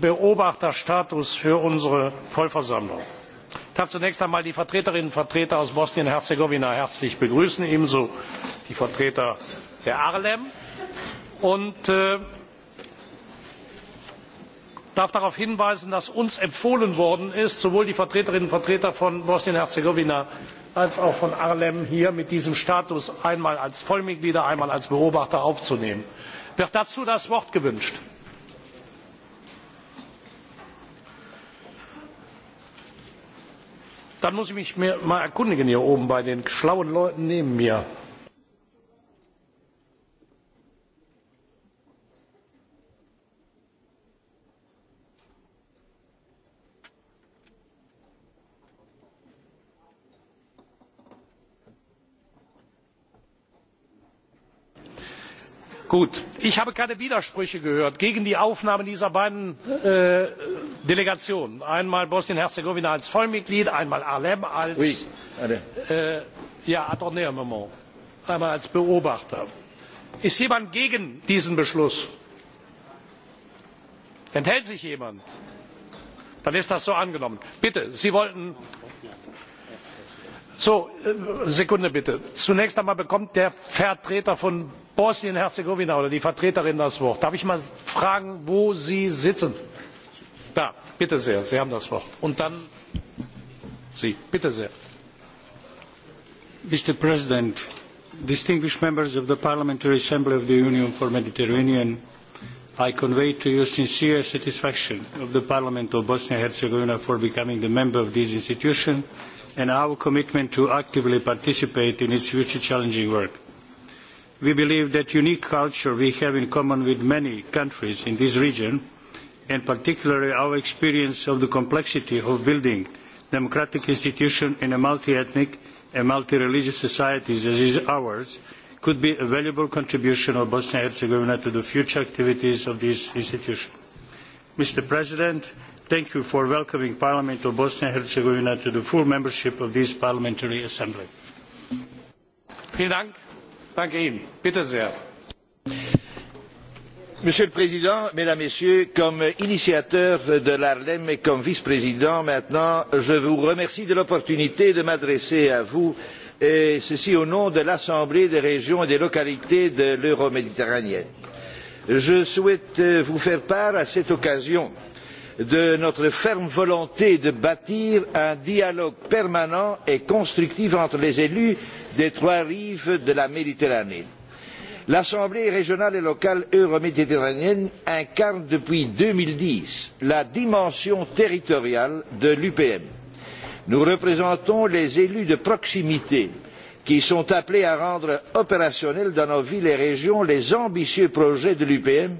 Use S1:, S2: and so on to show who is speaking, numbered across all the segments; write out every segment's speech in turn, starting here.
S1: beobachterstatus für unsere vollversammlung. ich darf zunächst einmal die vertreterinnen und vertreter aus bosnien herzegowina herzlich begrüßen ebenso die vertreter der arlem und darf darauf hinweisen dass uns empfohlen worden ist sowohl die vertreterinnen und vertreter von bosnien und herzegowina als auch von arlem hier mit diesem status einmal als vollmitglieder einmal als beobachter aufzunehmen. wird dazu das wort gewünscht? dann muss ich mich mal erkundigen hier oben bei den schlauen leuten neben mir. ich habe keine widersprüche gehört gegen die aufnahme dieser beiden delegationen einmal bosnien herzegowina als vollmitglied einmal alem als beobachter. ist jemand gegen diesen beschluss? enthält sich jemand? dann ist das so angenommen. bitte sie wollten sekunde bitte zunächst einmal bekommt der vertreter von bosnien und herzegowina oder die vertreterin das wort. darf ich mal fragen wo sie sitzen? da bitte sehr sie haben das wort. und dann sie bitte sehr. mr president distinguished members of the parliamentary assembly of the union for the mediterranean i convey to you sincere satisfaction of the parliament of bosnia and herzegovina for becoming a member of this institution and and our commitment to actively participate in its future challenging work. We believe that unique culture we have in common with many countries in this region, and particularly our experience of the complexity of building democratic institutions in a multi-ethnic and multi-religious society as is ours, could be a valuable contribution of Bosnia and Herzegovina to the future activities of this institution. Mr. President, thank you for welcoming Parliament of Bosnia and Herzegovina to the full membership of this Parliamentary Assembly.
S2: Monsieur le Président, Mesdames, et Messieurs, comme initiateur de l'ARLEM et comme vice-président maintenant, je vous remercie de l'opportunité de m'adresser à vous, et ceci au nom de l'Assemblée des régions et des localités de l'Euroméditerranée. Je souhaite vous faire part à cette occasion de notre ferme volonté de bâtir un dialogue permanent et constructif entre les élus des trois rives de la méditerranée. l'assemblée régionale et locale euroméditerranéenne incarne depuis deux mille dix la dimension territoriale de l'upm. nous représentons les élus de proximité qui sont appelés à rendre opérationnels dans nos villes et régions les ambitieux projets de l'upm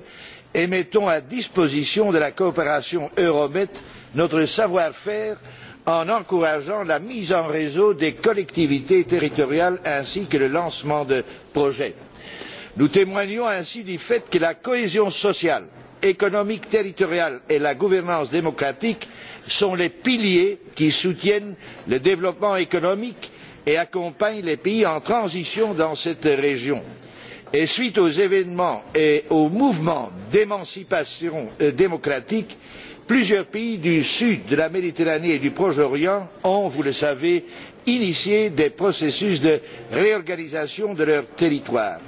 S2: et mettons à disposition de la coopération euromed notre savoir faire en encourageant la mise en réseau des collectivités territoriales ainsi que le lancement de projets. nous témoignons ainsi du fait que la cohésion sociale économique territoriale et la gouvernance démocratique sont les piliers qui soutiennent le développement économique et accompagnent les pays en transition dans cette région et suite aux événements et aux mouvements d'émancipation démocratique plusieurs pays du sud de la méditerranée et du proche orient ont vous le savez initié des processus de réorganisation de leur territoire.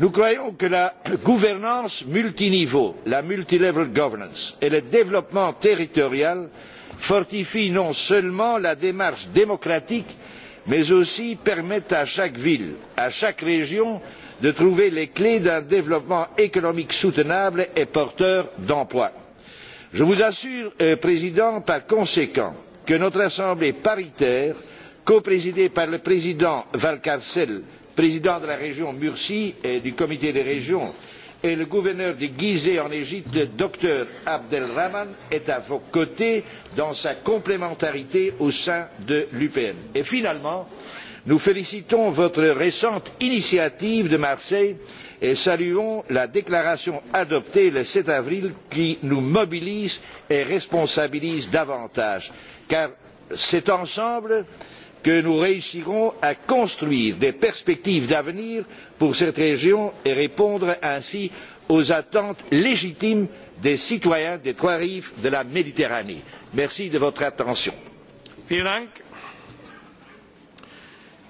S2: nous croyons que la gouvernance multiniveau la multilevel governance et le développement territorial fortifient non seulement la démarche démocratique mais aussi permettent à chaque ville à chaque région de trouver les clés d'un développement économique soutenable et porteur d'emplois. je vous assure président par conséquent que notre assemblée paritaire coprésidée par le président valcrcel président de la région murcie et du comité des régions et le gouverneur de gizeh en égypte le docteur abdelrahman est à vos côtés dans sa complémentarité au sein de l'upm. et finalement nous félicitons votre récente initiative de marseille et saluons la déclaration adoptée le sept avril qui nous mobilise et responsabilise davantage car c'est ensemble que nous réussirons à construire des perspectives d'avenir pour cette région et répondre ainsi aux attentes légitimes des citoyens des trois rives de la méditerranée. merci de votre attention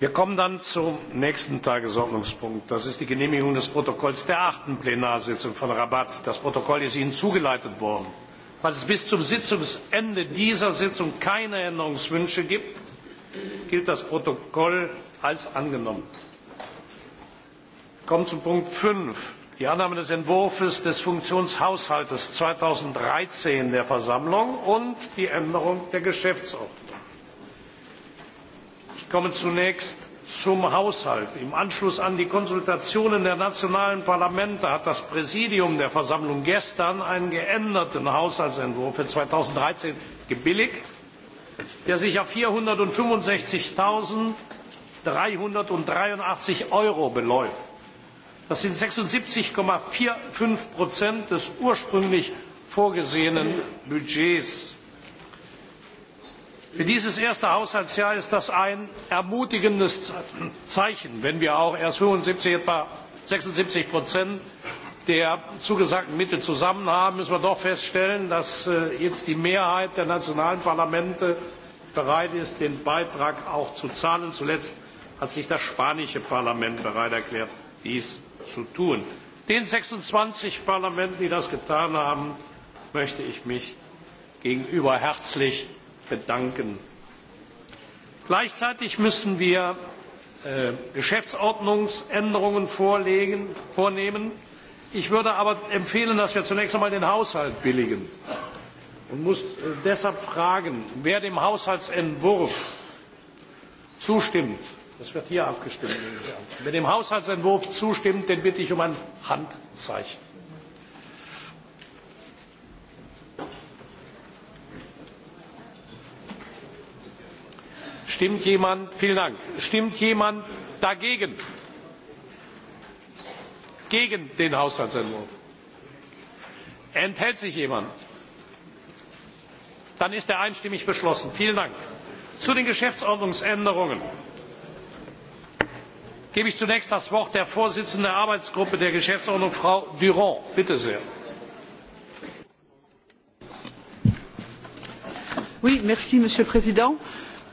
S1: wir kommen dann zum nächsten tagesordnungspunkt das ist die genehmigung des protokolls der achten plenarsitzung von rabat. das protokoll ist ihnen zugeleitet worden. falls es bis zum sitzungsende dieser sitzung keine änderungswünsche gibt gilt das protokoll als angenommen. wir kommen zu punkt fünf die annahme des entwurfs des funktionshaushalts 2013 der versammlung und die änderung der geschäftsordnung ich komme zunächst zum haushalt. im anschluss an die konsultationen der nationalen parlamente hat das präsidium der versammlung gestern einen geänderten haushaltsentwurf für zweitausenddreizehn gebilligt der sich auf vierhundertfünfundsechzig dreihundertdreiundachtzig euro beläuft. das sind sechsundsiebzig fünfundvierzig des ursprünglich vorgesehenen budgets für dieses erste haushaltsjahr ist das ein ermutigendes zeichen wenn wir auch erst etwa sechsundsiebzig der zugesagten mittel zusammen haben müssen wir doch feststellen dass jetzt die mehrheit der nationalen parlamente bereit ist den beitrag auch zu zahlen. zuletzt hat sich das spanische parlament bereit erklärt dies zu tun. den sechsundzwanzig parlamenten die das getan haben möchte ich mich gegenüber herzlich bedanken. Gleichzeitig müssen wir Geschäftsordnungsänderungen vornehmen. Ich würde aber empfehlen, dass wir zunächst einmal den Haushalt billigen und muss deshalb fragen, wer dem Haushaltsentwurf zustimmt. Das wird hier abgestimmt. Wer dem Haushaltsentwurf zustimmt, den bitte ich um ein Handzeichen. Stimmt jemand? Vielen Dank. Stimmt jemand dagegen? Gegen den Haushaltsentwurf? Enthält sich jemand? Dann ist er einstimmig beschlossen. Vielen Dank. Zu den Geschäftsordnungsänderungen gebe ich zunächst das Wort der Vorsitzenden der Arbeitsgruppe der Geschäftsordnung, Frau Durand. Bitte sehr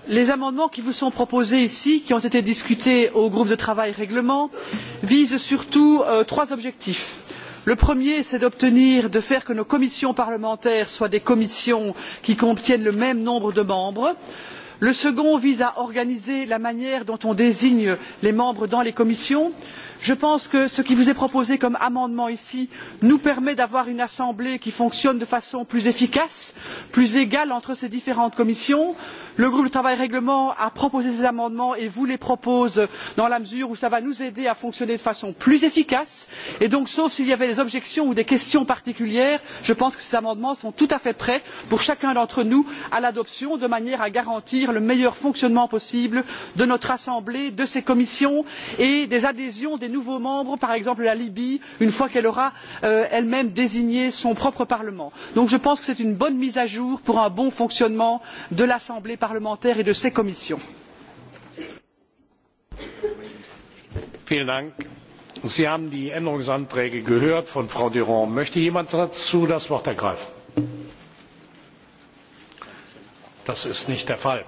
S3: les amendements qui vous sont proposés ici qui ont été discutés au groupe de travail règlement visent surtout trois objectifs le premier c'est d'obtenir de faire que nos commissions parlementaires soient des commissions qui contiennent le même nombre de membres le second vise à organiser la manière dont on désigne les membres dans les commissions et je pense que ce qui vous est proposé comme amendement ici nous permet d'avoir une assemblée qui fonctionne de façon plus efficace plus égale entre ces différentes commissions. le groupe de travail règlement a proposé ces amendements et vous les propose dans la mesure où cela va nous aider à fonctionner de façon plus efficace et donc sauf s'il y avait des objections ou des questions particulières je pense que ces amendements sont tout à fait prêts pour chacun d'entre nous à l'adoption de manière à garantir le meilleur fonctionnement possible de notre assemblée de ses commissions et des adhésions des nouveaux membres par exemple la libye une fois qu'elle aura elle même désigné son propre parlement. donc je pense que c'est une bonne mise à jour pour un bon fonctionnement de l'assemblée parlementaire et de ses commissions.
S1: sie haben die änderungsanträge gehört von frau Durand. möchte jemand dazu das wort ergreifen? das ist nicht der fall.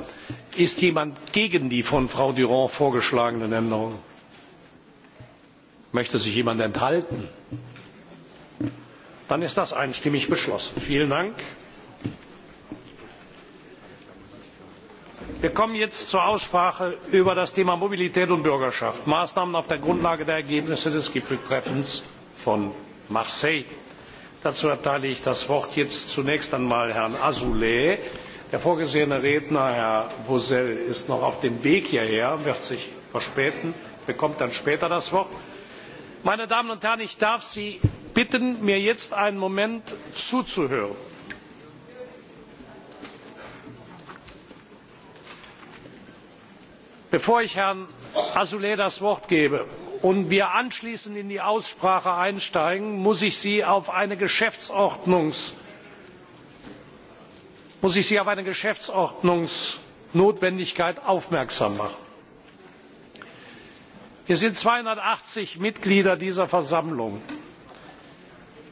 S1: ist jemand gegen die von frau Durand vorgeschlagenen änderungen? Möchte sich jemand enthalten? Dann ist das einstimmig beschlossen. Vielen Dank. wir kommen jetzt zur aussprache über das thema mobilität und bürgerschaft maßnahmen auf der grundlage der ergebnisse des gipfeltreffens von marseille. dazu erteile ich das wort jetzt zunächst einmal herrn azoulay. der vorgesehene redner herr posselt ist noch auf dem weg hierher wird sich verspäten bekommt dann später das wort meine damen und herren ich darf sie bitten mir jetzt einen moment zuzuhören. bevor ich herrn azoulay das wort gebe und wir anschließend in die aussprache einsteigen muss ich sie auf eine geschäftsordnungsnotwendigkeit aufmerksam machen wir sind zweihundertachtzig mitglieder dieser versammlung.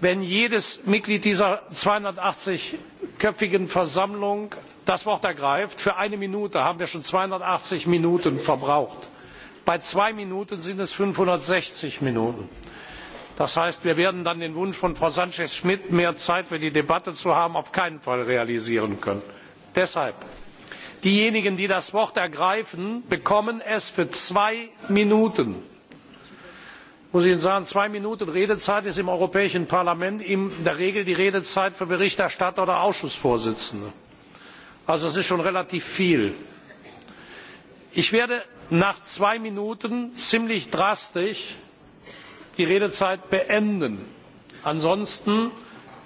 S1: wenn jedes mitglied dieser zweihundertachtzig köpfigen versammlung das wort ergreift für eine minute haben wir schon zweihundertachtzig minuten verbraucht. bei zwei minuten sind es fünfhundertsechzig minuten. das heißt wir werden dann den wunsch von frau sanchez schmidt mehr zeit für die debatte zu haben auf keinen fall realisieren können. deshalb diejenigen die das wort ergreifen bekommen es für zwei minuten. ich muss ihnen sagen zwei minuten redezeit ist im europäischen parlament in der regel die redezeit für berichterstatter oder ausschussvorsitzende. also das ist schon relativ viel. ich werde nach zwei minuten ziemlich drastisch die redezeit beenden. ansonsten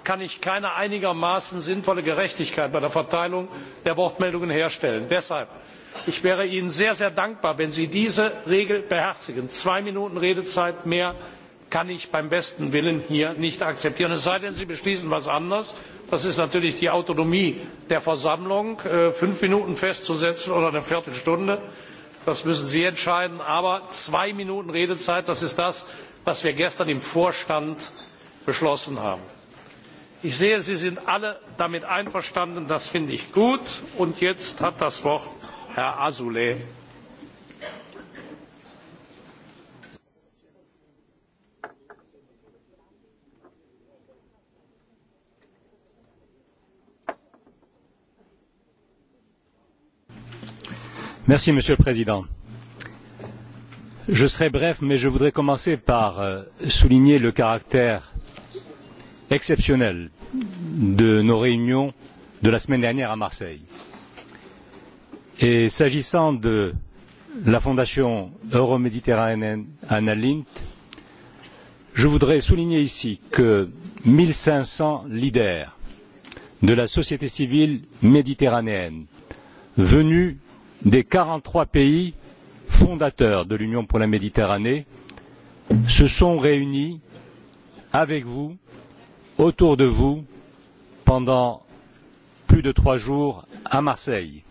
S1: kann ich keine einigermaßen sinnvolle gerechtigkeit bei der verteilung der wortmeldungen herstellen. deshalb ich wäre ihnen sehr sehr dankbar wenn sie diese regel beherzigen. zwei minuten redezeit mehr kann ich beim besten willen hier nicht akzeptieren es sei denn sie beschließen etwas anderes das ist natürlich die autonomie der versammlung fünf minuten festzusetzen oder eine viertelstunde das müssen sie entscheiden aber zwei minuten redezeit das ist das was wir gestern im vorstand beschlossen haben ich sehe sie sind alle damit einverstanden das finde ich gut. und jetzt hat das wort herr azoulay.
S4: monsieur le président je serai bref mais je voudrais commencer par souligner le caractère exceptionnelle de nos réunions de la semaine dernière à Marseille. Et s'agissant de la Fondation euroméditerranéenne Annalint, je voudrais souligner ici que 1500 leaders de la société civile méditerranéenne venus des quarante trois pays fondateurs de l'Union pour la Méditerranée se sont réunis avec vous autour de vous pendant plus de trois jours à Marseille.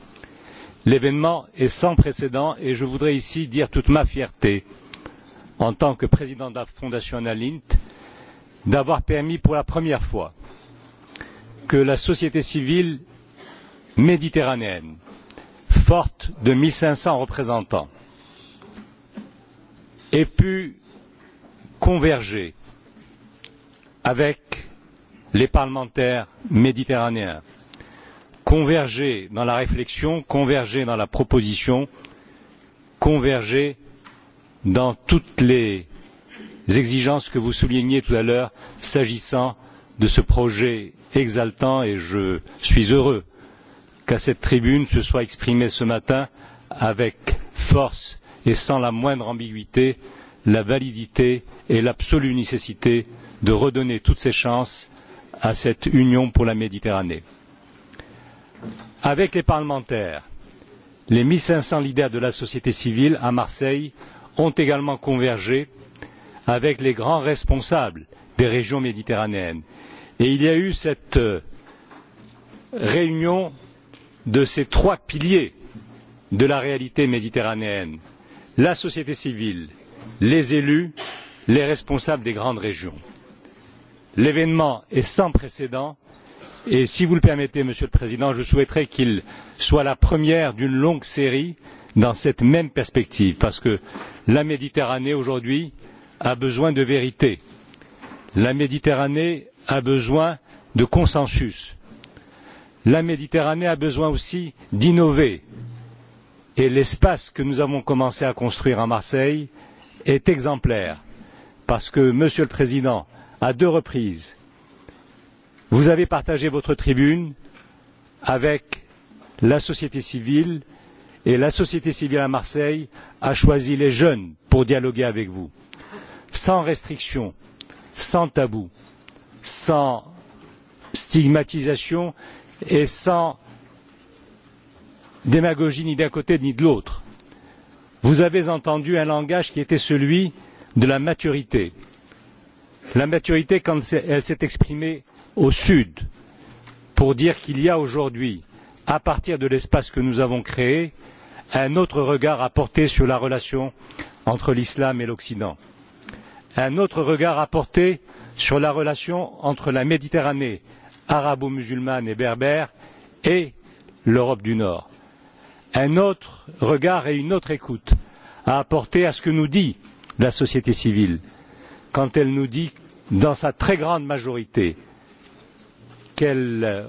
S4: L'événement est sans précédent et je voudrais ici dire toute ma fierté en tant que président de la Fondation Analint d'avoir permis pour la première fois que la société civile méditerranéenne, forte de 1500 représentants, ait pu converger avec les parlementaires méditerranéens converger dans la réflexion converger dans la proposition converger dans toutes les exigences que vous souligniez tout à l'heure s'agissant de ce projet exaltant et je suis heureux qu'à cette tribune se soit exprimé ce matin avec force et sans la moindre ambiguïté la validité et l'absolue nécessité de redonner toutes ses chances à cette union pour la Méditerranée. Avec les parlementaires, les 1500 leaders de la société civile à Marseille ont également convergé avec les grands responsables des régions méditerranéennes. Et il y a eu cette réunion de ces trois piliers de la réalité méditerranéenne la société civile, les élus, les responsables des grandes régions l'événement est sans précédent et si vous le permettez monsieur le président je souhaiterais qu'il soit la première d'une longue série dans cette même perspective parce que la méditerranée aujourd'hui a besoin de vérité la méditerranée a besoin de consensus la méditerranée a besoin aussi d'innover et l'espace que nous avons commencé à construire à marseille est exemplaire parce que monsieur le président à deux reprises vous avez partagé votre tribune avec la société civile et la société civile à Marseille a choisi les jeunes pour dialoguer avec vous sans restriction, sans tabou, sans stigmatisation et sans démagogie ni d'un côté ni de l'autre. Vous avez entendu un langage qui était celui de la maturité, la maturité quand elle s'est exprimée au Sud pour dire qu'il y a aujourd'hui, à partir de l'espace que nous avons créé, un autre regard à porter sur la relation entre l'islam et l'Occident, un autre regard à porter sur la relation entre la Méditerranée arabo musulmane et berbère et l'Europe du Nord, un autre regard et une autre écoute à apporter à ce que nous dit la société civile quand elle nous dit dans sa très grande majorité, qu'elle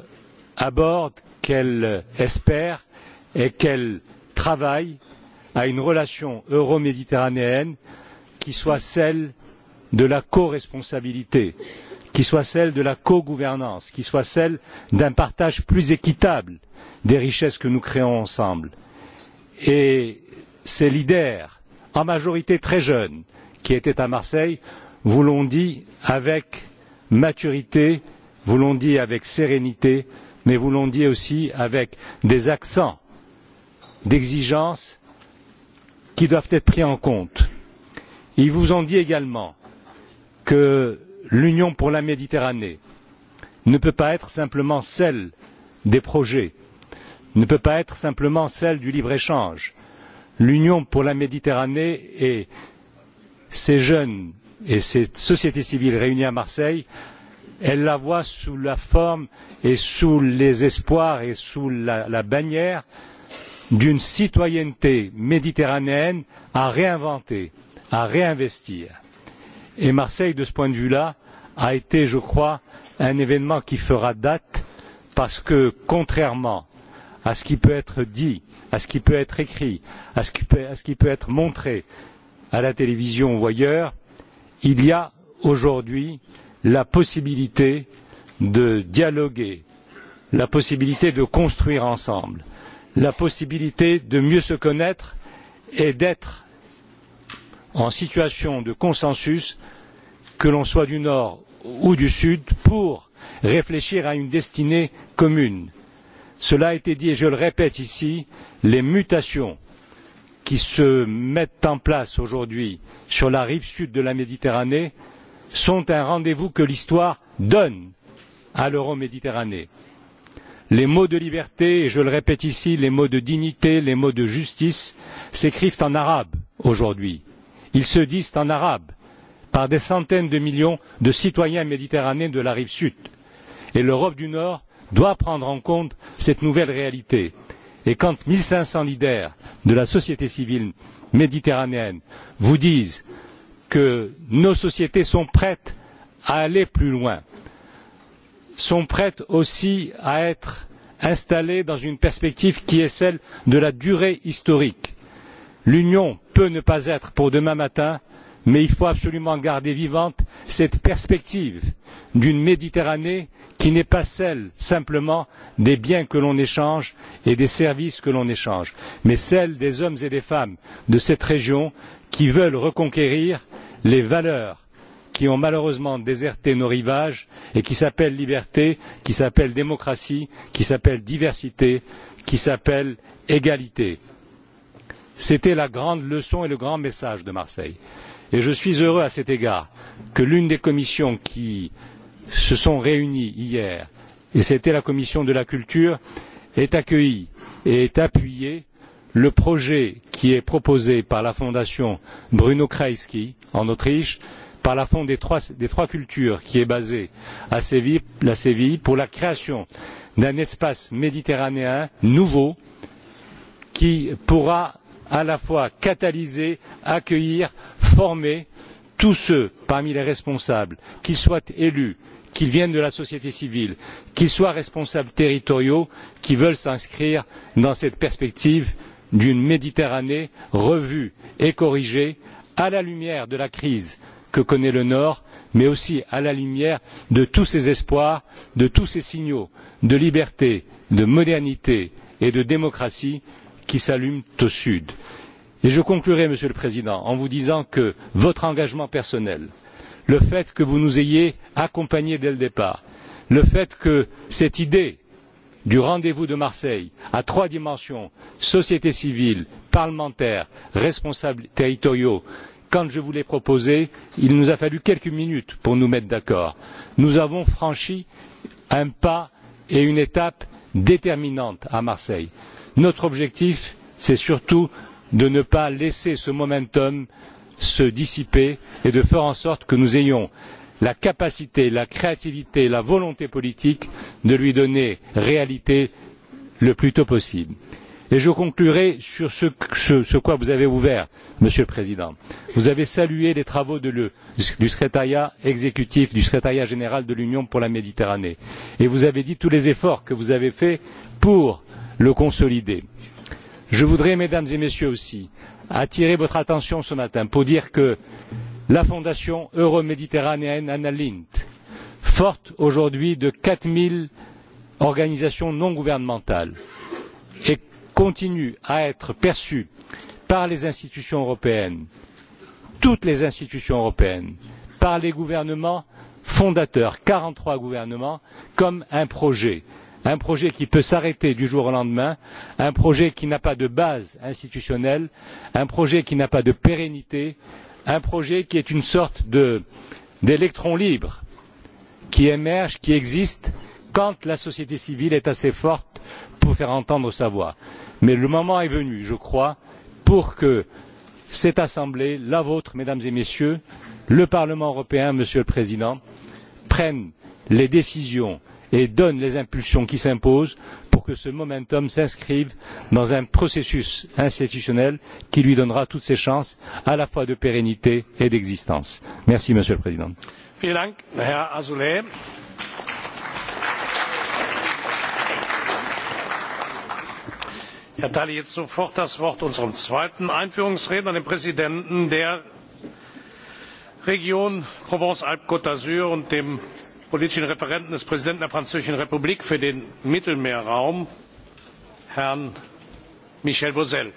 S4: aborde, qu'elle espère et qu'elle travaille à une relation euro-méditerranéenne qui soit celle de la coresponsabilité, qui soit celle de la cogouvernance, qui soit celle d'un partage plus équitable des richesses que nous créons ensemble. Et ces leaders, en majorité très jeunes, qui étaient à Marseille, vous l'ont dit avec maturité, vous l'ont dit avec sérénité, mais vous l'ont dit aussi avec des accents d'exigences qui doivent être pris en compte. Ils vous ont dit également que l'Union pour la Méditerranée ne peut pas être simplement celle des projets, ne peut pas être simplement celle du libre-échange. L'Union pour la Méditerranée et ces jeunes et cette société civile réunie à Marseille, elle la voit sous la forme et sous les espoirs et sous la, bannière d'une citoyenneté méditerranéenne à réinventer, à réinvestir. Et Marseille, de ce point de vue-là, a été, je crois, un événement qui fera date parce que, contrairement à ce qui peut être dit, à ce qui peut être écrit, à ce qui peut, être montré à la télévision ou ailleurs, il y a aujourd'hui la possibilité de dialoguer, la possibilité de construire ensemble, la possibilité de mieux se connaître et d'être en situation de consensus, que l'on soit du Nord ou du Sud, pour réfléchir à une destinée commune. Cela a été dit et je le répète ici, les mutations qui se mettent en place aujourd'hui sur la rive sud de la Méditerranée sont un rendez-vous que l'histoire donne à l'Euroméditerranée. Les mots de liberté, et je le répète ici, les mots de dignité, les mots de justice s'écrivent en arabe aujourd'hui. Ils se disent en arabe par des centaines de millions de citoyens méditerranéens de la rive sud. Et l'Europe du Nord doit prendre en compte cette nouvelle réalité et quand un cinq cents leaders de la société civile méditerranéenne vous disent que nos sociétés sont prêtes à aller plus loin, sont prêtes aussi à être installées dans une perspective qui est celle de la durée historique. L'Union peut ne pas être pour demain matin mais il faut absolument garder vivante cette perspective d'une méditerranée qui n'est pas celle simplement des biens que l'on échange et des services que l'on échange mais celle des hommes et des femmes de cette région qui veulent reconquérir les valeurs qui ont malheureusement déserté nos rivages et qui s'appellent liberté qui s'appellent démocratie qui s'appellent diversité qui s'appellent égalité. c'était la grande leçon et le grand message de marseille. Et je suis heureux à cet égard que l'une des commissions qui se sont réunies hier, et c'était la commission de la culture, ait accueilli et ait appuyé le projet qui est proposé par la fondation Bruno Kreisky en Autriche, par la Fond des trois, cultures qui est basée à Séville, pour la création d'un espace méditerranéen nouveau qui pourra à la fois catalyser accueillir former tous ceux parmi les responsables qu'ils soient élus qu'ils viennent de la société civile qu'ils soient responsables territoriaux qui veulent s'inscrire dans cette perspective d'une méditerranée revue et corrigée à la lumière de la crise que connaît le nord mais aussi à la lumière de tous ces espoirs de tous ces signaux de liberté de modernité et de démocratie qui s'allument au sud. Et je conclurai, Monsieur le Président, en vous disant que votre engagement personnel, le fait que vous nous ayez accompagnés dès le départ, le fait que cette idée du rendez vous de Marseille à trois dimensions société civile, parlementaires, responsables territoriaux. Quand je vous l'ai proposé, il nous a fallu quelques minutes pour nous mettre d'accord. Nous avons franchi un pas et une étape déterminante à Marseille. Notre objectif, c'est surtout de ne pas laisser ce momentum se dissiper et de faire en sorte que nous ayons la capacité, la créativité, la volonté politique de lui donner réalité le plus tôt possible. Et je conclurai sur ce, quoi vous avez ouvert, Monsieur le Président. Vous avez salué les travaux du secrétariat exécutif, du secrétariat général de l'Union pour la Méditerranée. Et vous avez dit tous les efforts que vous avez faits pour euh, le consolider. Je voudrais, mesdames et messieurs aussi, attirer votre attention ce matin pour dire que la Fondation euroméditerranéenne Annalint, forte aujourd'hui de quatre organisations non gouvernementales, et continue à être perçue par les institutions européennes, toutes les institutions européennes, par les gouvernements fondateurs, quarante trois gouvernements, comme un projet un projet qui peut s'arrêter du jour au lendemain un projet qui n'a pas de base institutionnelle un projet qui n'a pas de pérennité un projet qui est une sorte d'électron libre qui émerge qui existe quand la société civile est assez forte pour faire entendre sa voix. mais le moment est venu je crois pour que cette assemblée la vôtre mesdames et messieurs le parlement européen monsieur le président prenne les décisions et donne les impulsions qui s'imposent pour que ce momentum s'inscrive dans un processus institutionnel qui lui donnera toutes ses chances à la fois de pérennité et d'existence. Merci, Monsieur le Président.
S1: Ich erteile jetzt sofort das Wort unserem zweiten Einführungsredner, dem Präsidenten der Region Provence-Alpes-Côte d'Azur und dem politischen referenten des präsidenten der französischen republik für den mittelmeerraum herrn michel vauzelles.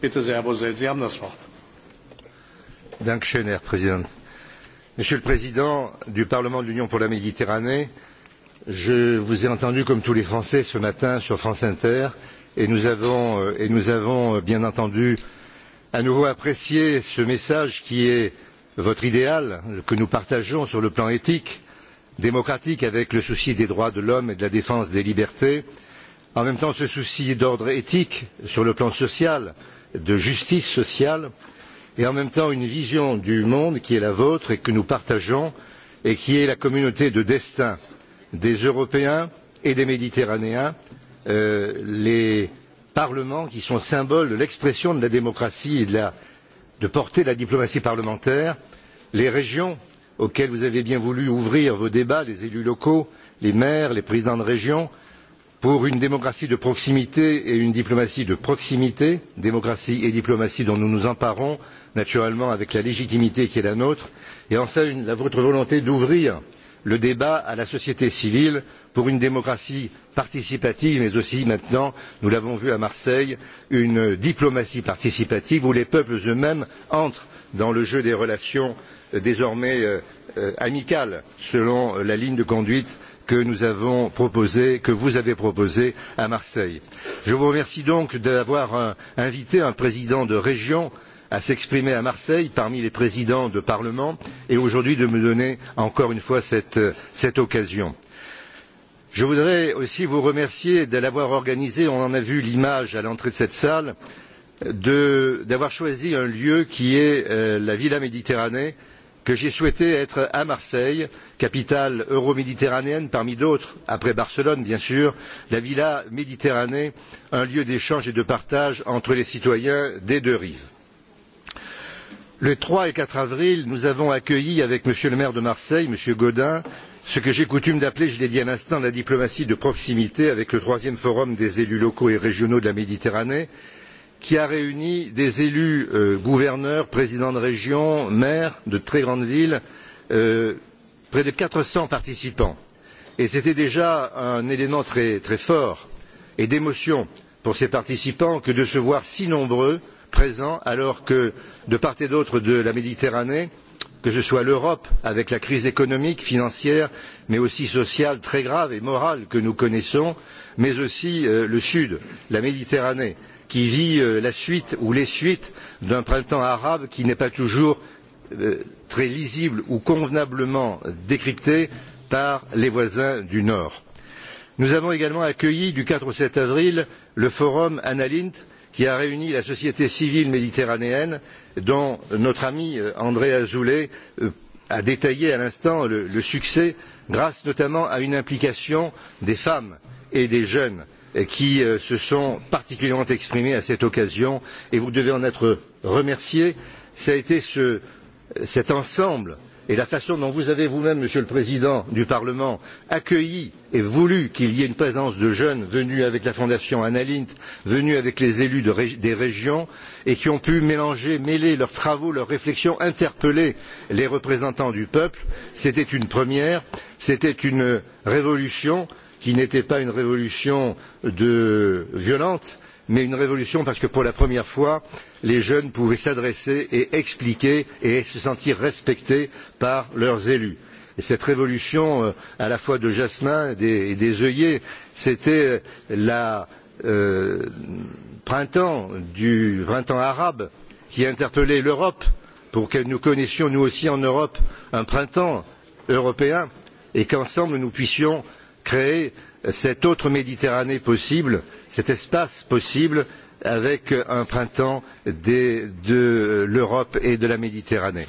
S1: bitte sehr herr vauzelles sie haben das wort.
S5: herr präsident! monsieur le président du parlement de l'union pour la méditerranée je vous ai entendu comme tous les français ce matin sur france inter et nous avons bien entendu à nouveau apprécié ce message qui est votre idéal que nous partageons sur le plan éthique démocratique avec le souci des droits de l'homme et de la défense des libertés, en même temps ce souci d'ordre éthique sur le plan social, de justice sociale, et en même temps une vision du monde qui est la vôtre et que nous partageons et qui est la communauté de destin des Européens et des Méditerranéens, les parlements qui sont symboles de l'expression de la démocratie et de, la, de portée de la diplomatie parlementaire, les régions auquel vous avez bien voulu ouvrir vos débats les élus locaux les maires les présidents de région pour une démocratie de proximité et une diplomatie de proximité démocratie et diplomatie dont nous nous emparons naturellement avec la légitimité qui est la nôtre et enfin votre volonté d'ouvrir le débat à la société civile pour une démocratie participative mais aussi maintenant nous l'avons vu à marseille une diplomatie participative où les peuples eux mêmes entrent dans le jeu des relations désormais amicale selon la ligne de conduite que nous avons proposée, que vous avez proposée à Marseille. Je vous remercie donc d'avoir invité un président de région à s'exprimer à Marseille parmi les présidents de Parlement et aujourd'hui de me donner encore une fois cette, occasion. Je voudrais aussi vous remercier d'avoir organisé, on en a vu l'image à l'entrée de cette salle, d'avoir choisi un lieu qui est la Villa Méditerranée, que j'ai souhaité être à marseille capitale euroméditerranéenne parmi d'autres après barcelone bien sûr la villa méditerranée un lieu d'échange et de partage entre les citoyens des deux rives. les trois et quatre avril nous avons accueilli avec m. le maire de marseille m. gaudin ce que j'ai coutume d'appeler je l'ai dit à l'instant la diplomatie de proximité avec le troisième forum des élus locaux et régionaux de la méditerranée qui a réuni des élus gouverneurs, présidents de région, maires de très grandes villes, près de quatre cents participants. Et c'était déjà un élément très, fort et d'émotion pour ces participants que de se voir si nombreux présents alors que de part et d'autre de la Méditerranée, que ce soit l'Europe avec la crise économique, financière, mais aussi sociale très grave et morale que nous connaissons, mais aussi le Sud, la Méditerranée, qui vit la suite ou les suites d'un printemps arabe qui n'est pas toujours très lisible ou convenablement décrypté par les voisins du Nord. Nous avons également accueilli du quatre au sept avril le forum Analint qui a réuni la société civile méditerranéenne dont notre ami André Azoulay a détaillé à l'instant le succès grâce notamment à une implication des femmes et des jeunes qui se sont particulièrement exprimés à cette occasion et vous devez en être remerciés. Ça a été cet ensemble et la façon dont vous avez vous même, Monsieur le Président du Parlement, accueilli et voulu qu'il y ait une présence de jeunes venus avec la Fondation Analint, venus avec les élus des régions, et qui ont pu mélanger, mêler leurs travaux, leurs réflexions, interpeller les représentants du peuple, c'était une première, c'était une révolution qui n'était pas une révolution violente mais une révolution parce que pour la première fois les jeunes pouvaient s'adresser et expliquer et se sentir respectés par leurs élus. cette révolution à la fois de jasmin et des œillets c'était le printemps du printemps arabe qui interpellait l'europe pour que nous connaissions nous aussi en europe un printemps européen et qu'ensemble nous puissions créer cette autre Méditerranée possible, cet espace possible, avec un printemps de l'Europe et de la Méditerranée.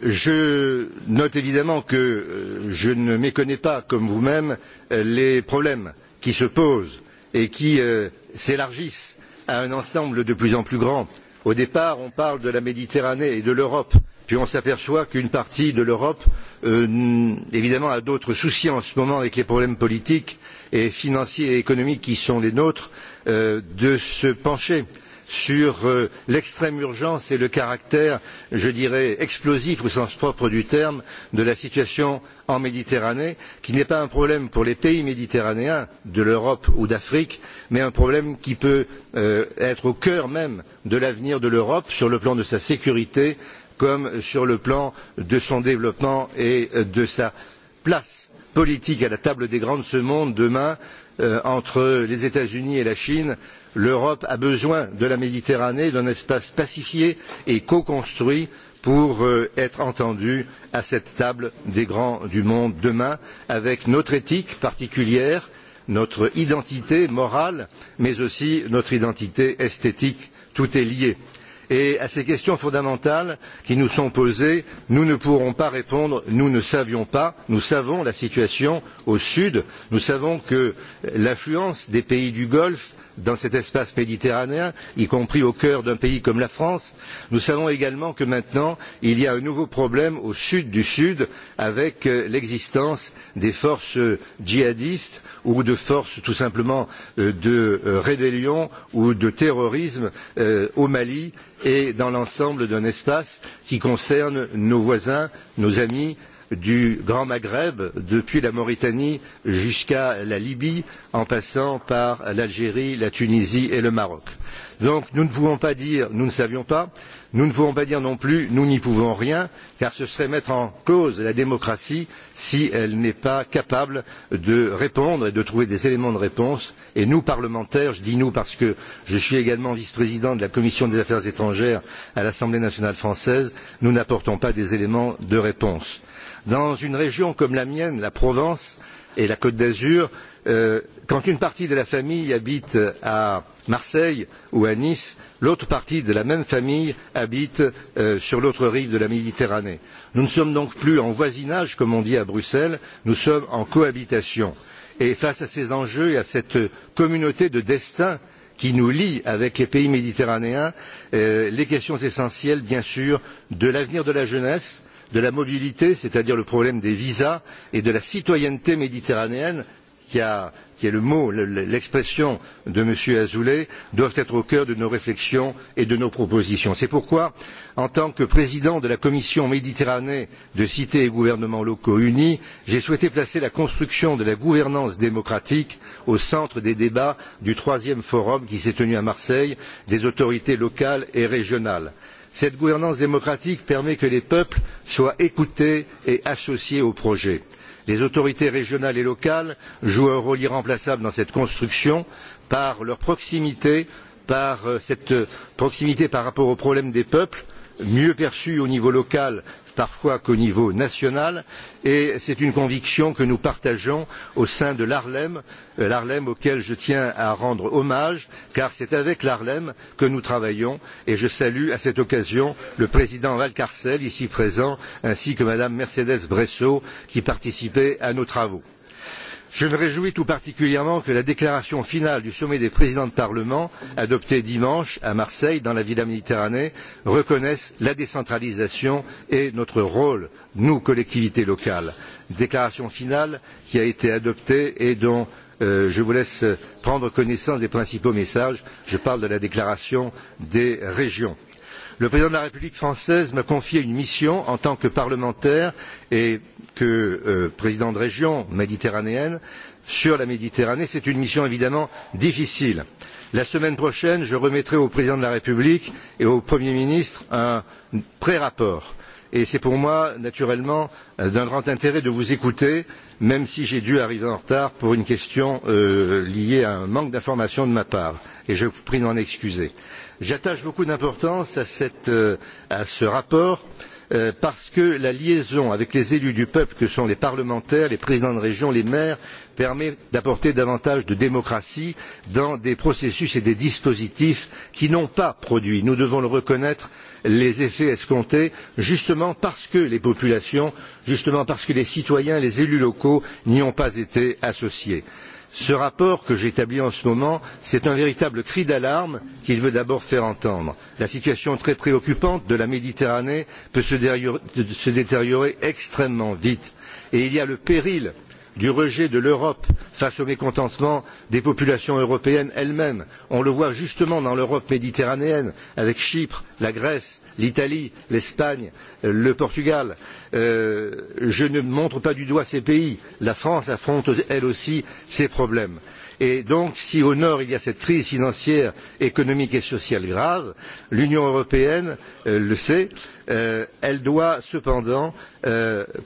S5: Je note évidemment que je ne méconnais pas, comme vous même, les problèmes qui se posent et qui s'élargissent à un ensemble de plus en plus grand au départ on parle de la méditerranée et de l'europe puis on s'aperçoit qu'une partie de l'europe évidemment a d'autres soucis en ce moment avec les problèmes politiques et financiers et économiques qui sont les nôtres de se pencher sur sur l'extrême urgence et le caractère, je dirais, explosif au sens propre du terme de la situation en Méditerranée, qui n'est pas un problème pour les pays méditerranéens de l'Europe ou d'Afrique, mais un problème qui peut être au cœur même de l'avenir de l'Europe sur le plan de sa sécurité comme sur le plan de son développement et de sa place politique à la table des grands de ce monde demain entre les États-Unis et la Chine l'europe a besoin de la méditerranée d'un espace pacifié et coconstruit pour être entendue à cette table des grands du monde demain avec notre éthique particulière notre identité morale mais aussi notre identité esthétique tout est lié. et à ces questions fondamentales qui nous sont posées nous ne pourrons pas répondre nous ne savions pas nous savons la situation au sud nous savons que l'affluence des pays du golfe dans cet espace méditerranéen, y compris au cœur d'un pays comme la France. Nous savons également que maintenant, il y a un nouveau problème au sud du sud avec l'existence des forces djihadistes ou de forces tout simplement de rébellion ou de terrorisme au Mali et dans l'ensemble d'un espace qui concerne nos voisins, nos amis du Grand Maghreb, depuis la Mauritanie jusqu'à la Libye, en passant par l'Algérie, la Tunisie et le Maroc. Donc nous ne pouvons pas dire nous ne savions pas, nous ne pouvons pas dire non plus nous n'y pouvons rien, car ce serait mettre en cause la démocratie si elle n'est pas capable de répondre et de trouver des éléments de réponse. Et nous, parlementaires, je dis nous parce que je suis également vice-président de la commission des affaires étrangères à l'Assemblée nationale française, nous n'apportons pas des éléments de réponse dans une région comme la mienne, la Provence et la Côte d'Azur, quand une partie de la famille habite à Marseille ou à Nice, l'autre partie de la même famille habite sur l'autre rive de la Méditerranée. Nous ne sommes donc plus en voisinage, comme on dit à Bruxelles, nous sommes en cohabitation. Et face à ces enjeux et à cette communauté de destin qui nous lie avec les pays méditerranéens, les questions essentielles, bien sûr, de l'avenir de la jeunesse, de la mobilité, c'est-à-dire le problème des visas et de la citoyenneté méditerranéenne, qui, est le mot, l'expression de M. Azoulay, doivent être au cœur de nos réflexions et de nos propositions. C'est pourquoi, en tant que président de la commission Méditerranée de cités et gouvernements locaux unis, j'ai souhaité placer la construction de la gouvernance démocratique au centre des débats du troisième forum qui s'est tenu à Marseille des autorités locales et régionales cette gouvernance démocratique permet que les peuples soient écoutés et associés au projet. les autorités régionales et locales jouent un rôle irremplaçable dans cette construction par leur proximité par cette proximité par rapport aux problèmes des peuples mieux perçue au niveau local parfois qu'au niveau national et c'est une conviction que nous partageons au sein de l'Arlem, l'Arlem auquel je tiens à rendre hommage car c'est avec l'Arlem que nous travaillons et je salue à cette occasion le président Valcarcel ici présent ainsi que Mme Mercedes Bresso qui participait à nos travaux je me réjouis tout particulièrement que la déclaration finale du sommet des présidents de parlement adoptée dimanche à marseille dans la villa méditerranée reconnaisse la décentralisation et notre rôle nous collectivités locales déclaration finale qui a été adoptée et dont je vous laisse prendre connaissance des principaux messages je parle de la déclaration des régions le président de la république française m'a confié une mission en tant que parlementaire et que président de région méditerranéenne sur la Méditerranée. C'est une mission évidemment difficile. La semaine prochaine, je remettrai au président de la République et au Premier ministre un pré-rapport. Et c'est pour moi, naturellement, d'un grand intérêt de vous écouter, même si j'ai dû arriver en retard pour une question liée à un manque d'information de ma part. Et je vous prie de m'en excuser. J'attache beaucoup d'importance à, ce rapport euh, parce que la liaison avec les élus du peuple que sont les parlementaires, les présidents de région, les maires permet d'apporter davantage de démocratie dans des processus et des dispositifs qui n'ont pas produit nous devons le reconnaître les effets escomptés justement parce que les populations justement parce que les citoyens les élus locaux n'y ont pas été associés ce rapport que j'établis en ce moment c'est un véritable cri d'alarme qu'il veut d'abord faire entendre. la situation très préoccupante de la méditerranée peut se détériorer extrêmement vite et il y a le péril du rejet de l'europe face au mécontentement des populations européennes elles mêmes on le voit justement dans l'europe méditerranéenne avec chypre la grèce l'italie l'espagne le portugal. je ne montre pas du doigt ces pays la france affronte elle aussi ces problèmes et donc si au nord il y a cette crise financière économique et sociale grave l'union européenne le sait elle doit cependant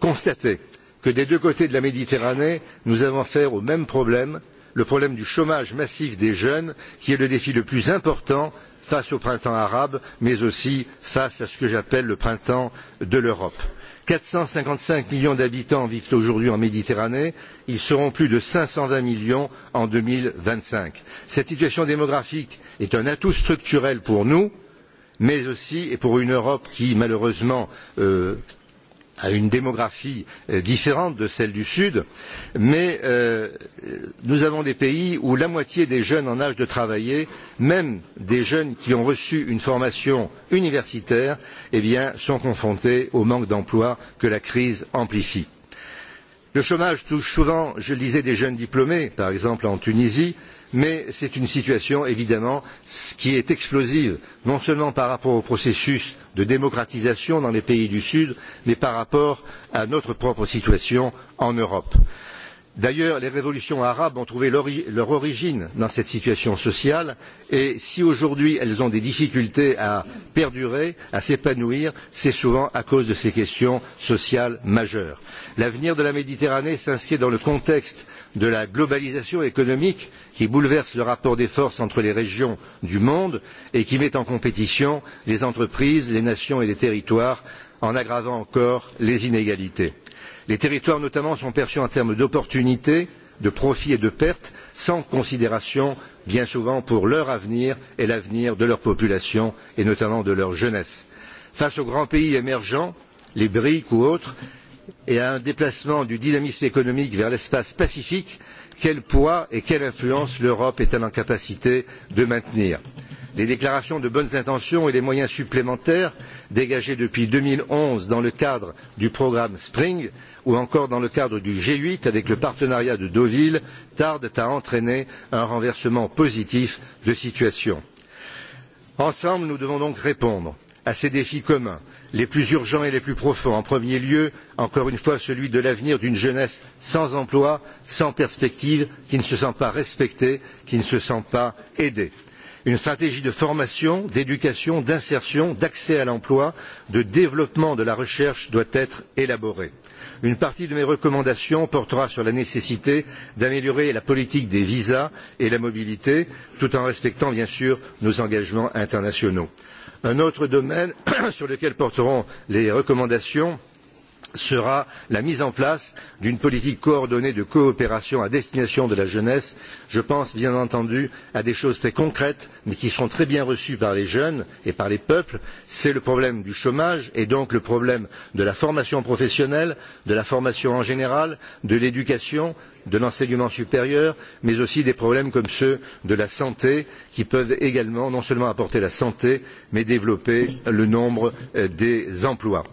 S5: constater que des deux côtés de la méditerranée nous avons affaire au même problème le problème du chômage massif des jeunes qui est le défi le plus important face au printemps arabe mais aussi face à ce que j'appelle le printemps de l'europe. quatre cent cinquante cinq millions d'habitants vivent aujourd'hui en méditerranée ils seront plus de cinq cent vingt millions en. deux mille vingt cinq cette situation démographique est un atout structurel pour nous mais aussi pour une europe qui malheureusement à une démographie différente de celle du Sud, mais nous avons des pays où la moitié des jeunes en âge de travailler, même des jeunes qui ont reçu une formation universitaire, sont confrontés au manque d'emploi que la crise amplifie. Le chômage touche souvent, je le disais, des jeunes diplômés, par exemple en Tunisie, mais c'est une situation évidemment qui est explosive non seulement par rapport au processus de démocratisation dans les pays du sud mais par rapport à notre propre situation en europe. D'ailleurs, les révolutions arabes ont trouvé leur origine dans cette situation sociale et si aujourd'hui elles ont des difficultés à perdurer, à s'épanouir, c'est souvent à cause de ces questions sociales majeures. L'avenir de la Méditerranée s'inscrit dans le contexte de la globalisation économique qui bouleverse le rapport des forces entre les régions du monde et qui met en compétition les entreprises, les nations et les territoires en aggravant encore les inégalités les territoires notamment sont perçus en termes d'opportunités de profits et de pertes sans considération bien souvent pour leur avenir et l'avenir de leur population et notamment de leur jeunesse. face aux grands pays émergents les brics ou autres et à un déplacement du dynamisme économique vers l'espace pacifique quel poids et quelle influence l'europe est elle en capacité de maintenir? les déclarations de bonnes intentions et les moyens supplémentaires dégagés depuis deux mille onze dans le cadre du programme spring ou encore dans le cadre du g huit avec le partenariat de deauville tardent à entraîner un renversement positif de situation. ensemble nous devons donc répondre à ces défis communs les plus urgents et les plus profonds en premier lieu encore une fois celui de l'avenir d'une jeunesse sans emploi sans perspective qui ne se sent pas respectée qui ne se sent pas aidée une stratégie de formation d'éducation d'insertion d'accès à l'emploi de développement de la recherche doit être élaborée. une partie de mes recommandations portera sur la nécessité d'améliorer la politique des visas et la mobilité tout en respectant bien sûr nos engagements internationaux. un autre domaine sur lequel porteront les recommandations sera la mise en place d'une politique coordonnée de coopération à destination de la jeunesse. je pense bien entendu à des choses très concrètes mais qui seront très bien reçues par les jeunes et par les peuples c'est le problème du chômage et donc le problème de la formation professionnelle de la formation en général de l'éducation de l'enseignement supérieur mais aussi des problèmes comme ceux de la santé qui peuvent également non seulement apporter la santé mais développer le nombre des emplois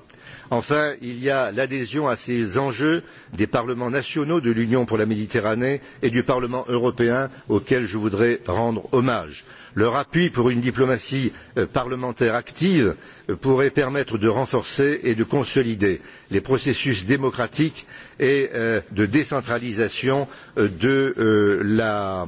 S5: enfin il y a l'adhésion à ces enjeux des parlements nationaux de l'union pour la méditerranée et du parlement européen auxquels je voudrais rendre hommage. leur appui pour une diplomatie parlementaire active pourrait permettre de renforcer et de consolider les processus démocratiques et de décentralisation de la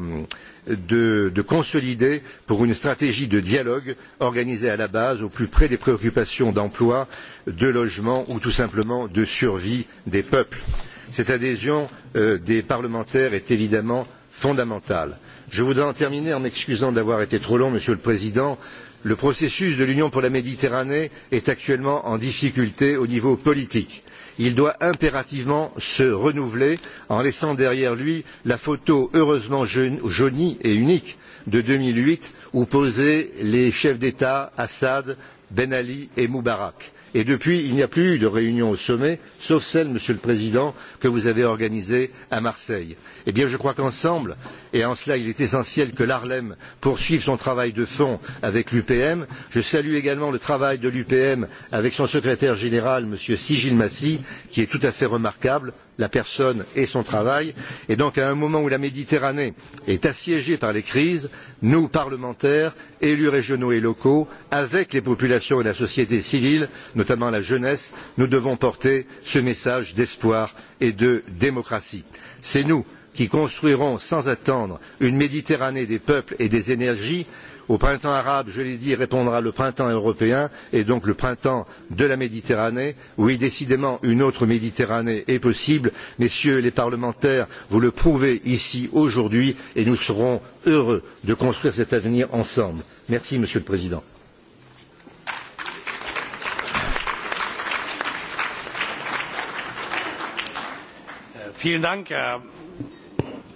S5: de, consolider pour une stratégie de dialogue organisée à la base au plus près des préoccupations d'emploi, de logement ou tout simplement de survie des peuples. Cette adhésion des parlementaires est évidemment fondamentale. Je voudrais en terminer en m'excusant d'avoir été trop long, Monsieur le Président. Le processus de l'Union pour la Méditerranée est actuellement en difficulté au niveau politique il doit impérativement se renouveler en laissant derrière lui la photo heureusement jaunie et unique de deux mille huit où posaient les chefs d'état assad ben ali et moubarak et depuis il n'y a plus eu de réunion au sommet sauf celle monsieur le président que vous avez organisée à marseille. eh bien je crois qu'ensemble et en cela il est essentiel que l'arlem poursuive son travail de fond avec l'upm je salue également le travail de l'upm avec son secrétaire général m. sigilmasi qui est tout à fait remarquable la personne et son travail. Et donc, à un moment où la Méditerranée est assiégée par les crises, nous, parlementaires, élus régionaux et locaux, avec les populations et la société civile, notamment la jeunesse, nous devons porter ce message d'espoir et de démocratie. C'est nous qui construirons sans attendre une Méditerranée des peuples et des énergies Au printemps arabe, je l'ai dit, répondra le printemps européen et donc le printemps de la Méditerranée. Oui, décidément, une autre Méditerranée est possible. Messieurs les parlementaires, vous le prouvez ici aujourd'hui et nous serons heureux de construire cet avenir ensemble. Merci, Monsieur le Président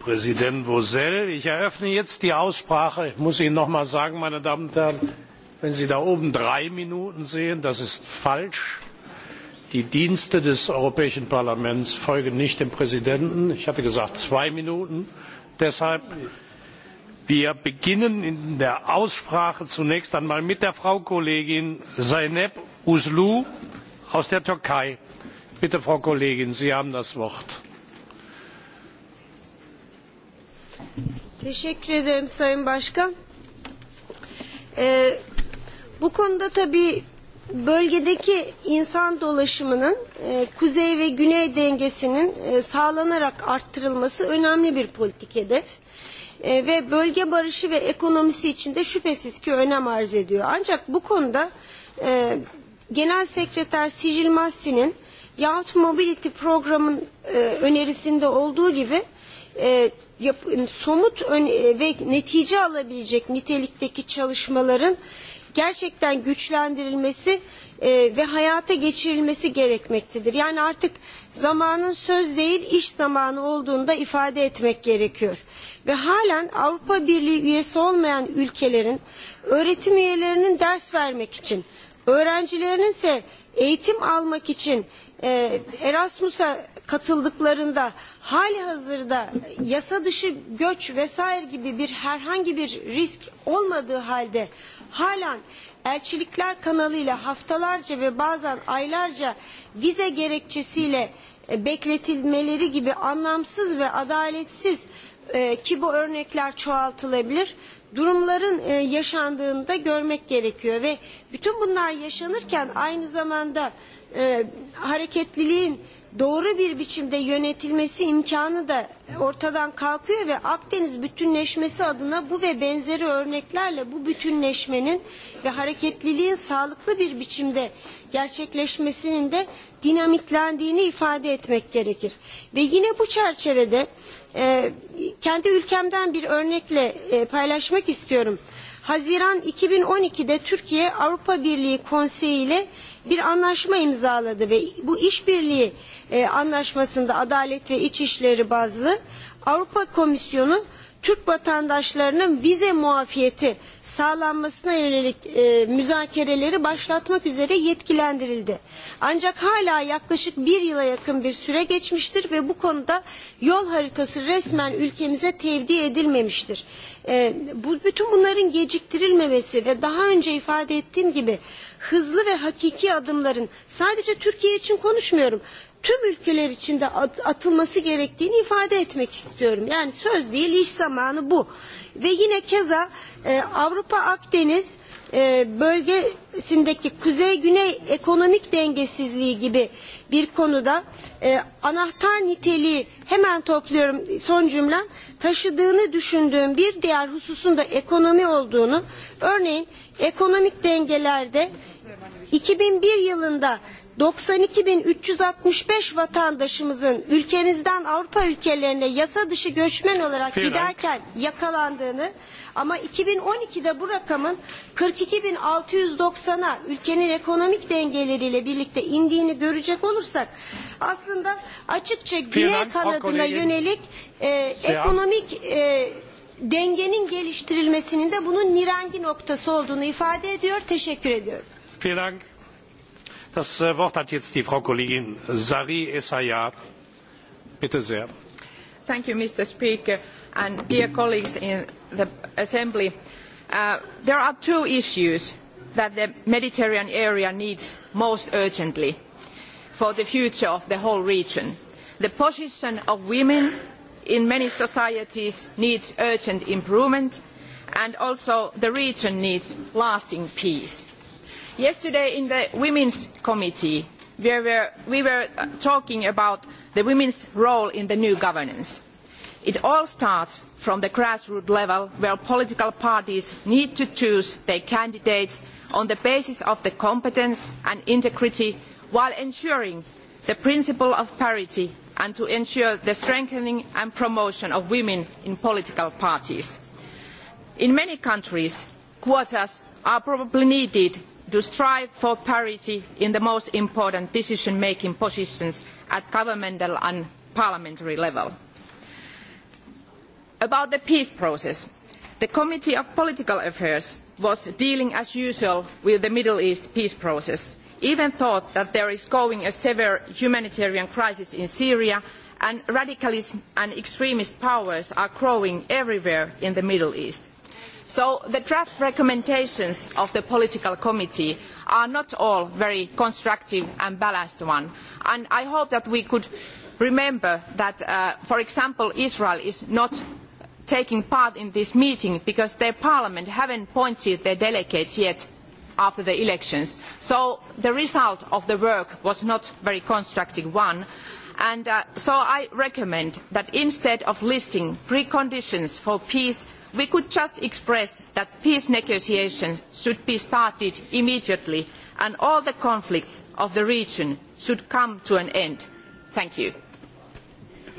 S1: präsident vaucel. ich eröffne jetzt die aussprache. ich muss ihnen noch einmal sagen meine damen und herren wenn sie da oben drei minuten sehen das ist falsch. die dienste des europäischen parlaments folgen nicht dem präsidenten. ich hatte gesagt zwei minuten. deshalb wir beginnen in der aussprache zunächst einmal mit der frau kollegin zeynep uslu aus der türkei. bitte frau kollegin sie haben das wort.
S6: Teşekkür ederim Sayın Başkan. Ee, bu konuda tabii bölgedeki insan dolaşımının e, kuzey ve güney dengesinin e, sağlanarak arttırılması önemli bir politik hedef. E, ve bölge barışı ve ekonomisi için de şüphesiz ki önem arz ediyor. Ancak bu konuda e, Genel Sekreter Sicil Massi'nin yahut Mobility programın e, önerisinde olduğu gibi e, yap, somut ön, ve netice alabilecek nitelikteki çalışmaların gerçekten güçlendirilmesi e, ve hayata geçirilmesi gerekmektedir. Yani artık zamanın söz değil iş zamanı olduğunda ifade etmek gerekiyor. Ve halen Avrupa Birliği üyesi olmayan ülkelerin öğretim üyelerinin ders vermek için, öğrencilerinin ise eğitim almak için Erasmus'a katıldıklarında hali hazırda yasa dışı göç vesaire gibi bir herhangi bir risk olmadığı halde halen elçilikler kanalıyla haftalarca ve bazen aylarca vize gerekçesiyle bekletilmeleri gibi anlamsız ve adaletsiz ki bu örnekler çoğaltılabilir durumların yaşandığını da görmek gerekiyor ve bütün bunlar yaşanırken aynı zamanda e, hareketliliğin doğru bir biçimde yönetilmesi imkanı da ortadan kalkıyor ve Akdeniz bütünleşmesi adına bu ve benzeri örneklerle bu bütünleşmenin ve hareketliliğin sağlıklı bir biçimde gerçekleşmesinin de dinamitlendiğini ifade etmek gerekir. Ve yine bu çerçevede e, kendi ülkemden bir örnekle e, paylaşmak istiyorum. Haziran 2012'de Türkiye Avrupa Birliği Konseyi ile bir anlaşma imzaladı ve bu işbirliği e, anlaşmasında Adalet ve İçişleri bazlı Avrupa Komisyonu Türk vatandaşlarının vize muafiyeti sağlanmasına yönelik e, müzakereleri başlatmak üzere yetkilendirildi. Ancak hala yaklaşık bir yıla yakın bir süre geçmiştir ve bu konuda yol haritası resmen ülkemize tevdi edilmemiştir. E, bu, bütün bunların geciktirilmemesi ve daha önce ifade ettiğim gibi hızlı ve hakiki adımların sadece Türkiye için konuşmuyorum tüm ülkeler içinde atılması gerektiğini ifade etmek istiyorum. Yani söz değil iş zamanı bu. Ve yine keza e, Avrupa Akdeniz e, bölgesindeki kuzey-güney ekonomik dengesizliği gibi bir konuda e, anahtar niteliği hemen topluyorum son cümlem taşıdığını düşündüğüm bir diğer hususun da ekonomi olduğunu örneğin ekonomik dengelerde 2001 yılında 92.365 vatandaşımızın ülkemizden Avrupa ülkelerine yasa dışı göçmen olarak giderken yakalandığını ama 2012'de bu rakamın 42.690'a ülkenin ekonomik dengeleriyle birlikte indiğini görecek olursak aslında açıkça Güney kanadına yönelik e, ekonomik e, dengenin geliştirilmesinin de bunun nirengi noktası olduğunu ifade ediyor. Teşekkür ediyorum.
S1: Das Wort hat jetzt Frau Kollegin Mr. President
S7: and dear colleagues in the Assembly. there are two issues that the Mediterranean area needs most urgently for the future of the whole region. The position of women in many societies needs urgent improvement and also the region needs lasting peace Yesterday in the Women's Committee, we were, talking about the women's role in the new governance. It all starts from the grassroots level where political parties need to choose their candidates on the basis of their competence and integrity while ensuring the principle of parity and to ensure the strengthening and promotion of women in political parties. In many countries, quotas are probably needed to strive for parity in the most important decision making positions at governmental and parliamentary level. About the peace process, the Committee on Political Affairs was dealing as usual with the Middle East peace process, even thought that there is going a severe humanitarian crisis in Syria and radicalism and extremist powers are growing everywhere in the Middle East So the draft recommendations of the political committee are not all very constructive and balanced ones. And I hope that we could remember that, for example, Israel is not taking part in this meeting because their parliament has not appointed their delegates yet after the elections. So the result of the work was not a very constructive one. And so I recommend that instead of listing preconditions for peace We could just express that peace negotiations should be started immediately and all the conflicts of the region should come to an end. Thank you.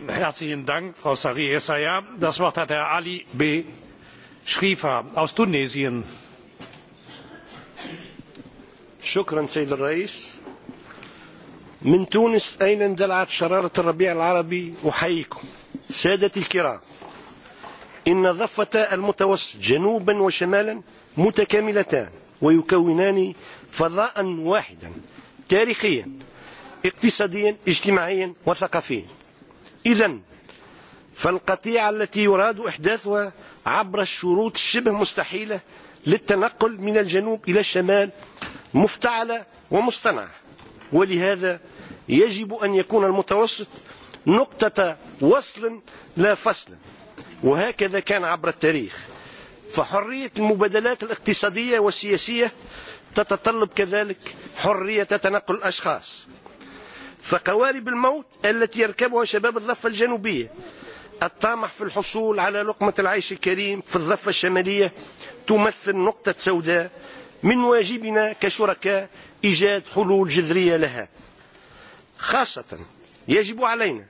S1: Herzlichen Dank, Frau Sari Essayah. Das Wort hat Herr Ali B. Schrifa aus Tunesien. سيد الرئيس
S8: من تونس أين اندلعت شرارة الربيع العربي الكرام إن ضفة المتوسط جنوبا وشمالا متكاملتان ويكونان فضاء واحدا تاريخيا اقتصاديا اجتماعيا وثقافيا إذا فالقطيعة التي يراد إحداثها عبر الشروط الشبه مستحيلة للتنقل من الجنوب إلى الشمال مفتعلة ومصطنعة ولهذا يجب أن يكون المتوسط نقطة وصل لا فصل وهكذا كان عبر التاريخ فحرية المبادلات الاقتصادية والسياسية تتطلب كذلك حرية تنقل الأشخاص فقوارب الموت التي يركبها شباب الضفة الجنوبية الطامح في الحصول على لقمة العيش الكريم في الضفة الشمالية تمثل نقطة سوداء من واجبنا كشركاء إيجاد حلول جذرية لها خاصة يجب علينا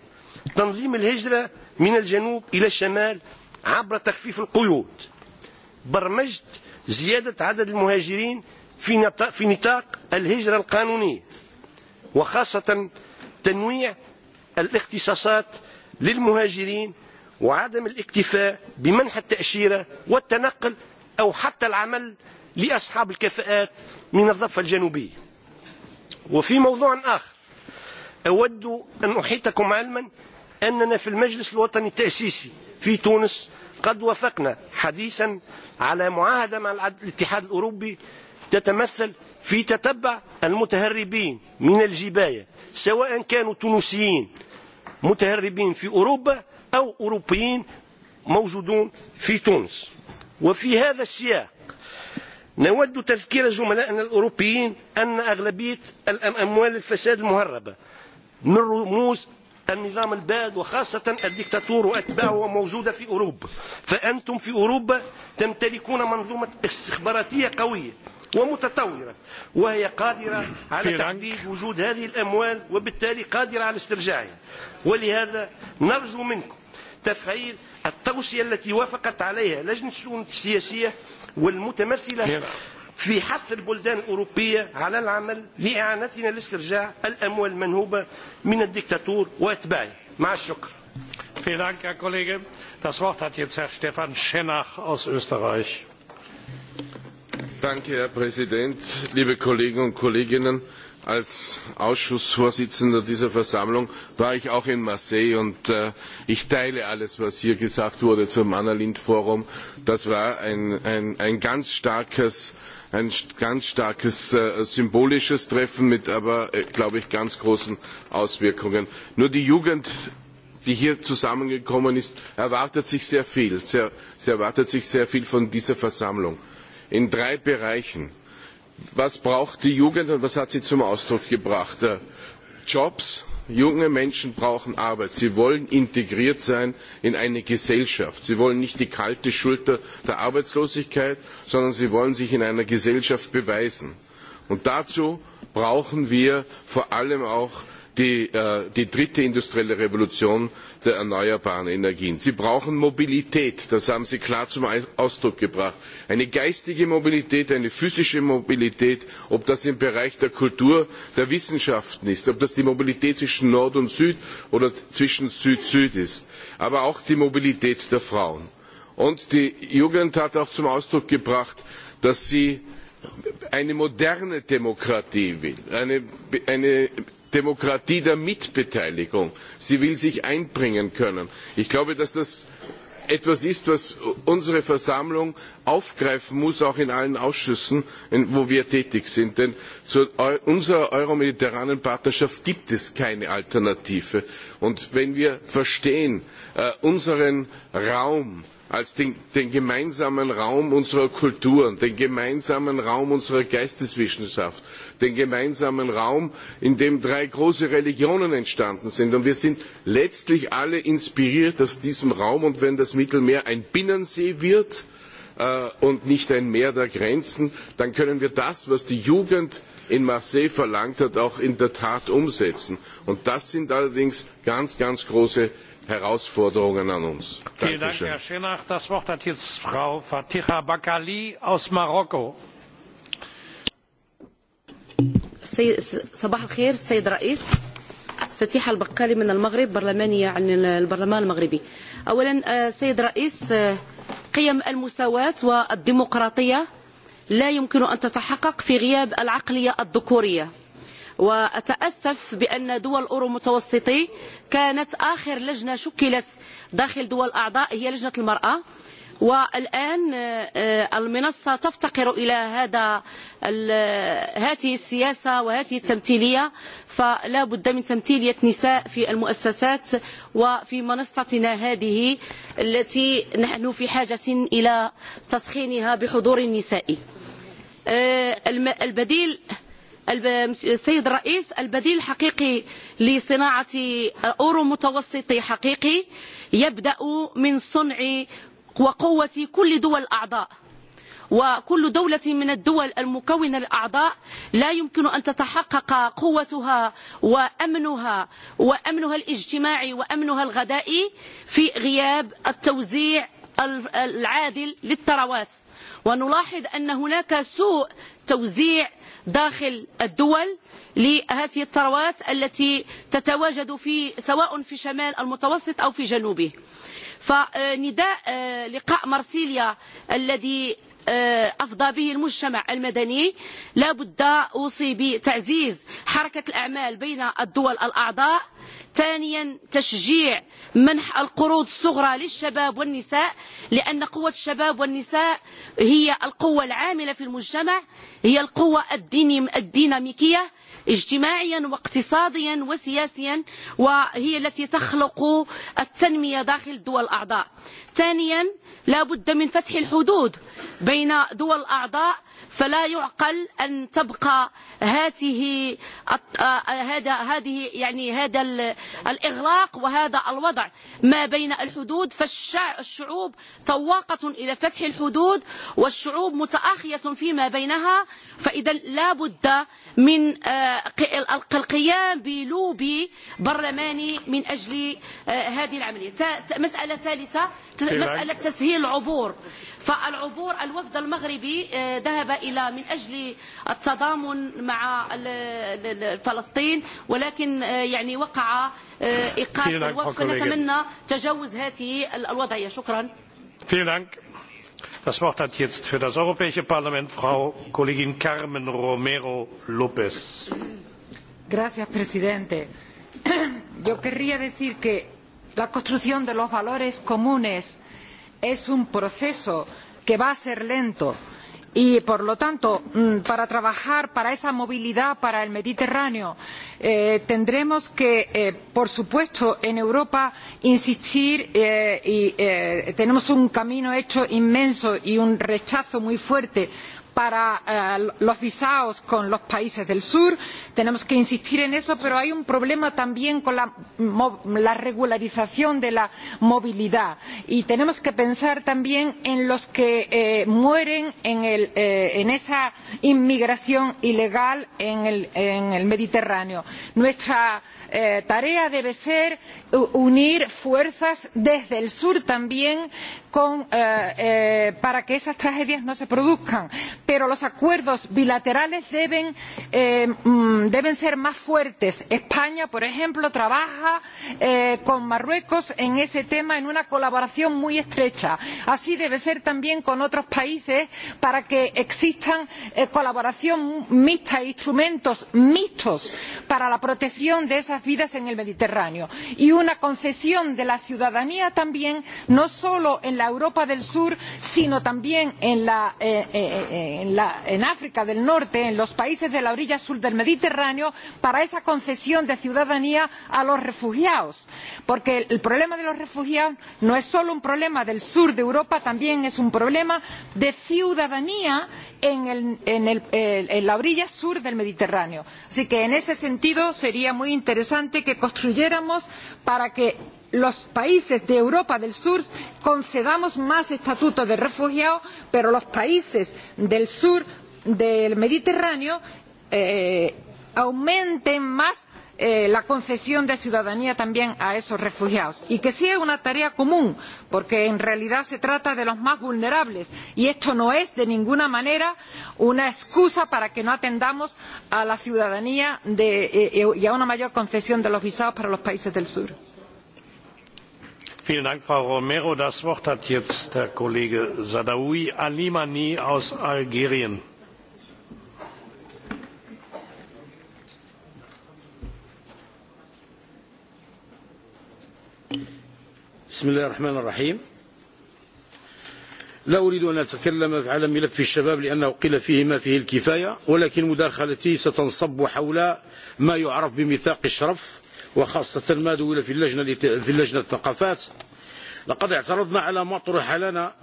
S8: تنظيم الهجرة من الجنوب إلى الشمال عبر تخفيف القيود برمجت زيادة عدد المهاجرين في نطاق الهجرة القانونية وخاصة تنويع الاختصاصات للمهاجرين وعدم الاكتفاء بمنح التأشيرة والتنقل أو حتى العمل لأصحاب الكفاءات من الضفة الجنوبية وفي موضوع آخر أود أن أحيطكم علما أننا في المجلس الوطني التأسيسي في تونس قد وافقنا حديثا على معاهدة مع الاتحاد الأوروبي تتمثل في تتبع المتهربين من الجباية سواء كانوا تونسيين متهربين في أوروبا أو أوروبيين موجودون في تونس وفي هذا السياق نود تذكير زملائنا الأوروبيين أن أغلبية الأموال الفساد المهربة من رموز النظام الباد وخاصة الدكتاتور وأتباعه موجودة في أوروبا فأنتم في أوروبا تمتلكون منظومة استخباراتية قوية ومتطورة وهي قادرة على تحديد وجود هذه الأموال وبالتالي قادرة على استرجاعها ولهذا نرجو منكم تفعيل التوصية التي وافقت عليها لجنة الشؤون السياسية والمتمثلة في حث البلدان الأوروبية على العمل لإعانتنا لاسترجاع الأموال
S1: المنهوبة من الدكتاتور وأتباعه مع الشكر Vielen Dank, Herr Kollege. Das Wort hat jetzt Herr Stefan Schenach aus Österreich.
S9: Danke, Herr Präsident, liebe Kollegen und Kolleginnen. Als Ausschussvorsitzender dieser Versammlung war ich auch in Marseille und äh, ich teile alles, was hier gesagt wurde zum Annalind Forum. Das war ein, ganz starkes ein ganz starkes symbolisches Treffen mit aber, glaube ich, ganz großen Auswirkungen. Nur die Jugend die hier zusammengekommen ist, erwartet sich sehr viel. Sie erwartet sich sehr viel von dieser Versammlung. In drei Bereichen. Was braucht die Jugend und was hat sie zum Ausdruck gebracht? Jobs, Junge Menschen brauchen Arbeit. Sie wollen integriert sein in eine Gesellschaft. Sie wollen nicht die kalte Schulter der Arbeitslosigkeit, sondern sie wollen sich in einer Gesellschaft beweisen. Und dazu brauchen wir vor allem auch die dritte industrielle Revolution der erneuerbaren Energien. Sie brauchen Mobilität, das haben Sie klar zum Ausdruck gebracht. Eine geistige Mobilität, eine physische Mobilität, ob das im Bereich der Kultur, der Wissenschaften ist, ob das die Mobilität zwischen Nord und Süd oder zwischen Süd-Süd ist, aber auch die Mobilität der Frauen. Und die Jugend hat auch zum Ausdruck gebracht, dass sie eine moderne Demokratie will, eine Demokratie der Mitbeteiligung. Sie will sich einbringen können. Ich glaube, dass das etwas ist, was unsere Versammlung aufgreifen muss, auch in allen Ausschüssen, wo wir tätig sind. Denn zu unserer euromediterranen Partnerschaft gibt es keine Alternative. Und wenn wir verstehen, unseren Raum als den, gemeinsamen Raum unserer Kulturen, den gemeinsamen Raum unserer Geisteswissenschaft, den gemeinsamen Raum, in dem drei große Religionen entstanden sind. Und wir sind letztlich alle inspiriert aus diesem Raum. Und wenn das Mittelmeer ein Binnensee wird und nicht ein Meer der Grenzen, dann können wir das, was die Jugend in Marseille verlangt hat, auch in der Tat umsetzen. Und das sind allerdings ganz, ganz große Herausforderungen an uns.
S1: Vielen Dank, Herr Schenach. Das Wort hat jetzt Frau Fatiha Bakali aus Marokko.
S10: صباح الخير السيد الرئيس فتيحة البقالي من المغرب برلمانية عن البرلمان المغربي أولا السيد الرئيس قيم المساواة والديمقراطية لا يمكن أن تتحقق في غياب العقلية الذكورية وأتأسف بأن دول الأورو متوسطي كانت آخر لجنة شكلت داخل دول أعضاء هي لجنة المرأة والآن المنصة تفتقر إلى هذا هذه السياسة وهذه التمثيلية فلا بد من تمثيلية نساء في المؤسسات وفي منصتنا هذه التي نحن في حاجة إلى تسخينها بحضور نسائي البديل السيد الرئيس البديل الحقيقي لصناعة أورو متوسطي حقيقي يبدأ من صنع وقوة كل دول الأعضاء وكل دولة من الدول المكونة الأعضاء لا يمكن أن تتحقق قوتها وأمنها وأمنها الاجتماعي وأمنها الغذائي في غياب التوزيع العادل للثروات ونلاحظ أن هناك سوء توزيع داخل الدول لهذه الثروات التي تتواجد في سواء في شمال المتوسط أو في جنوبه فنداء لقاء مرسيليا الذي افضى به المجتمع المدني لا بد اوصي بتعزيز حركه الاعمال بين الدول الاعضاء ثانيا تشجيع منح القروض الصغرى للشباب والنساء لان قوه الشباب والنساء هي القوه العامله في المجتمع هي القوه الديناميكيه اجتماعيا واقتصاديا وسياسيا وهي التي تخلق التنميه داخل الدول الاعضاء ثانيا لا بد من فتح الحدود بين دول الأعضاء فلا يعقل أن تبقى هذه هذا هذه يعني هذا الإغلاق وهذا الوضع ما بين الحدود فالشعوب طواقة إلى فتح الحدود والشعوب متآخية فيما بينها فإذا لا بد من القيام بلوبي برلماني من أجل هذه العملية مسألة ثالثة مسألة تسهيل العبور فالعبور الوفد المغربي ذهب إلى من أجل التضامن مع فلسطين ولكن يعني وقع إيقاف الوفد فنتمنى تجاوز هذه الوضعية شكرا
S1: Das Wort hat jetzt für das Europäische Parlament Frau Kollegin Carmen Romero López.
S11: Gracias, presidente. Yo querría decir que la construcción de los valores comunes es un proceso que va a ser lento y por lo tanto para trabajar para esa movilidad para el mediterráneo tendremos que por supuesto en europa insistir y tenemos un camino hecho inmenso y un rechazo muy fuerte a para los visados con los países del sur. Tenemos que insistir en eso, pero hay un problema también con la, regularización de la movilidad. Y tenemos que pensar también en los que mueren en, esa inmigración ilegal en el, Mediterráneo. Nuestra tarea debe ser unir fuerzas desde el sur también para que esas tragedias no se produzcan pero los acuerdos bilaterales deben ser más fuertes. españa por ejemplo trabaja con marruecos en ese tema en una colaboración muy estrecha. así debe ser también con otros países para que exista colaboración mixta e instrumentos mixtos para la protección de esas vidas en el Mediterráneo y una concesión de la ciudadanía también, no solo en la Europa del Sur, sino también en África del Norte, en los países de la orilla sur del Mediterráneo, para esa concesión de ciudadanía a los refugiados. Porque el problema de los refugiados no es solo un problema del sur de Europa, también es un problema de ciudadanía en, la orilla sur del Mediterráneo. Así que en ese sentido sería muy interesante que construyéramos para que los países de Europa del Sur concedamos más Estatuto de refugiados, pero los países del sur del Mediterráneo aumenten más la concesión de ciudadanía también a esos refugiados y que sí es una tarea común porque en realidad se trata de los más vulnerables y esto no es de ninguna manera una excusa para que no atendamos a la ciudadanía y a una mayor concesión de los visados para los países del sur.
S1: Das Wort hat jetzt Kollege Sadawi Alimani aus Algerien
S12: بسم الله الرحمن الرحيم لا أريد أن أتكلم على ملف الشباب لأنه قيل فيه ما فيه الكفاية ولكن مداخلتي ستنصب حول ما يعرف بميثاق الشرف وخاصة ما دول في اللجنة, في اللجنة الثقافات لقد اعترضنا على ما طرح لنا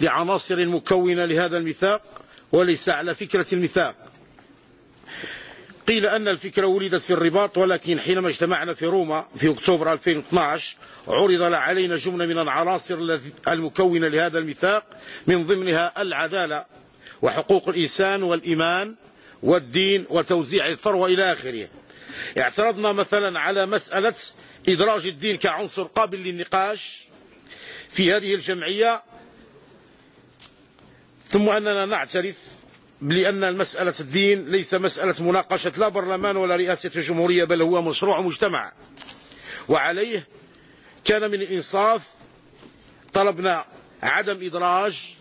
S12: لعناصر مكونة لهذا الميثاق وليس على فكرة الميثاق قيل أن الفكرة ولدت في الرباط ولكن حينما اجتمعنا في روما في أكتوبر 2012 عرض علينا جملة من العناصر المكونة لهذا الميثاق من ضمنها العدالة وحقوق الإنسان والإيمان والدين وتوزيع الثروة إلى آخره اعترضنا مثلا على مسألة إدراج الدين كعنصر قابل للنقاش في هذه الجمعية ثم أننا نعترف لأن مسألة الدين ليس مسألة مناقشة لا برلمان ولا رئاسة الجمهورية بل هو مشروع مجتمع وعليه كان من الإنصاف طلبنا عدم إدراج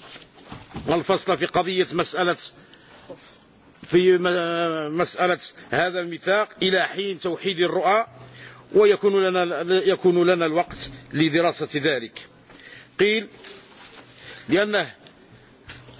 S12: الفصل في قضية مسألة في مسألة هذا الميثاق إلى حين توحيد الرؤى ويكون لنا يكون لنا الوقت لدراسة ذلك قيل لأنه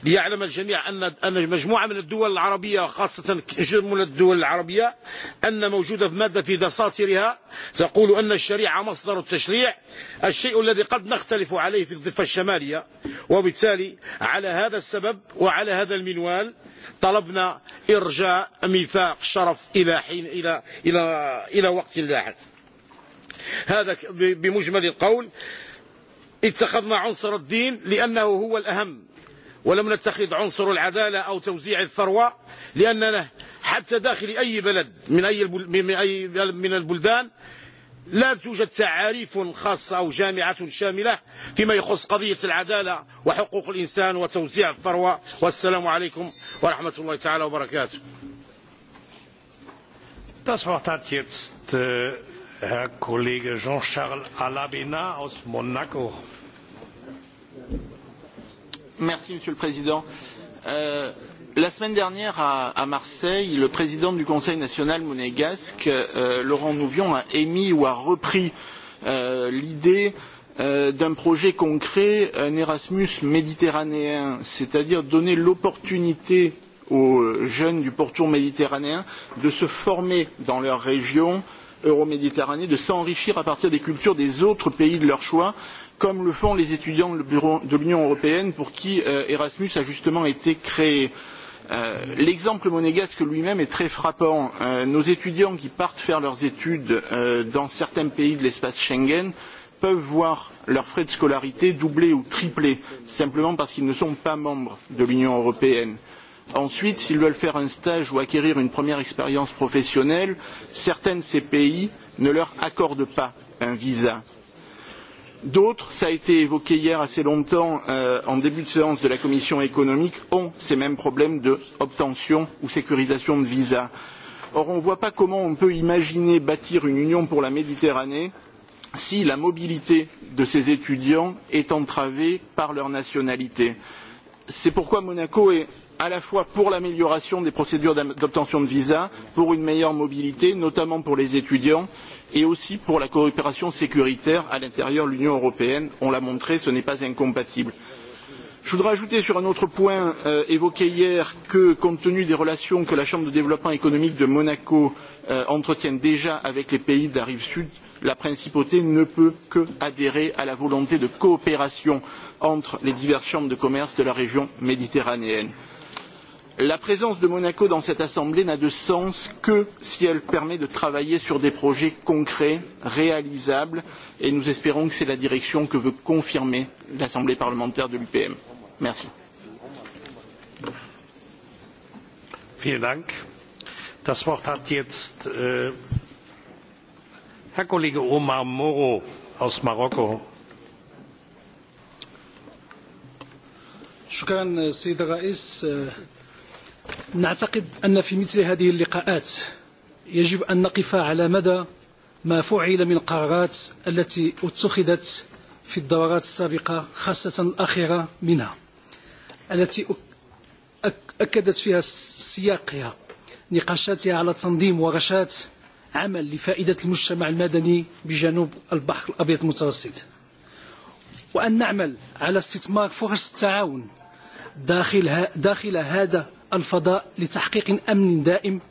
S12: ليعلم الجميع أن أن مجموعة من الدول العربية خاصة جملة الدول العربية أن موجودة في مادة في دساتيرها تقول أن الشريعة مصدر التشريع الشيء الذي قد نختلف عليه في الضفة الشمالية وبالتالي على هذا السبب وعلى هذا المنوال طلبنا إرجاء ميثاق شرف إلى حين إلى إلى إلى إلى وقت لاحق هذا بمجمل القول اتخذنا عنصر الدين لأنه هو الأهم ولم نتخذ عنصر العدالة أو توزيع الثروة لأننا حتى داخل أي بلد من أي, من البلدان لا توجد تعاريف خاصة أو جامعة شاملة فيما يخص قضية العدالة وحقوق الإنسان وتوزيع الثروة والسلام عليكم ورحمة الله تعالى وبركاته
S1: Das Wort hat jetzt Herr Kollege Jean-Charles Alabina aus Monaco. Merci, Monsieur le Président. la
S13: semaine dernière, à, Marseille, le président du Conseil national monégasque, Laurent Nouvion, a émis ou a repris l'idée d'un projet concret, un Erasmus méditerranéen, c'est-à-dire donner l'opportunité aux jeunes du pourtour méditerranéen de se former dans leur région euroméditerranée, de s'enrichir à partir des cultures des autres pays de leur choix, comme le font les étudiants de l'Union européenne pour qui Erasmus a justement été créé. L'exemple monégasque lui-même est très frappant. nos étudiants qui partent faire leurs études dans certains pays de l'espace Schengen peuvent voir leurs frais de scolarité doublés ou triplés, simplement parce qu'ils ne sont pas membres de l'Union européenne. Ensuite, s'ils veulent faire un stage ou acquérir une première expérience professionnelle, certains de ces pays ne leur accordent pas un visa D'autres, cela a été évoqué hier assez longtemps en début de séance de la commission économique, ont ces mêmes problèmes d'obtention ou sécurisation de visas. Or, on ne voit pas comment on peut imaginer bâtir une union pour la Méditerranée si la mobilité de ces étudiants est entravée par leur nationalité. C'est pourquoi Monaco est à la fois pour l'amélioration des procédures d'obtention de visas, pour une meilleure mobilité, notamment pour les étudiants, et aussi pour la coopération sécuritaire à l'intérieur de l'Union européenne. On l'a montré, ce n'est pas incompatible. Je voudrais ajouter sur un autre point évoqué hier que, compte tenu des relations que la Chambre de développement économique de Monaco entretient déjà avec les pays de la rive sud, la principauté ne peut que adhérer à la volonté de coopération entre les diverses chambres de commerce de la région méditerranéenne la présence de Monaco dans cette Assemblée n'a de sens que si elle permet de travailler sur des projets concrets, réalisables, et nous espérons que c'est la direction que veut confirmer l'Assemblée parlementaire de l'UPM. Merci.
S1: Das Wort hat jetzt Herr Kollege Omar Moro aus Marokko. شكرا سيد الرئيس
S14: نعتقد أن في مثل هذه اللقاءات يجب أن نقف على مدى ما فعل من قرارات التي اتخذت في الدورات السابقة خاصة الأخيرة منها التي أكدت فيها سياقها نقاشاتها على تنظيم ورشات عمل لفائدة المجتمع المدني بجنوب البحر الأبيض المتوسط وأن نعمل على استثمار فرص التعاون داخل, داخل هذا الفضاء لتحقيق أمن دائم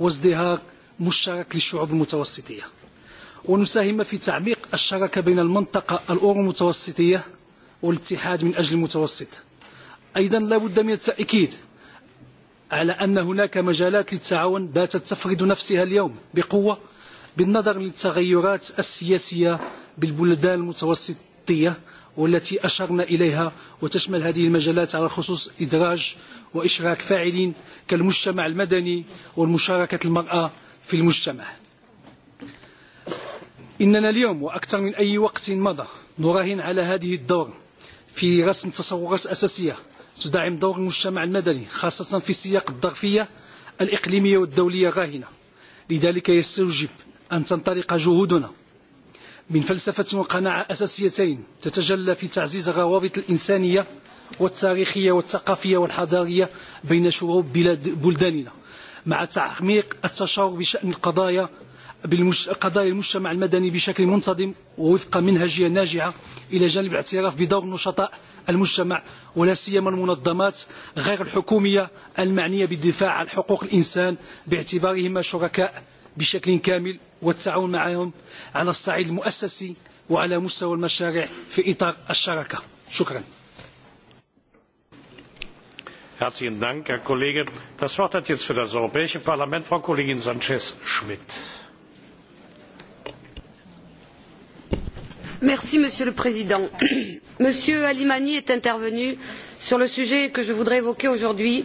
S14: وازدهار مشترك للشعوب المتوسطية ونساهم في تعميق الشراكة بين المنطقة الأورو متوسطية والاتحاد من أجل المتوسط أيضا لا بد من التأكيد على أن هناك مجالات للتعاون باتت تفرد نفسها اليوم بقوة بالنظر للتغيرات السياسية بالبلدان المتوسطية والتي أشرنا إليها وتشمل هذه المجالات على خصوص إدراج وإشراك فاعلين كالمجتمع المدني والمشاركة المرأة في المجتمع إننا اليوم وأكثر من أي وقت مضى نراهن على هذه الدور في رسم تصورات أساسية تدعم دور المجتمع المدني خاصة في سياق الظرفية الإقليمية والدولية الراهنة لذلك يستوجب أن تنطلق جهودنا من فلسفة وقناعة أساسيتين تتجلى في تعزيز الروابط الإنسانية والتاريخية والثقافية والحضارية بين شعوب بلاد بلداننا مع تعميق التشاور بشأن القضايا قضايا المجتمع المدني بشكل منتظم ووفق منهجية ناجعة إلى جانب الاعتراف بدور نشطاء المجتمع ولا سيما المنظمات غير الحكومية المعنية بالدفاع عن حقوق الإنسان باعتبارهما شركاء بشكل كامل والتعاون معهم على الصعيد المؤسسي وعلى مستوى المشاريع في إطار الشراكة شكرا
S1: Herzlichen Dank, Herr Kollege. Das Wort hat jetzt für das Europäische Parlament Frau Kollegin Sanchez-Schmidt.
S15: Merci, monsieur le président Monsieur alimani est intervenu sur le sujet que je voudrais évoquer aujourd'hui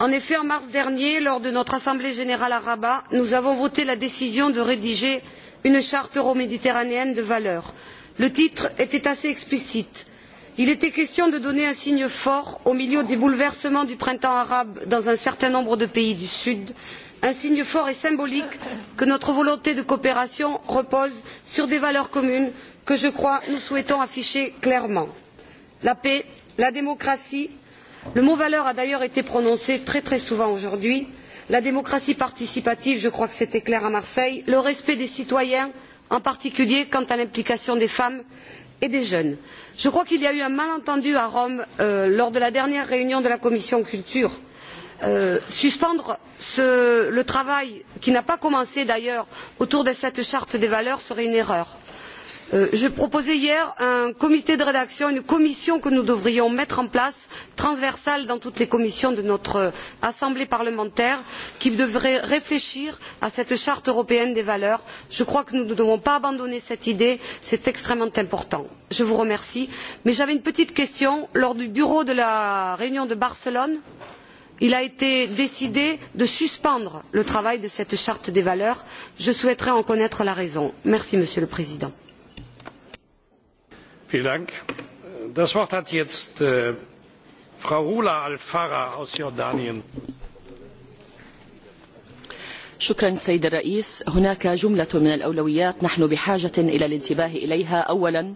S15: en effet en mars dernier lors de notre assemblée générale à rabat nous avons voté la décision de rédiger une charte euroméditerranéenne de valeurs. le titre était assez explicite il était question de donner un signe fort au milieu des bouleversements du printemps arabe dans un certain nombre de pays du sud un signe fort et symbolique que notre volonté de coopération repose sur des valeurs communes que je crois nous souhaitons afficher clairement la paix la démocratie le mot valeur a d'ailleurs été prononcé très très souvent aujourd'hui la démocratie participative je crois que c'était clair à marseille le respect des citoyens en particulier quant à l'implication des femmes et des jeunes. je crois qu'il y a eu un malentendu à rome lors de la dernière réunion de la commission de la culture. suspendre le travail qui n'a pas commencé d'ailleurs autour de cette charte des valeurs serait une erreur je proposais hier un comité de rédaction, une commission que nous devrions mettre en place, transversale dans toutes les commissions de notre assemblée parlementaire, qui devrait réfléchir à cette charte européenne des valeurs. Je crois que nous ne devons pas abandonner cette idée, c'est extrêmement important. Je vous remercie. Mais j'avais une petite question. Lors du bureau de la réunion de Barcelone, il a été décidé de suspendre le travail de cette charte des valeurs. Je souhaiterais en connaître la raison. Merci, Monsieur le Président.
S1: Das Wort hat jetzt Frau Rula Al-Farah aus Jordanien.
S16: شكرا سيد الرئيس هناك جملة من الأولويات نحن بحاجة إلى الانتباه إليها أولا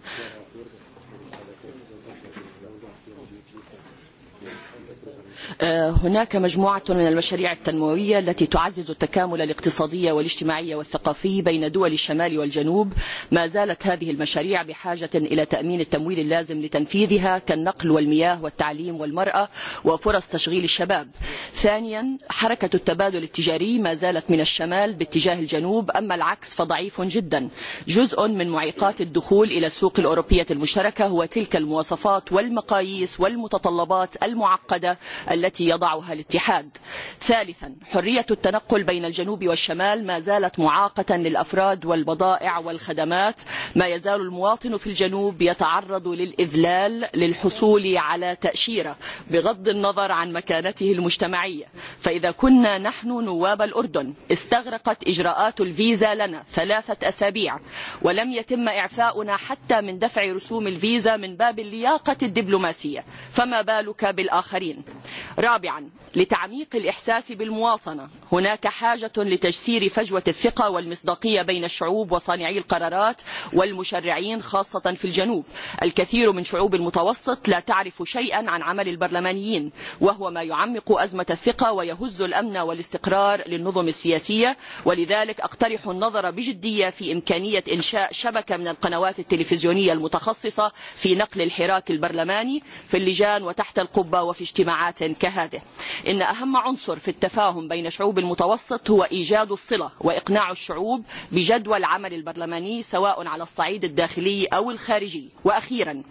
S16: هناك مجموعة من المشاريع التنموية التي تعزز التكامل الاقتصادي والاجتماعي والثقافي بين دول الشمال والجنوب ما زالت هذه المشاريع بحاجة إلى تأمين التمويل اللازم لتنفيذها كالنقل والمياه والتعليم والمرأة وفرص تشغيل الشباب ثانيا حركة التبادل التجاري ما زالت من الشمال باتجاه الجنوب أما العكس فضعيف جدا جزء من معيقات الدخول إلى السوق الأوروبية المشتركة هو تلك المواصفات والمقاييس والمتطلبات المعقدة التي التي يضعها الاتحاد ثالثا حرية التنقل بين الجنوب والشمال ما زالت معاقة للأفراد والبضائع والخدمات ما يزال المواطن في الجنوب يتعرض للإذلال للحصول على تأشيرة بغض النظر عن مكانته المجتمعية فإذا كنا نحن نواب الأردن استغرقت إجراءات الفيزا لنا ثلاثة أسابيع ولم يتم إعفاؤنا حتى من دفع رسوم الفيزا من باب اللياقة الدبلوماسية فما بالك بالآخرين رابعا لتعميق الإحساس بالمواطنة هناك حاجة لتجسير فجوة الثقة والمصداقية بين الشعوب وصانعي القرارات والمشرعين خاصة في الجنوب الكثير من شعوب المتوسط لا تعرف شيئا عن عمل البرلمانيين وهو ما يعمق أزمة الثقة ويهز الأمن والاستقرار للنظم السياسية ولذلك أقترح النظر بجدية في إمكانية إنشاء شبكة من القنوات التلفزيونية المتخصصة في نقل الحراك البرلماني في اللجان وتحت القبة وفي اجتماعات كهذه أن أهم عنصر في التفاهم بين شعوب المتوسط هو إيجاد الصلة وإقناع الشعوب بجدوى العمل البرلماني سواء على الصعيد الداخلي أو الخارجي وأخيرا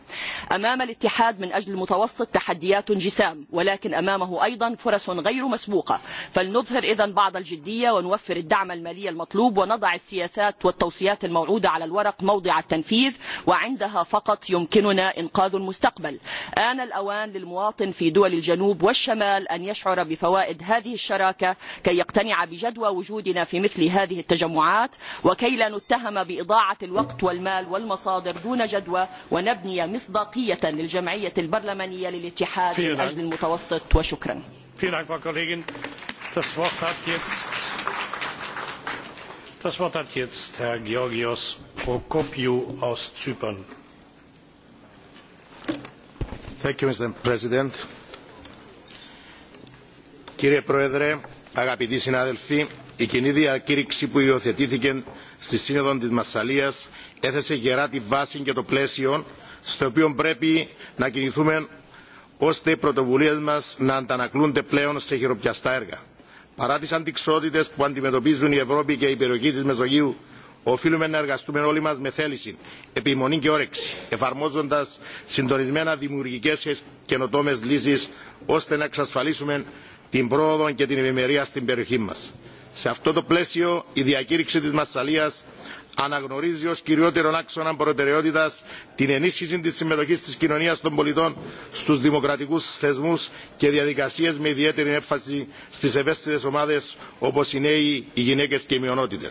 S16: أمام الاتحاد من أجل المتوسط تحديات جسام ولكن أمامه أيضا فرص غير مسبوقة فلنظهر إذا بعض الجدية ونوفر الدعم المالي المطلوب ونضع السياسات والتوصيات الموعودة على الورق موضع التنفيذ وعندها فقط يمكننا إنقاذ المستقبل آن الأوان للمواطن في دول الجنوب والشمال أن يشعر يشعر بفوائد هذه الشراكة كي يقتنع بجدوى وجودنا في مثل هذه التجمعات وكي لا نتهم بإضاعة الوقت والمال والمصادر دون جدوى ونبني مصداقية للجمعية البرلمانية للاتحاد من أجل المتوسط وشكرا
S1: Das Wort hat jetzt herr georgios prokopiou aus zypern. Thank you, mr president Κύριε
S17: Πρόεδρε, αγαπητοί συνάδελφοι, η κοινή διακήρυξη που υιοθετήθηκε στη Σύνοδο της Μασσαλίας έθεσε γερά τη βάση και το πλαίσιο στο οποίο πρέπει να κινηθούμε ώστε οι πρωτοβουλίε μα να αντανακλούνται πλέον σε χειροπιαστά έργα. Παρά τι αντικσότητε που αντιμετωπίζουν η Ευρώπη και η περιοχή τη Μεσογείου, οφείλουμε να εργαστούμε όλοι μα με θέληση, επιμονή και όρεξη, εφαρμόζοντα συντονισμένα δημιουργικέ και καινοτόμε λύσει, ώστε να εξασφαλίσουμε την πρόοδο και την ευημερία στην περιοχή μα. Σε αυτό το πλαίσιο, η διακήρυξη τη Μασσαλία αναγνωρίζει ω κυριότερον άξονα προτεραιότητα την ενίσχυση τη συμμετοχή τη κοινωνία των πολιτών στου δημοκρατικού θεσμού και διαδικασίε με ιδιαίτερη έμφαση στι ευαίσθητε ομάδε, όπω οι νέοι, οι γυναίκε και οι μειονότητε.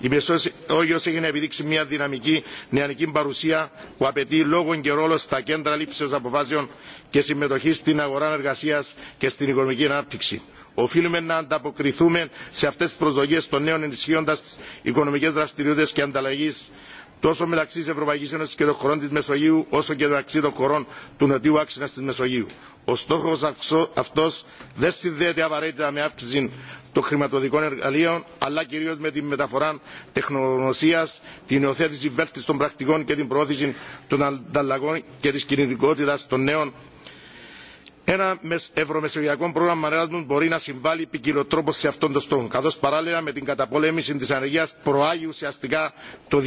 S17: Η Μεσόγειος έχει να επιδείξει μια δυναμική νεανική παρουσία που απαιτεί λόγο και ρόλο στα κέντρα λήψεως αποφάσεων και συμμετοχή στην αγορά εργασία και στην οικονομική ανάπτυξη. Οφείλουμε να ανταποκριθούμε σε αυτές τις προσδοκίες των νέων ενισχύοντας τις οικονομικές δραστηριότητες και ανταλλαγής τόσο μεταξύ της Ευρωπαϊκή Ένωση και των χωρών τη Μεσογείου, όσο και μεταξύ των χωρών του νοτιού άξονα τη Μεσογείου. Ο στόχο αυτό δεν συνδέεται απαραίτητα με αύξηση των χρηματοδικών εργαλείων, αλλά κυρίω με τη μεταφορά τεχνογνωσίας, την υιοθέτηση βέλτιστων πρακτικών και την προώθηση των ανταλλαγών και τη κινητικότητα των νέων Ένα ευρωμεσογειακό πρόγραμμα Erasmus μπορεί να συμβάλλει ποικιλοτρόπω σε αυτόν τον στόχο, καθώ παράλληλα με την καταπολέμηση τη ανεργία προάγει ουσιαστικά το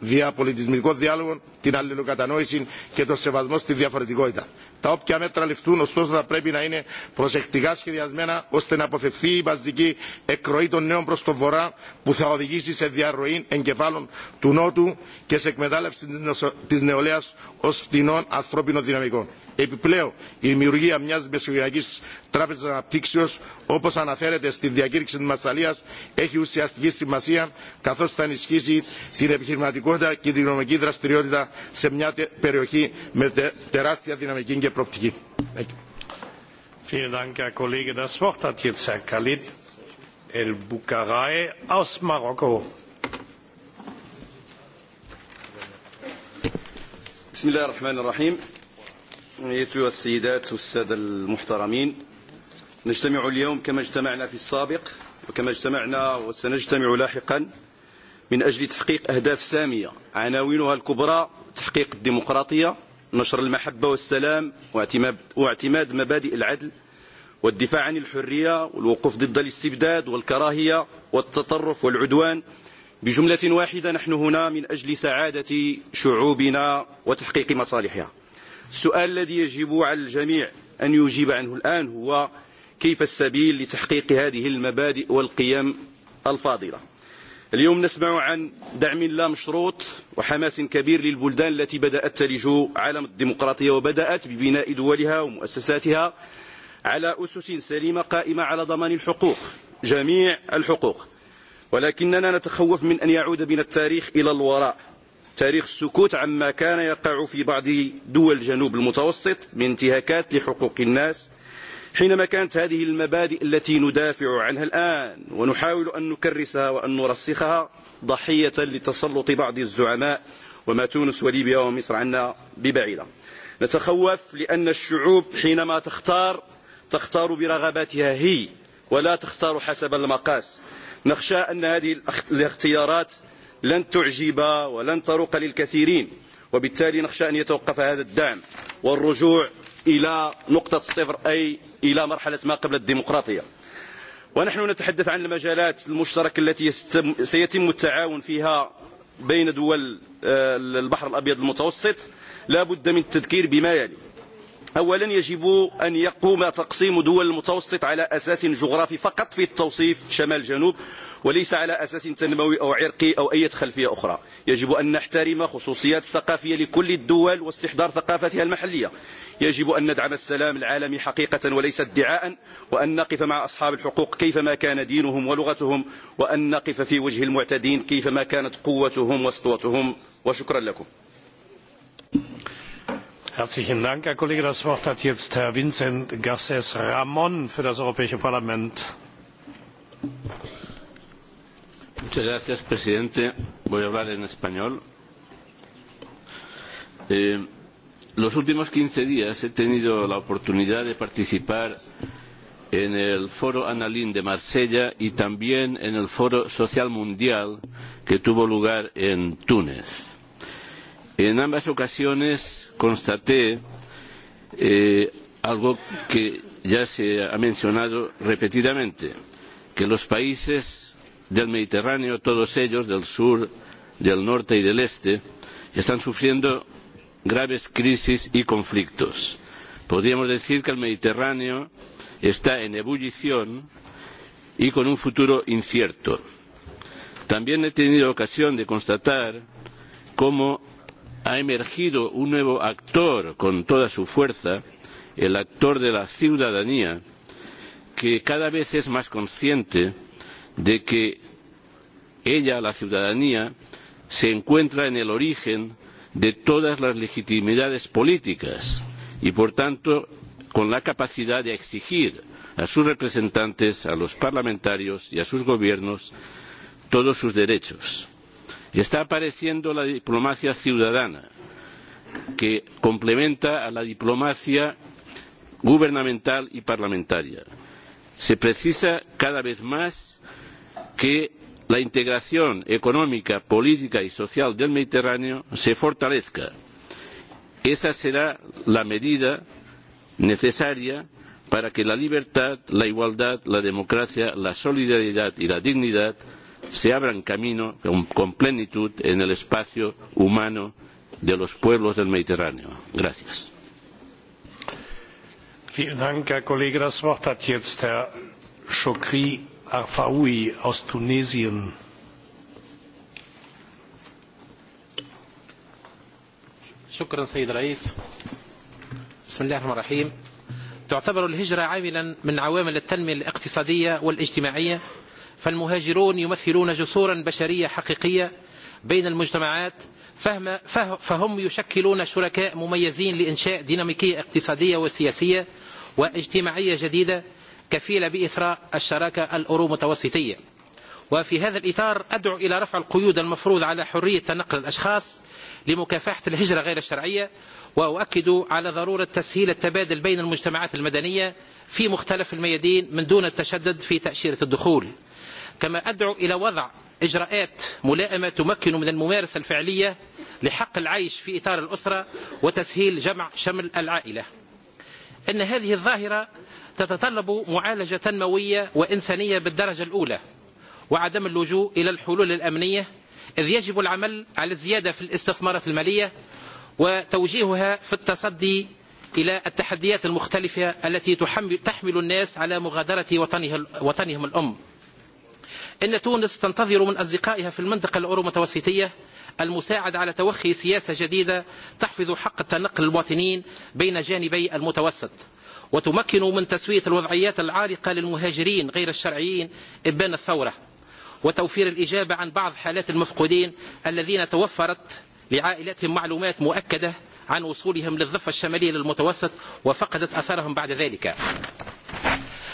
S17: διαπολιτισμικό διάλογο, την αλληλοκατανόηση και τον σεβασμό στη διαφορετικότητα. Τα όποια μέτρα ληφθούν, ωστόσο, θα πρέπει να είναι προσεκτικά σχεδιασμένα ώστε να αποφευθεί η μαζική εκροή των νέων προ τον βορρά που θα οδηγήσει σε διαρροή εγκεφάλων του Νότου και σε εκμετάλλευση τη νεολαία ω φτηνών ανθρώπινων δυναμικών. Επιπλέον, η δημιουργία μια Μεσογειακή Τράπεζα Αναπτύξεω, όπω αναφέρεται στη διακήρυξη τη Μασσαλία, έχει ουσιαστική σημασία, καθώ θα ενισχύσει την επιχειρηματικότητα και την οικονομική δραστηριότητα σε μια περιοχή με
S1: τεράστια δυναμική και προοπτική. Vielen Dank, Herr Kollege. Das Wort hat jetzt Herr Khalid El aus Marokko.
S18: أيتها السيدات والسادة المحترمين نجتمع اليوم كما اجتمعنا في السابق وكما اجتمعنا وسنجتمع لاحقا من أجل تحقيق أهداف سامية عناوينها الكبرى تحقيق الديمقراطية نشر المحبة والسلام واعتماد مبادئ العدل والدفاع عن الحرية والوقوف ضد الاستبداد والكراهية والتطرف والعدوان بجملة واحدة نحن هنا من أجل سعادة شعوبنا وتحقيق مصالحها السؤال الذي يجب على الجميع أن يجيب عنه الآن هو كيف السبيل لتحقيق هذه المبادئ والقيم الفاضلة اليوم نسمع عن دعم لا مشروط وحماس كبير للبلدان التي بدأت تلج عالم الديمقراطية وبدأت ببناء دولها ومؤسساتها على أسس سليمة قائمة على ضمان الحقوق جميع الحقوق ولكننا نتخوف من أن يعود بنا التاريخ إلى الوراء تاريخ السكوت عما كان يقع في بعض دول جنوب المتوسط من انتهاكات لحقوق الناس حينما كانت هذه المبادئ التي ندافع عنها الآن ونحاول أن نكرسها وأن نرسخها ضحية لتسلط بعض الزعماء وما تونس وليبيا ومصر عنا ببعيدة نتخوف لأن الشعوب حينما تختار تختار برغباتها هي ولا تختار حسب المقاس نخشى أن هذه الاختيارات لن تعجب ولن تروق للكثيرين وبالتالي نخشى أن يتوقف هذا الدعم والرجوع إلى نقطة الصفر أي إلى مرحلة ما قبل الديمقراطية ونحن نتحدث عن المجالات المشتركة التي سيتم التعاون فيها بين دول البحر الأبيض المتوسط لا بد من التذكير بما يلي أولا يجب أن يقوم تقسيم دول المتوسط على أساس جغرافي فقط في التوصيف شمال جنوب وليس على أساس تنموي أو عرقي أو أي خلفية أخرى يجب أن نحترم خصوصيات الثقافية لكل الدول واستحضار ثقافتها المحلية يجب أن ندعم السلام العالمي حقيقة وليس ادعاء وأن نقف مع أصحاب الحقوق كيفما كان دينهم ولغتهم وأن نقف في وجه المعتدين كيفما كانت قوتهم وسطوتهم وشكرا لكم
S1: Herzlichen Dank, Herr Kollege. Das Wort hat jetzt Herr Vincent Garces Ramon für das Europäische Parlament. Señor
S19: presidente. Voy a hablar en español. los últimos quince días he tenido la oportunidad de participar en el Foro Analín de Marsella y también en el Foro Social Mundial que tuvo lugar en Túnez En ambas ocasiones constaté algo que ya se ha mencionado repetidamente, que los países del Mediterráneo, todos ellos, del sur, del norte y del este, están sufriendo graves crisis y conflictos. Podríamos decir que el Mediterráneo está en ebullición y con un futuro incierto. También he tenido ocasión de constatar cómo ha emergido un nuevo actor con toda su fuerza, el actor de la ciudadanía, que cada vez es más consciente de que ella, la ciudadanía, se encuentra en el origen de todas las legitimidades políticas y, por tanto, con la capacidad de exigir a sus representantes, a los parlamentarios y a sus gobiernos todos sus derechos Está apareciendo la diplomacia ciudadana, que complementa a la diplomacia gubernamental y parlamentaria. Se precisa cada vez más que la integración económica, política y social del Mediterráneo se fortalezca. Esa será la medida necesaria para que la libertad, la igualdad, la democracia, la solidaridad y la dignidad se abran camino con, con plenitud en el espacio humano de los pueblos del Mediterráneo. Gracias.
S1: Vielen Dank, Herr Kollege. Das Wort hat jetzt Herr Chokri Arfaoui aus Tunesien.
S20: شكرا سيد الرئيس بسم الله الرحمن الرحيم تعتبر الهجرة عاملا من عوامل التنمية الاقتصادية والاجتماعية فالمهاجرون يمثلون جسورا بشرية حقيقية بين المجتمعات فهم فهم يشكلون شركاء مميزين لإنشاء ديناميكية اقتصادية وسياسية واجتماعية جديدة كفيلة بإثراء الشراكة الأورو متوسطية وفي هذا الإطار أدعو إلى رفع القيود المفروض على حرية تنقل الأشخاص لمكافحة الهجرة غير الشرعية وأؤكد على ضرورة تسهيل التبادل بين المجتمعات المدنية في مختلف الميادين من دون التشدد في تأشيرة الدخول كما أدعو إلى وضع إجراءات ملائمة تمكن من الممارسة الفعلية لحق العيش في إطار الأسرة وتسهيل جمع شمل العائلة إن هذه الظاهرة تتطلب معالجة تنموية وإنسانية بالدرجة الأولى وعدم اللجوء إلى الحلول الأمنية إذ يجب العمل على الزيادة في الاستثمارات المالية وتوجيهها في التصدي إلى التحديات المختلفة التي تحمل الناس على مغادرة وطنهم الأم إن تونس تنتظر من أصدقائها في المنطقة الأورو متوسطية المساعد على توخي سياسة جديدة تحفظ حق التنقل للمواطنين بين جانبي المتوسط وتمكن من تسوية الوضعيات العارقة للمهاجرين غير الشرعيين إبان الثورة وتوفير الإجابة عن بعض حالات المفقودين الذين توفرت لعائلاتهم معلومات مؤكدة عن وصولهم للضفة الشمالية للمتوسط وفقدت أثرهم بعد ذلك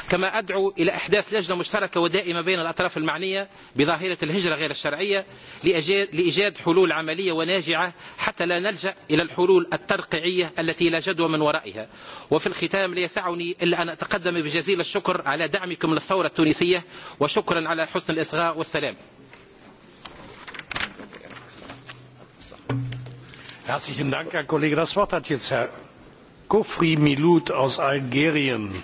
S20: كما أدعو إلى إحداث لجنة مشتركة ودائمة بين الأطراف المعنية بظاهرة الهجرة غير الشرعية لإيجاد حلول عملية وناجعة حتى لا نلجأ إلى الحلول الترقيعية التي لا جدوى من ورائها وفي الختام ليسعني إلا أن أتقدم بجزيل الشكر على دعمكم للثورة التونسية وشكرا على حسن الإصغاء والسلام Herzlichen Dank, Herr Kollege. Das Wort hat jetzt Herr
S1: Kofri Milut aus Algerien.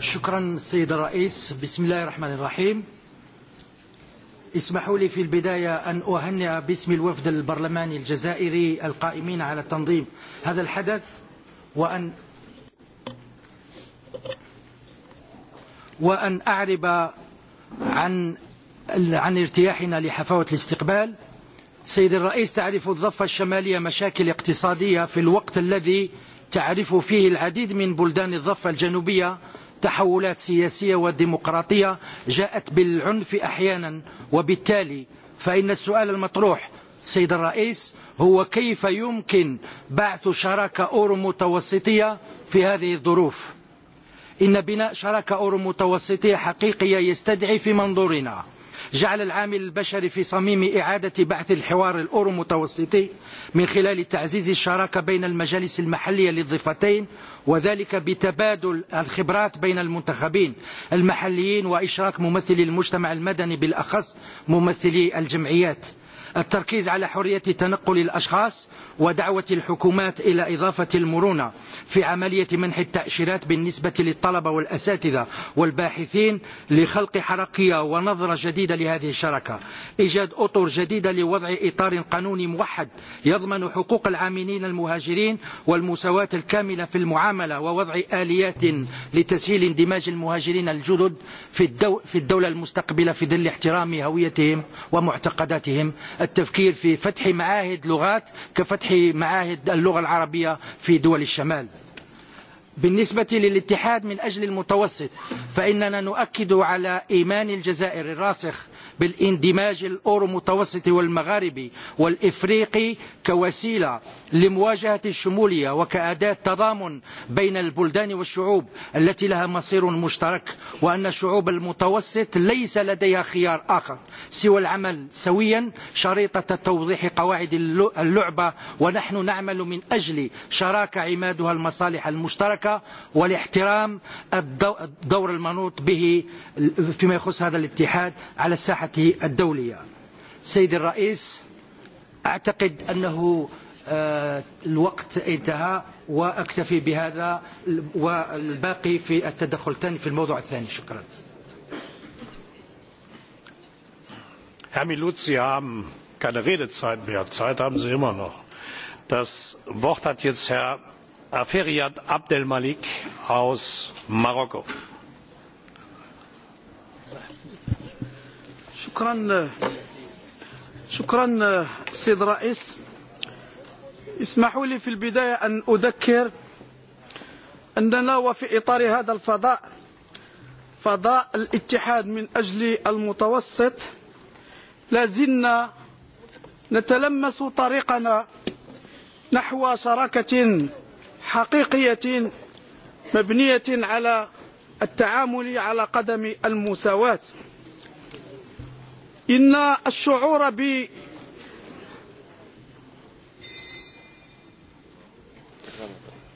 S1: شكرا
S21: سيد الرئيس بسم الله الرحمن الرحيم اسمحوا لي في البداية أن أهنئ باسم الوفد البرلماني الجزائري القائمين على تنظيم هذا الحدث وأن وأن أعرب عن عن ارتياحنا لحفاوة الاستقبال سيد الرئيس تعرف الضفة الشمالية مشاكل اقتصادية في الوقت الذي تعرف فيه العديد من بلدان الضفة الجنوبية تحولات سياسية وديمقراطية جاءت بالعنف أحيانا وبالتالي فإن السؤال المطروح سيد الرئيس هو كيف يمكن بعث شراكة أورو متوسطية في هذه الظروف إن بناء شراكة أورو متوسطية حقيقية يستدعي في منظورنا جعل العامل البشري في صميم إعادة بعث الحوار الأورو متوسطي من خلال تعزيز الشراكة بين المجالس المحلية للضفتين وذلك بتبادل الخبرات بين المنتخبين المحليين وإشراك ممثلي المجتمع المدني بالأخص ممثلي الجمعيات التركيز على حرية تنقل الأشخاص ودعوة الحكومات إلى إضافة المرونة في عملية منح التأشيرات بالنسبة للطلبة والأساتذة والباحثين لخلق حركية ونظرة جديدة لهذه الشركة إيجاد أطر جديدة لوضع إطار قانوني موحد يضمن حقوق العاملين المهاجرين والمساواة الكاملة في المعاملة ووضع آليات لتسهيل اندماج المهاجرين الجدد في الدولة المستقبلة في ظل احترام هويتهم ومعتقداتهم التفكير في فتح معاهد لغات كفتح معاهد اللغة العربية في دول الشمال بالنسبة للاتحاد من أجل المتوسط فإننا نؤكد على إيمان الجزائر الراسخ بالاندماج الأورو والمغاربي والافريقي كوسيلة لمواجهة الشمولية وكأداة تضامن بين البلدان والشعوب التي لها مصير مشترك وان شعوب المتوسط ليس لديها خيار اخر سوى العمل سويا شريطة توضيح قواعد اللعبة ونحن نعمل من اجل شراكة عمادها المصالح المشتركة والاحترام الدور المنوط به فيما يخص هذا الاتحاد على الساحة الدولية سيد الرئيس أعتقد أنه الوقت انتهى وأكتفي بهذا والباقي في التدخل الثاني في الموضوع الثاني
S1: شكرا Herr Milut, Sie haben keine Redezeit mehr. Zeit haben Sie immer noch. Das Wort hat jetzt Herr Aferiat Abdelmalik aus Marokko.
S22: شكرا شكرا سيد رئيس اسمحوا لي في البداية أن أذكر أننا وفي إطار هذا الفضاء فضاء الاتحاد من أجل المتوسط لازلنا نتلمس طريقنا نحو شراكة حقيقية مبنية على التعامل على قدم المساواة إن الشعور ب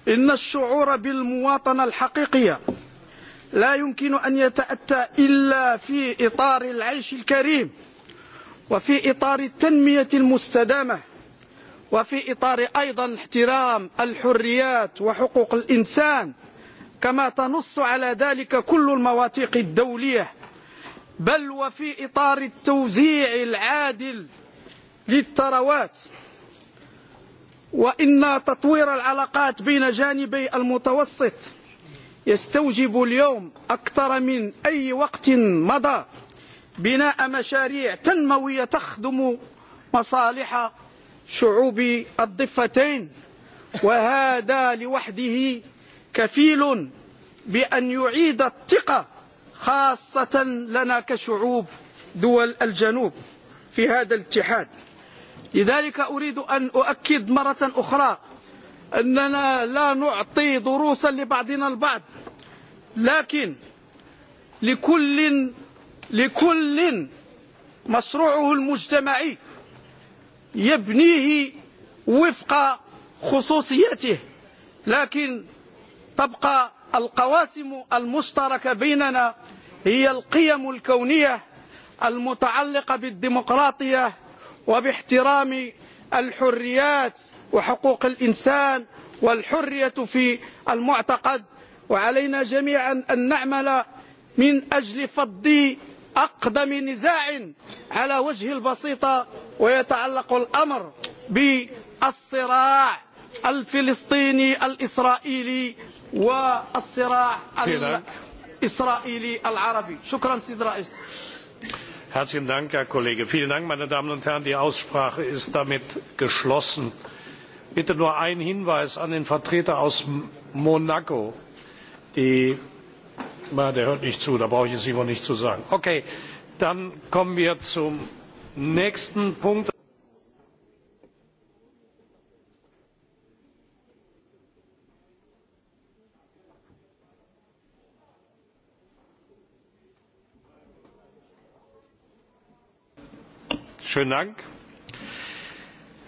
S22: إن الشعور بالمواطنة الحقيقية لا يمكن أن يتأتى إلا في إطار العيش الكريم وفي إطار التنمية المستدامة وفي إطار أيضا احترام الحريات وحقوق الإنسان كما تنص على ذلك كل المواثيق الدولية بل وفي إطار التوزيع العادل للثروات وإن تطوير العلاقات بين جانبي المتوسط يستوجب اليوم أكثر من أي وقت مضى بناء مشاريع تنموية تخدم مصالح شعوب الضفتين وهذا لوحده كفيل بأن يعيد الثقه خاصة لنا كشعوب دول الجنوب في هذا الاتحاد لذلك أريد أن أؤكد مرة أخرى أننا لا نعطي دروسا لبعضنا البعض لكن لكل لكل مشروعه المجتمعي يبنيه وفق خصوصيته لكن تبقى القواسم المشتركة بيننا هي القيم الكونية المتعلقة بالديمقراطية وباحترام الحريات وحقوق الإنسان والحرية في المعتقد وعلينا جميعا أن نعمل من أجل فض أقدم نزاع على وجه البسيطة ويتعلق الأمر بالصراع الفلسطيني الإسرائيلي والصراع الإسرائيلي العربي شكرا سيد رئيس
S1: Herzlichen Dank, Herr Kollege. Vielen Dank, meine Damen und Herren. Die Aussprache ist damit geschlossen. Bitte nur ein Hinweis an den Vertreter aus Monaco. Die, na, der hört nicht zu, da brauche ich es ihm nicht zu sagen. Okay, dann kommen wir zum nächsten Punkt.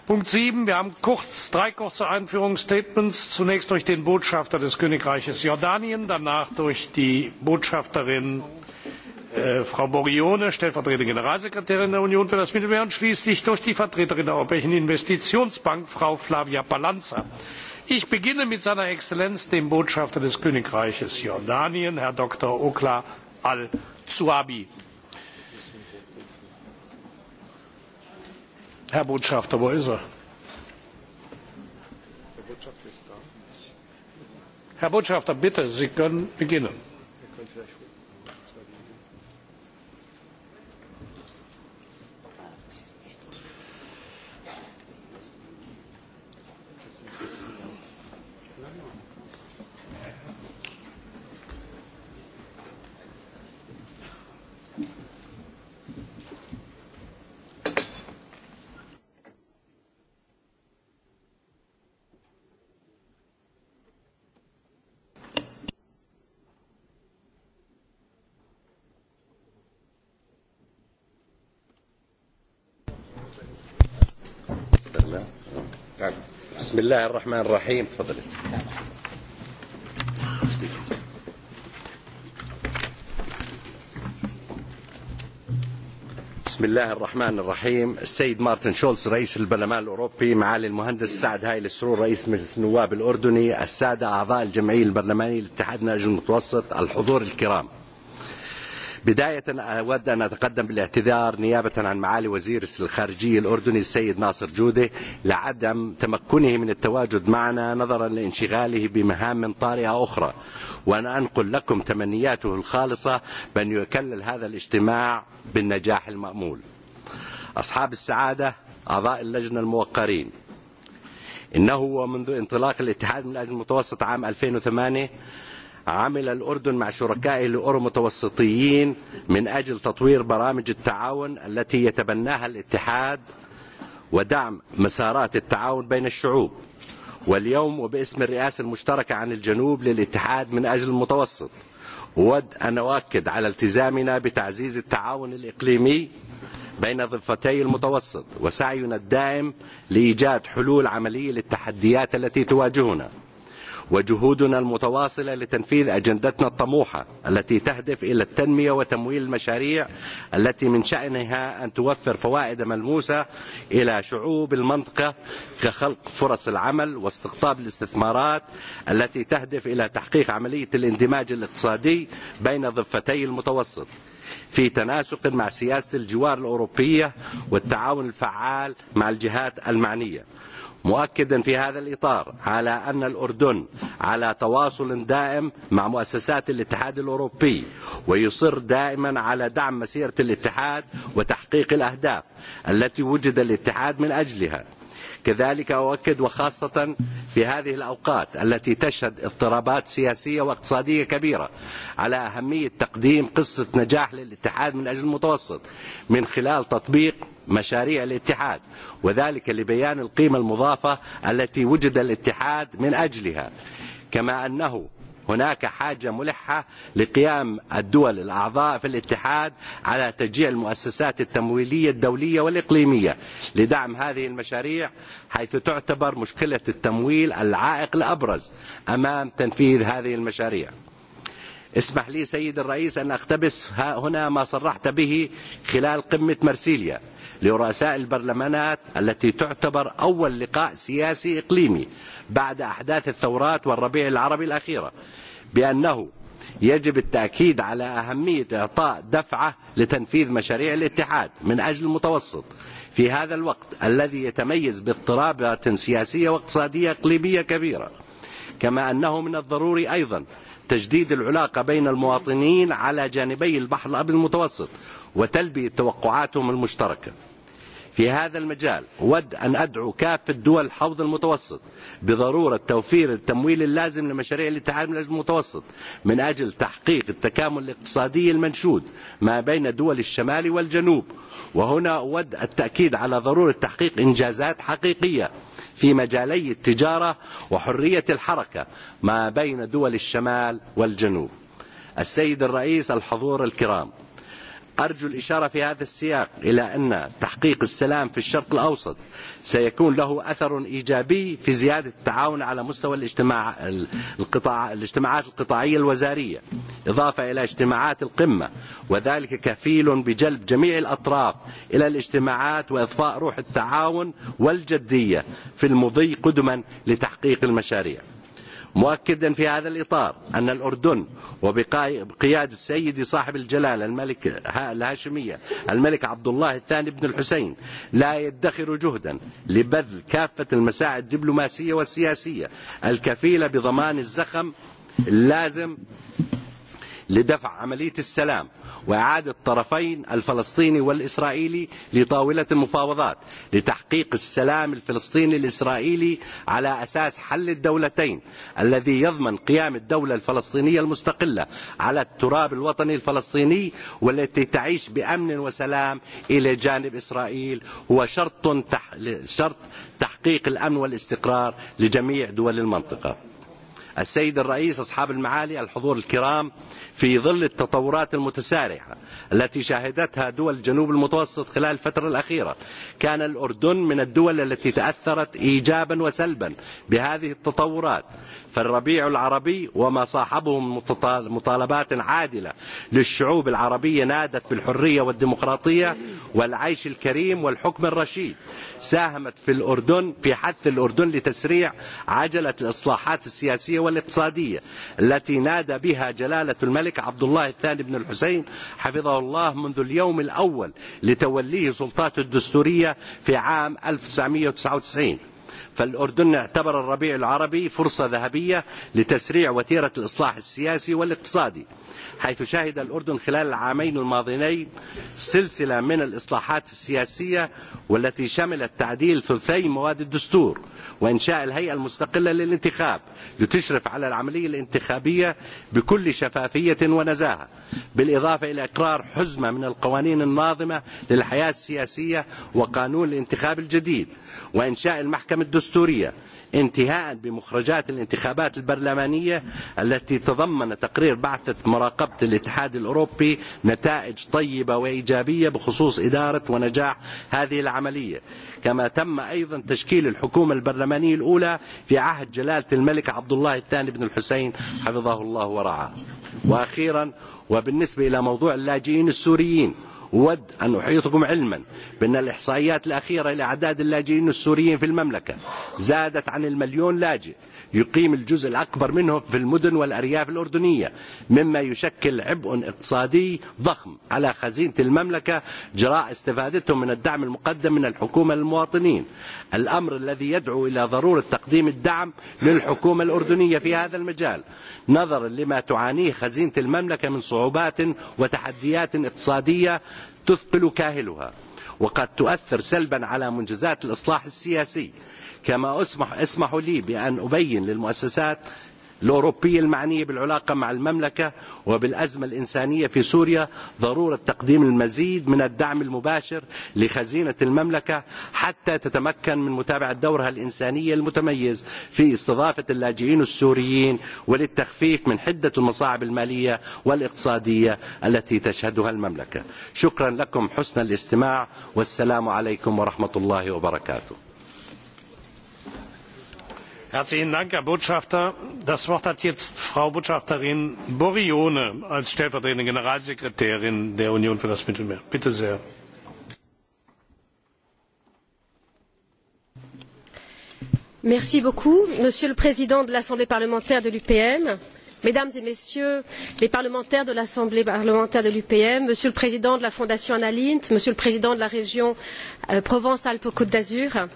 S1: Punkt sieben Wir haben drei kurze Einführungsstatements. Zunächst durch den Botschafter des Königreichs Jordanien, danach durch die Botschafterin Frau Borione, stellvertretende Generalsekretärin der Union für das Mittelmeer und schließlich durch die Vertreterin der Europäischen Investitionsbank, Frau Flavia Palanza. Ich beginne mit seiner Exzellenz, dem Botschafter des Königreichs Jordanien, Herrn Dr. Okla al-Zuabi. Herr Botschafter, wo ist er? Herr Botschafter, bitte, Sie können beginnen.
S23: بسم الله الرحمن الرحيم تفضل بسم الله الرحمن الرحيم السيد مارتن شولز رئيس البرلمان الأوروبي معالي المهندس سعد هايل السرور رئيس مجلس النواب الأردني السادة أعضاء الجمعية البرلمانية لاتحادنا الأجنبي المتوسط الحضور الكرام بداية أود أن أتقدم بالاعتذار نيابة عن معالي وزير الخارجية الأردني السيد ناصر جودة لعدم تمكنه من التواجد معنا نظرا لانشغاله بمهام طارئة أخرى وأن أنقل لكم تمنياته الخالصة بأن يكلل هذا الاجتماع بالنجاح المأمول أصحاب السعادة أعضاء اللجنة الموقرين إنه منذ انطلاق الاتحاد من الأجل المتوسط عام 2008 عمل الأردن مع شركائه الأورو متوسطيين من أجل تطوير برامج التعاون التي يتبناها الاتحاد ودعم مسارات التعاون بين الشعوب واليوم وباسم الرئاسة المشتركة عن الجنوب للاتحاد من أجل المتوسط أود أن أؤكد على التزامنا بتعزيز التعاون الإقليمي بين ضفتي المتوسط وسعينا الدائم لإيجاد حلول عملية للتحديات التي تواجهنا وجهودنا المتواصلة لتنفيذ أجندتنا الطموحة التي تهدف إلى التنمية وتمويل المشاريع التي من شأنها أن توفر فوائد ملموسة إلى شعوب المنطقة كخلق فرص العمل واستقطاب الاستثمارات التي تهدف إلى تحقيق عملية الاندماج الاقتصادي بين ضفتي المتوسط في تناسق مع سياسة الجوار الأوروبية والتعاون الفعال مع الجهات المعنية مؤكدا في هذا الإطار على أن الأردن على تواصل دائم مع مؤسسات الاتحاد الأوروبي ويصر دائما على دعم مسيرة الاتحاد وتحقيق الأهداف التي وجد الاتحاد من أجلها كذلك أؤكد وخاصة في هذه الأوقات التي تشهد اضطرابات سياسية واقتصادية كبيرة على أهمية تقديم قصة نجاح للاتحاد من أجل المتوسط من خلال تطبيق مشاريع الاتحاد وذلك لبيان القيمة المضافة التي وجد الاتحاد من أجلها كما أنه هناك حاجة ملحة لقيام الدول الأعضاء في الاتحاد على تجيع المؤسسات التمويلية الدولية والإقليمية لدعم هذه المشاريع حيث تعتبر مشكلة التمويل العائق الأبرز أمام تنفيذ هذه المشاريع اسمح لي سيد الرئيس أن أقتبس هنا ما صرحت به خلال قمة مرسيليا لرؤساء البرلمانات التي تعتبر أول لقاء سياسي إقليمي بعد أحداث الثورات والربيع العربي الأخيرة بأنه يجب التأكيد على أهمية إعطاء دفعة لتنفيذ مشاريع الاتحاد من أجل المتوسط في هذا الوقت الذي يتميز باضطرابات سياسية واقتصادية إقليمية كبيرة كما أنه من الضروري أيضا تجديد العلاقة بين المواطنين على جانبي البحر الأبيض المتوسط وتلبية توقعاتهم المشتركة في هذا المجال ود أن أدعو كافة دول حوض المتوسط بضرورة توفير التمويل اللازم لمشاريع الاتحاد من أجل المتوسط من أجل تحقيق التكامل الاقتصادي المنشود ما بين دول الشمال والجنوب وهنا أود التأكيد على ضرورة تحقيق إنجازات حقيقية في مجالي التجارة وحرية الحركة ما بين دول الشمال والجنوب السيد الرئيس الحضور الكرام أرجو الإشارة في هذا السياق إلى أن تحقيق السلام في الشرق الأوسط سيكون له أثر إيجابي في زيادة التعاون على مستوى الاجتماع القطاع الاجتماعات القطاعية الوزارية إضافة إلى اجتماعات القمة وذلك كفيل بجلب جميع الأطراف إلى الاجتماعات وإضفاء روح التعاون والجدية في المضي قدما لتحقيق المشاريع مؤكدا في هذا الإطار أن الأردن وبقيادة سيدي صاحب الجلالة الملك الهاشمية الملك عبد الله الثاني بن الحسين لا يدخر جهدا لبذل كافة المساعي الدبلوماسية والسياسية الكفيلة بضمان الزخم اللازم لدفع عملية السلام وإعادة طرفين الفلسطيني والإسرائيلي لطاولة المفاوضات لتحقيق السلام الفلسطيني الإسرائيلي على أساس حل الدولتين الذي يضمن قيام الدولة الفلسطينية المستقلة على التراب الوطني الفلسطيني والتي تعيش بأمن وسلام إلى جانب إسرائيل هو شرط تحقيق الأمن والاستقرار لجميع دول المنطقة السيد الرئيس أصحاب المعالي الحضور الكرام في ظل التطورات المتسارعة التي شهدتها دول الجنوب المتوسط خلال الفترة الأخيرة كان الأردن من الدول التي تأثرت إيجابا وسلبا بهذه التطورات فالربيع العربي وما صاحبه من مطالبات عادلة للشعوب العربية نادت بالحرية والديمقراطية والعيش الكريم والحكم الرشيد ساهمت في الأردن في حث الأردن لتسريع عجلة الإصلاحات السياسية والاقتصادية التي نادى بها جلالة الملك عبد الله الثاني بن الحسين حفظ حفظه الله منذ اليوم الأول لتوليه سلطاته الدستورية في عام 1999 فالأردن اعتبر الربيع العربي فرصة ذهبية لتسريع وتيرة الإصلاح السياسي والاقتصادي حيث شهد الأردن خلال العامين الماضيين سلسلة من الإصلاحات السياسية والتي شملت تعديل ثلثي مواد الدستور وإنشاء الهيئة المستقلة للانتخاب لتشرف على العملية الانتخابية بكل شفافية ونزاهة بالإضافة إلى إقرار حزمة من القوانين الناظمة للحياة السياسية وقانون الانتخاب الجديد وإنشاء المحكمة الدستورية انتهاء بمخرجات الانتخابات البرلمانية التي تضمن تقرير بعثة مراقبة الاتحاد الأوروبي نتائج طيبة وإيجابية بخصوص إدارة ونجاح هذه العملية كما تم أيضا تشكيل الحكومة البرلمانية الأولى في عهد جلالة الملك عبد الله الثاني بن الحسين حفظه الله ورعاه وأخيرا وبالنسبة إلى موضوع اللاجئين السوريين أود أن أحيطكم علما بأن الإحصائيات الأخيرة لأعداد اللاجئين السوريين في المملكة زادت عن المليون لاجئ يقيم الجزء الأكبر منه في المدن والأرياف الأردنية مما يشكل عبء اقتصادي ضخم على خزينة المملكة جراء استفادتهم من الدعم المقدم من الحكومة للمواطنين الأمر الذي يدعو إلى ضرورة تقديم الدعم للحكومة الأردنية في هذا المجال نظرا لما تعانيه خزينة المملكة من صعوبات وتحديات اقتصادية تثقل كاهلها وقد تؤثر سلبا على منجزات الإصلاح السياسي كما أسمح, اسمح لي بأن أبين للمؤسسات الأوروبية المعنية بالعلاقة مع المملكة وبالأزمة الإنسانية في سوريا ضرورة تقديم المزيد من الدعم المباشر لخزينة المملكة حتى تتمكن من متابعة دورها الإنسانية المتميز في استضافة اللاجئين السوريين وللتخفيف من حدة المصاعب المالية والاقتصادية التي تشهدها المملكة شكرا لكم حسن الاستماع والسلام عليكم ورحمة الله وبركاته
S1: herzlichen dank herr botschafter! das wort hat jetzt frau botschafterin borione als stellvertretende generalsekretärin der union für das mittelmeer. bitte sehr!
S24: monsieur le président de l'assemblée parlementaire de l'upm mesdames et messieurs les parlementaires de l'assemblée parlementaire de l'upm monsieur le président de la fondation anna lindh monsieur le président de la région provence alpes côte d'azur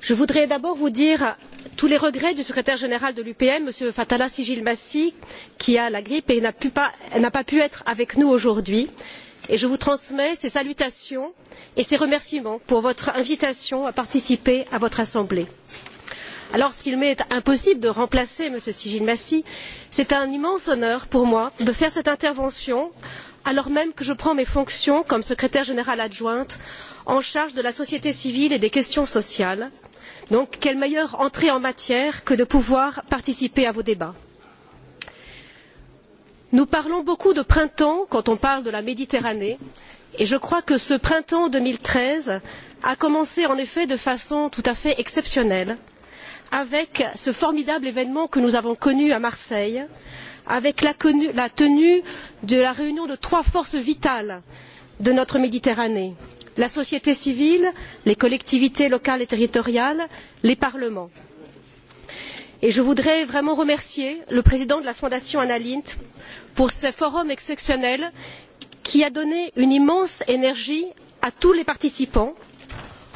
S24: je voudrais d'abord vous dire tous les regrets du secrétaire général de l'upm m. fatallah Massi, qui a la grippe et n'a pas pu être avec nous aujourd'hui et je vous transmets ses salutations et ses remerciements pour votre invitation à participer à votre assemblée. alors s'il m'est impossible de remplacer m. Massi, c'est un immense honneur pour moi de faire cette intervention alors même que je prends mes fonctions comme secrétaire générale adjointe en charge de la société civile et des questions sociales donc quelle meilleure entrée en matière que de pouvoir participer à vos débats? nous parlons beaucoup de printemps quand on parle de la méditerranée et je crois que ce printemps deux mille treize a commencé en effet de façon tout à fait exceptionnelle avec ce formidable événement que nous avons connu à marseille avec la tenue de la réunion de trois forces vitales de notre méditerranée la société civile, les collectivités locales et territoriales, les parlements. Et je voudrais vraiment remercier le président de la Fondation Annalint pour ce forum exceptionnel qui a donné une immense énergie à tous les participants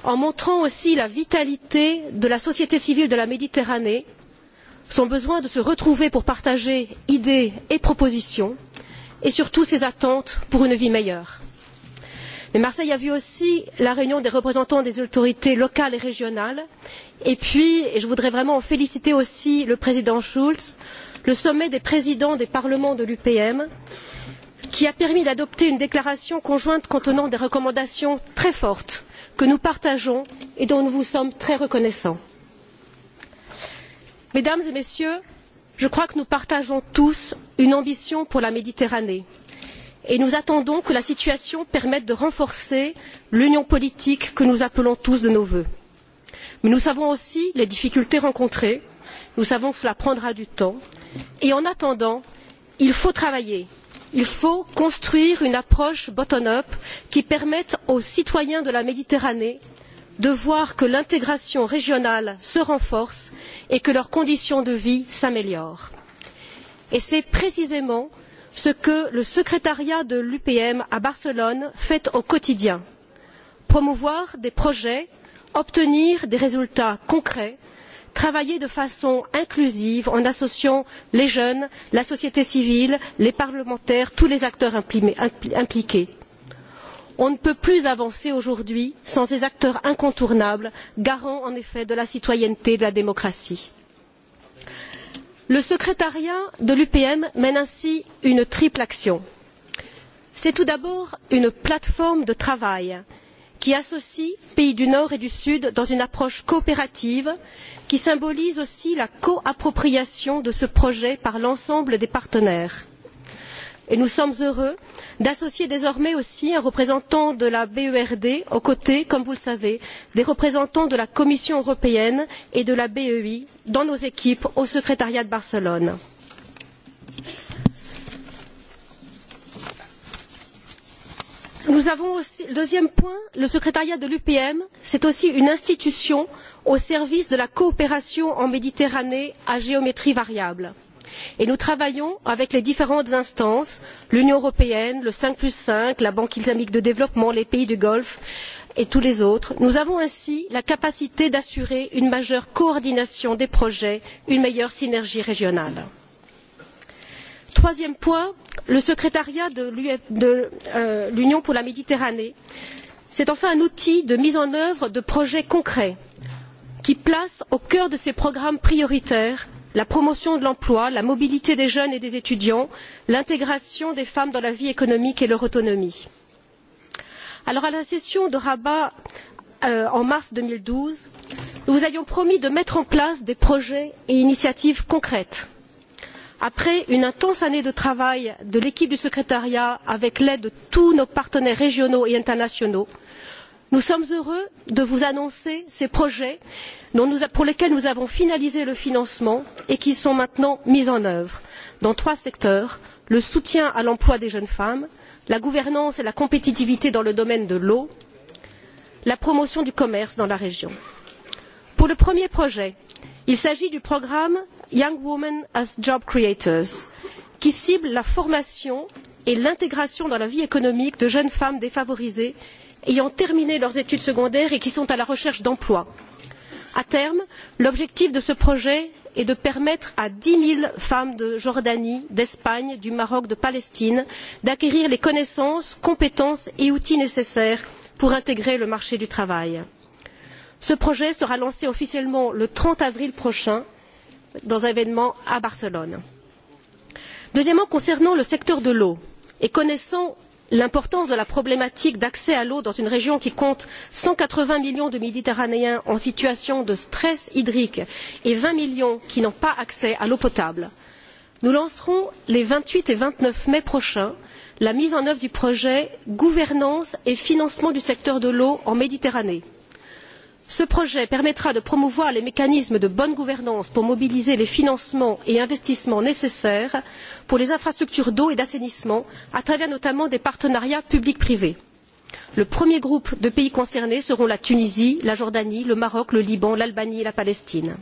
S24: en montrant aussi la vitalité de la société civile de la Méditerranée, son besoin de se retrouver pour partager idées et propositions, et surtout ses attentes pour une vie meilleure mais marseille a vu aussi la réunion des représentants des autorités locales et régionales et puis et je voudrais vraiment en féliciter aussi le président schulz le sommet des présidents des parlements de l'upm qui a permis d'adopter une déclaration conjointe contenant des recommandations très fortes que nous partageons et dont nous vous sommes très reconnaissants. mesdames et messieurs je crois que nous partageons tous une ambition pour la méditerranée et nous attendons que la situation permette de renforcer l'union politique que nous appelons tous de nos vœux. mais nous savons aussi les difficultés rencontrées nous savons que cela prendra du temps et en attendant il faut travailler il faut construire une approche bottom up qui permette aux citoyens de la méditerranée de voir que l'intégration régionale se renforce et que leurs conditions de vie s'améliorent. et c'est précisément ce que le secrétariat de l'upm à barcelone fait au quotidien promouvoir des projets obtenir des résultats concrets travailler de façon inclusive en associant les jeunes la société civile les parlementaires tous les acteurs impliqués. on ne peut plus avancer aujourd'hui sans ces acteurs incontournables garants en effet de la citoyenneté et de la démocratie le secrétariat de l'upm mène ainsi une triple action c'est tout d'abord une plateforme de travail qui associe pays du nord et du sud dans une approche coopérative qui symbolise aussi la coappropriation de ce projet par l'ensemble des partenaires et nous sommes heureux d'associer désormais aussi un représentant de la berd aux côtés comme vous le savez des représentants de la commission européenne et de la bei dans nos équipes au secrétariat de barcelone. deuxième point le secrétariat de l'upm c'est aussi une institution au service de la coopération en méditerranée à géométrie variable et nous travaillons avec les différentes instances l'union européenne le cinq plus cinq la banque islamique de développement les pays du golfe et tous les autres. nous avons ainsi la capacité d'assurer une meilleure coordination des projets une meilleure synergie régionale. troisième point le secrétariat de l'union pour la méditerranée c'est enfin un outil de mise en œuvre de projets concrets qui place au cœur de ses programmes prioritaires la promotion de l'emploi la mobilité des jeunes et des étudiants l'intégration des femmes dans la vie économique et leur autonomie. à la session de rabat en mars deux mille douze nous vous avions promis de mettre en place des projets et initiatives concrètes. après une intense année de travail de l'équipe du secrétariat avec l'aide de tous nos partenaires régionaux et internationaux nous sommes heureux de vous annoncer ces projets pour lesquels nous avons finalisé le financement et qui sont maintenant mis en œuvre dans trois secteurs le soutien à l'emploi des jeunes femmes la gouvernance et la compétitivité dans le domaine de l'eau la promotion du commerce dans la région. pour le premier projet il s'agit du programme young women as job creators qui cible la formation et l'intégration dans la vie économique de jeunes femmes défavorisées ayant terminé leurs études secondaires et qui sont à la recherche d'emploi. à terme l'objectif de ce projet est de permettre à dix zéro femmes de jordanie d'espagne du maroc de palestine d'acquérir les connaissances compétences et outils nécessaires pour intégrer le marché du travail. ce projet sera lancé officiellement le trente avril prochain dans un événement à barcelone. deuxièmement concernant le secteur de l'eau et connaissant l'importance de la problématique de l'accès à l'eau dans une région qui compte cent quatre vingts millions de méditerranéens en situation de stress hydrique et vingt millions qui n'ont pas accès à l'eau potable. nous lancerons les vingt huit et vingt neuf mai prochains la mise en œuvre du projet gouvernance et financement du secteur de l'eau en méditerranée ce projet permettra de promouvoir les mécanismes de bonne gouvernance pour mobiliser les financements et investissements nécessaires pour les infrastructures d'eau et d'assainissement à travers notamment des partenariats public privé. le premier groupe de pays concernés seront la tunisie la jordanie le maroc le liban l'albanie et la palestine.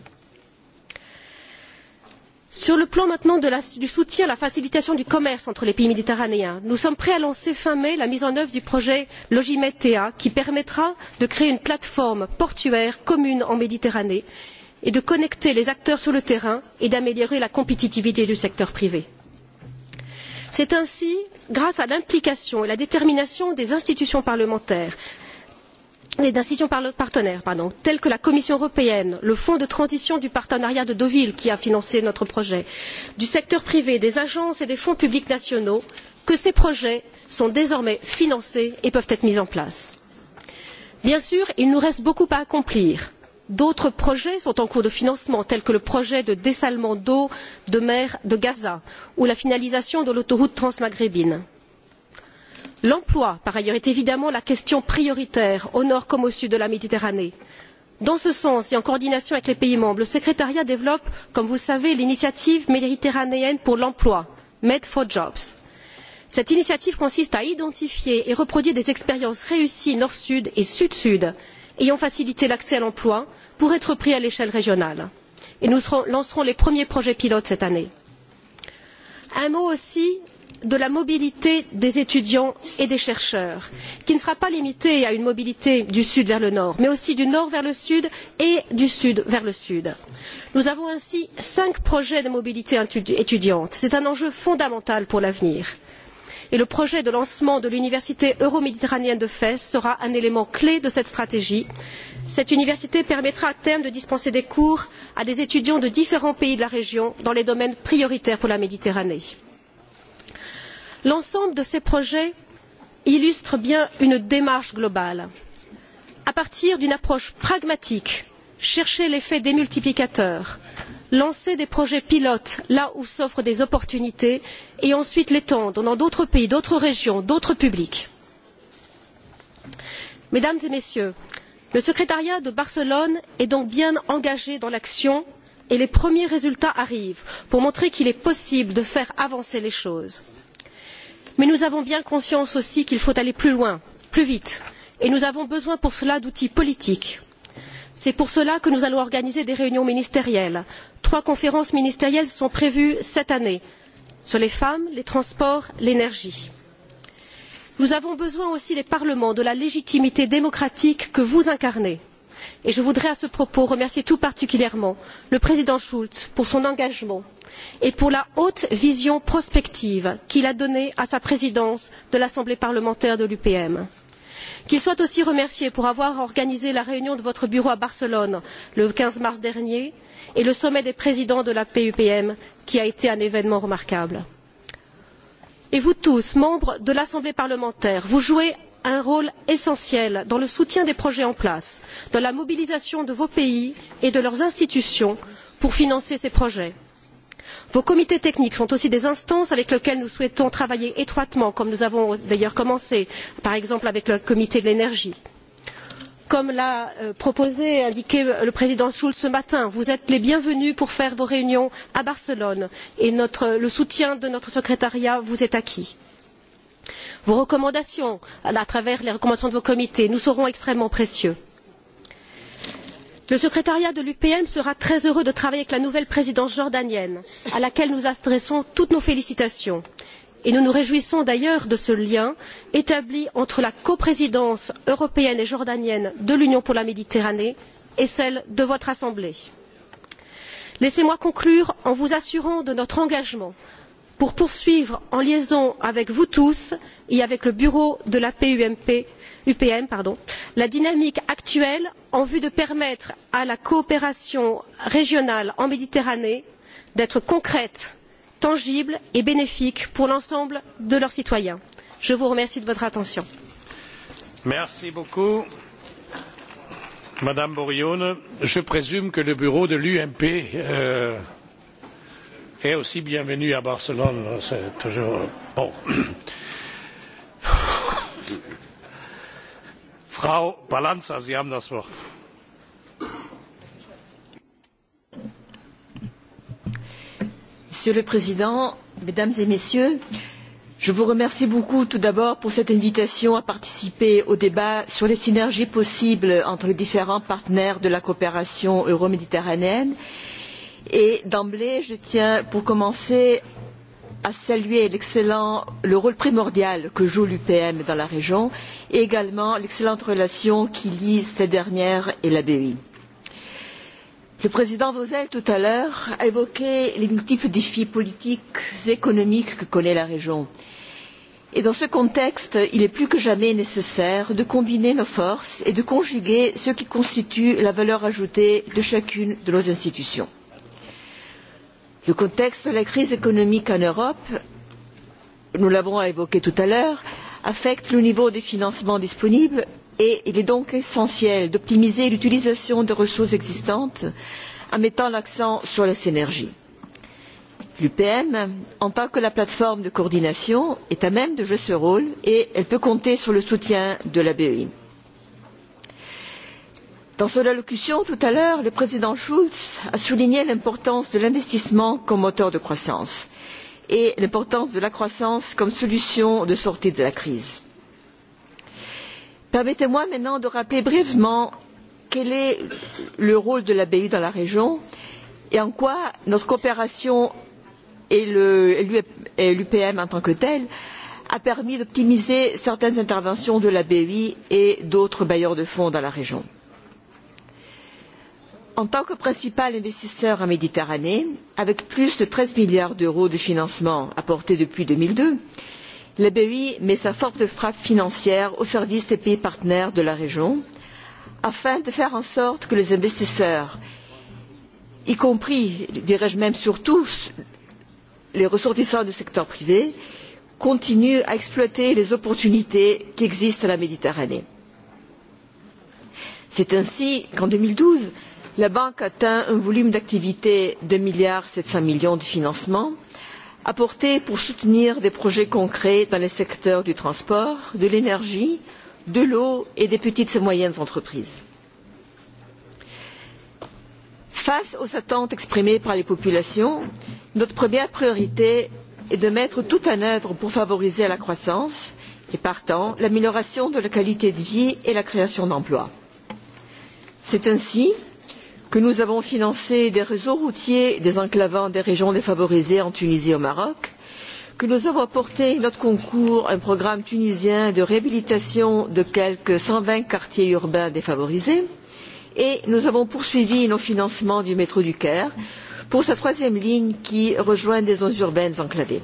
S24: Sur le plan maintenant du soutien à la facilitation du commerce entre les pays méditerranéens, nous sommes prêts à lancer fin mai la mise en œuvre du projet Logimed TA qui permettra de créer une plateforme portuaire commune en Méditerranée et de connecter les acteurs sur le terrain et d'améliorer la compétitivité du secteur privé. C'est ainsi grâce à l'implication et à la détermination des institutions parlementaires, Les décisions par telles que la Commission européenne, le Fonds de transition du partenariat de Deauville qui a financé notre projet, du secteur privé, des agences et des fonds publics nationaux, que ces projets sont désormais financés et peuvent être mis en place. Bien sûr, il nous reste beaucoup à accomplir. D'autres projets sont en cours de financement, tels que le projet de dessalement d'eau de mer de Gaza ou la finalisation de l'autoroute transmaghrébine l'emploi par ailleurs est évidemment la question prioritaire au nord comme au sud de la méditerranée. dans ce sens et en coordination avec les pays membres le secrétariat développe comme vous le savez l'initiative méditerranéenne pour l'emploi med for jobs. cette initiative consiste à identifier et reproduire des expériences réussies nord sud et sud sud ayant facilité l'accès à l'emploi pour être pris à l'échelle régionale et nous lancerons les premiers projets pilotes cette année. un mot aussi de la mobilité des étudiants et des chercheurs, qui ne sera pas limitée à une mobilité du sud vers le nord, mais aussi du nord vers le sud et du sud vers le sud. Nous avons ainsi cinq projets de mobilité étudiante. C'est un enjeu fondamental pour l'avenir. Et le projet de lancement de l'université euroméditerranéenne de Fès sera un élément clé de cette stratégie. Cette université permettra à terme de dispenser des cours à des étudiants de différents pays de la région dans les domaines prioritaires pour la Méditerranée l'ensemble de ces projets illustre bien une démarche globale à partir d'une approche pragmatique chercher l'effet démultiplicateur lancer des projets pilotes là où s'offrent des opportunités et ensuite l'étendre dans d'autres pays d'autres régions d'autres publics. mesdames et messieurs le secrétariat de barcelone est donc bien engagé dans l'action et les premiers résultats arrivent pour montrer qu'il est possible de faire avancer les choses mais nous avons bien conscience aussi qu'il faut aller plus loin plus vite et nous avons besoin pour cela d'outils politiques. c'est pour cela que nous allons organiser des réunions ministérielles. trois conférences ministérielles sont prévues cette année sur les femmes les transports et l'énergie. nous avons besoin aussi les parlements de la légitimité démocratique que vous incarnez et je voudrais à ce propos remercier tout particulièrement le président schulz pour son engagement et pour la haute vision prospective qu'il a donnée à sa présidence de l'assemblée parlementaire de l'upm. qu'il soit aussi remercié pour avoir organisé la réunion de votre bureau à barcelone le quinze mars dernier et le sommet des présidents de la pupm qui a été un événement remarquable. et vous tous membres de l'assemblée parlementaire vous jouez un rôle essentiel dans le soutien des projets en place, dans la mobilisation de vos pays et de leurs institutions pour financer ces projets. Vos comités techniques sont aussi des instances avec lesquelles nous souhaitons travailler étroitement, comme nous avons d'ailleurs commencé, par exemple avec le comité de l'énergie. Comme l'a proposé et indiqué le président Schulz ce matin, vous êtes les bienvenus pour faire vos réunions à Barcelone et le soutien de notre secrétariat vous est acquis vos recommandations à travers les recommandations de vos comités nous seront extrêmement précieux. Le secrétariat de l'UPM sera très heureux de travailler avec la nouvelle présidence jordanienne, à laquelle nous adressons toutes nos félicitations. Et nous nous réjouissons d'ailleurs de ce lien établi entre la coprésidence européenne et jordanienne de l'Union pour la Méditerranée et celle de votre Assemblée. Laissez-moi conclure en vous assurant de notre engagement pour poursuivre en liaison avec vous tous et avec le bureau de la upm la dynamique actuelle en vue de permettre à la coopération régionale en méditerranée d'être concrète tangible et bénéfique pour l'ensemble de leurs citoyens. je vous remercie de votre attention.
S1: Merci beaucoup, Madame Borione. Je présume que le bureau de l'UMP est aussi bienvenu à Barcelone. C'est toujours bon. Frau Balanza, Sie haben das Wort.
S25: Monsieur le Président, Mesdames et Messieurs, je vous remercie beaucoup tout d'abord pour cette invitation à participer au débat sur les synergies possibles entre les différents partenaires de la coopération euro méditerranéenne et Et d'emblée, je tiens, pour commencer, à saluer l'excellent le rôle primordial que joue l'UPM dans la région et également l'excellente relation qui lie cette dernière et la BEI. Le président Vosel, tout à l'heure, a évoqué les multiples défis politiques et économiques que connaît la région. Et dans ce contexte, il est plus que jamais nécessaire de combiner nos forces et de conjuguer ce qui constitue la valeur ajoutée de chacune de nos institutions. Le contexte de la crise économique en Europe, nous l'avons évoqué tout à l'heure, affecte le niveau des financements disponibles et il est donc essentiel d'optimiser l'utilisation des ressources existantes en mettant l'accent sur la synergie. L'UPM, en tant que la plateforme de coordination, est à même de jouer ce rôle et elle peut compter sur le soutien de la BEI. Dans son allocution tout à l'heure, le président Schulz a souligné l'importance de l'investissement comme moteur de croissance et l'importance de la croissance comme solution de sortie de la crise. Permettez moi maintenant de rappeler brièvement quel est le rôle de la BEI dans la région et en quoi notre coopération et l'UPM en tant que telle a permis d'optimiser certaines interventions de la bei et d'autres bailleurs de fonds dans la région. En tant que principal investisseur en Méditerranée, avec plus de treize milliards d'euros de financement apportés depuis deux mille deux, la BEI met sa forte frappe financière au service des pays partenaires de la région afin de faire en sorte que les investisseurs, y compris, dirais-je même surtout, les ressortissants du secteur privé, continuent à exploiter les opportunités qui existent à la Méditerranée. C'est ainsi qu'en deux mille douze la banque atteint un volume d'activité de milliard sept cents millions de financements apportés pour soutenir des projets concrets dans les secteurs du transport de l'énergie de l'eau et des petites et moyennes entreprises. face aux attentes exprimées par les populations notre première priorité est de mettre tout en œuvre pour favoriser la croissance et partant l'amélioration de la qualité de vie et la création d'emplois. c'est ainsi que nous avons financé des réseaux routiers désenclavant des régions défavorisées en Tunisie et au Maroc, que nous avons apporté notre concours à un programme tunisien de réhabilitation de quelque cent vingt quartiers urbains défavorisés, et nous avons poursuivi nos financements du métro du Caire pour sa troisième ligne qui rejoint des zones urbaines enclavées.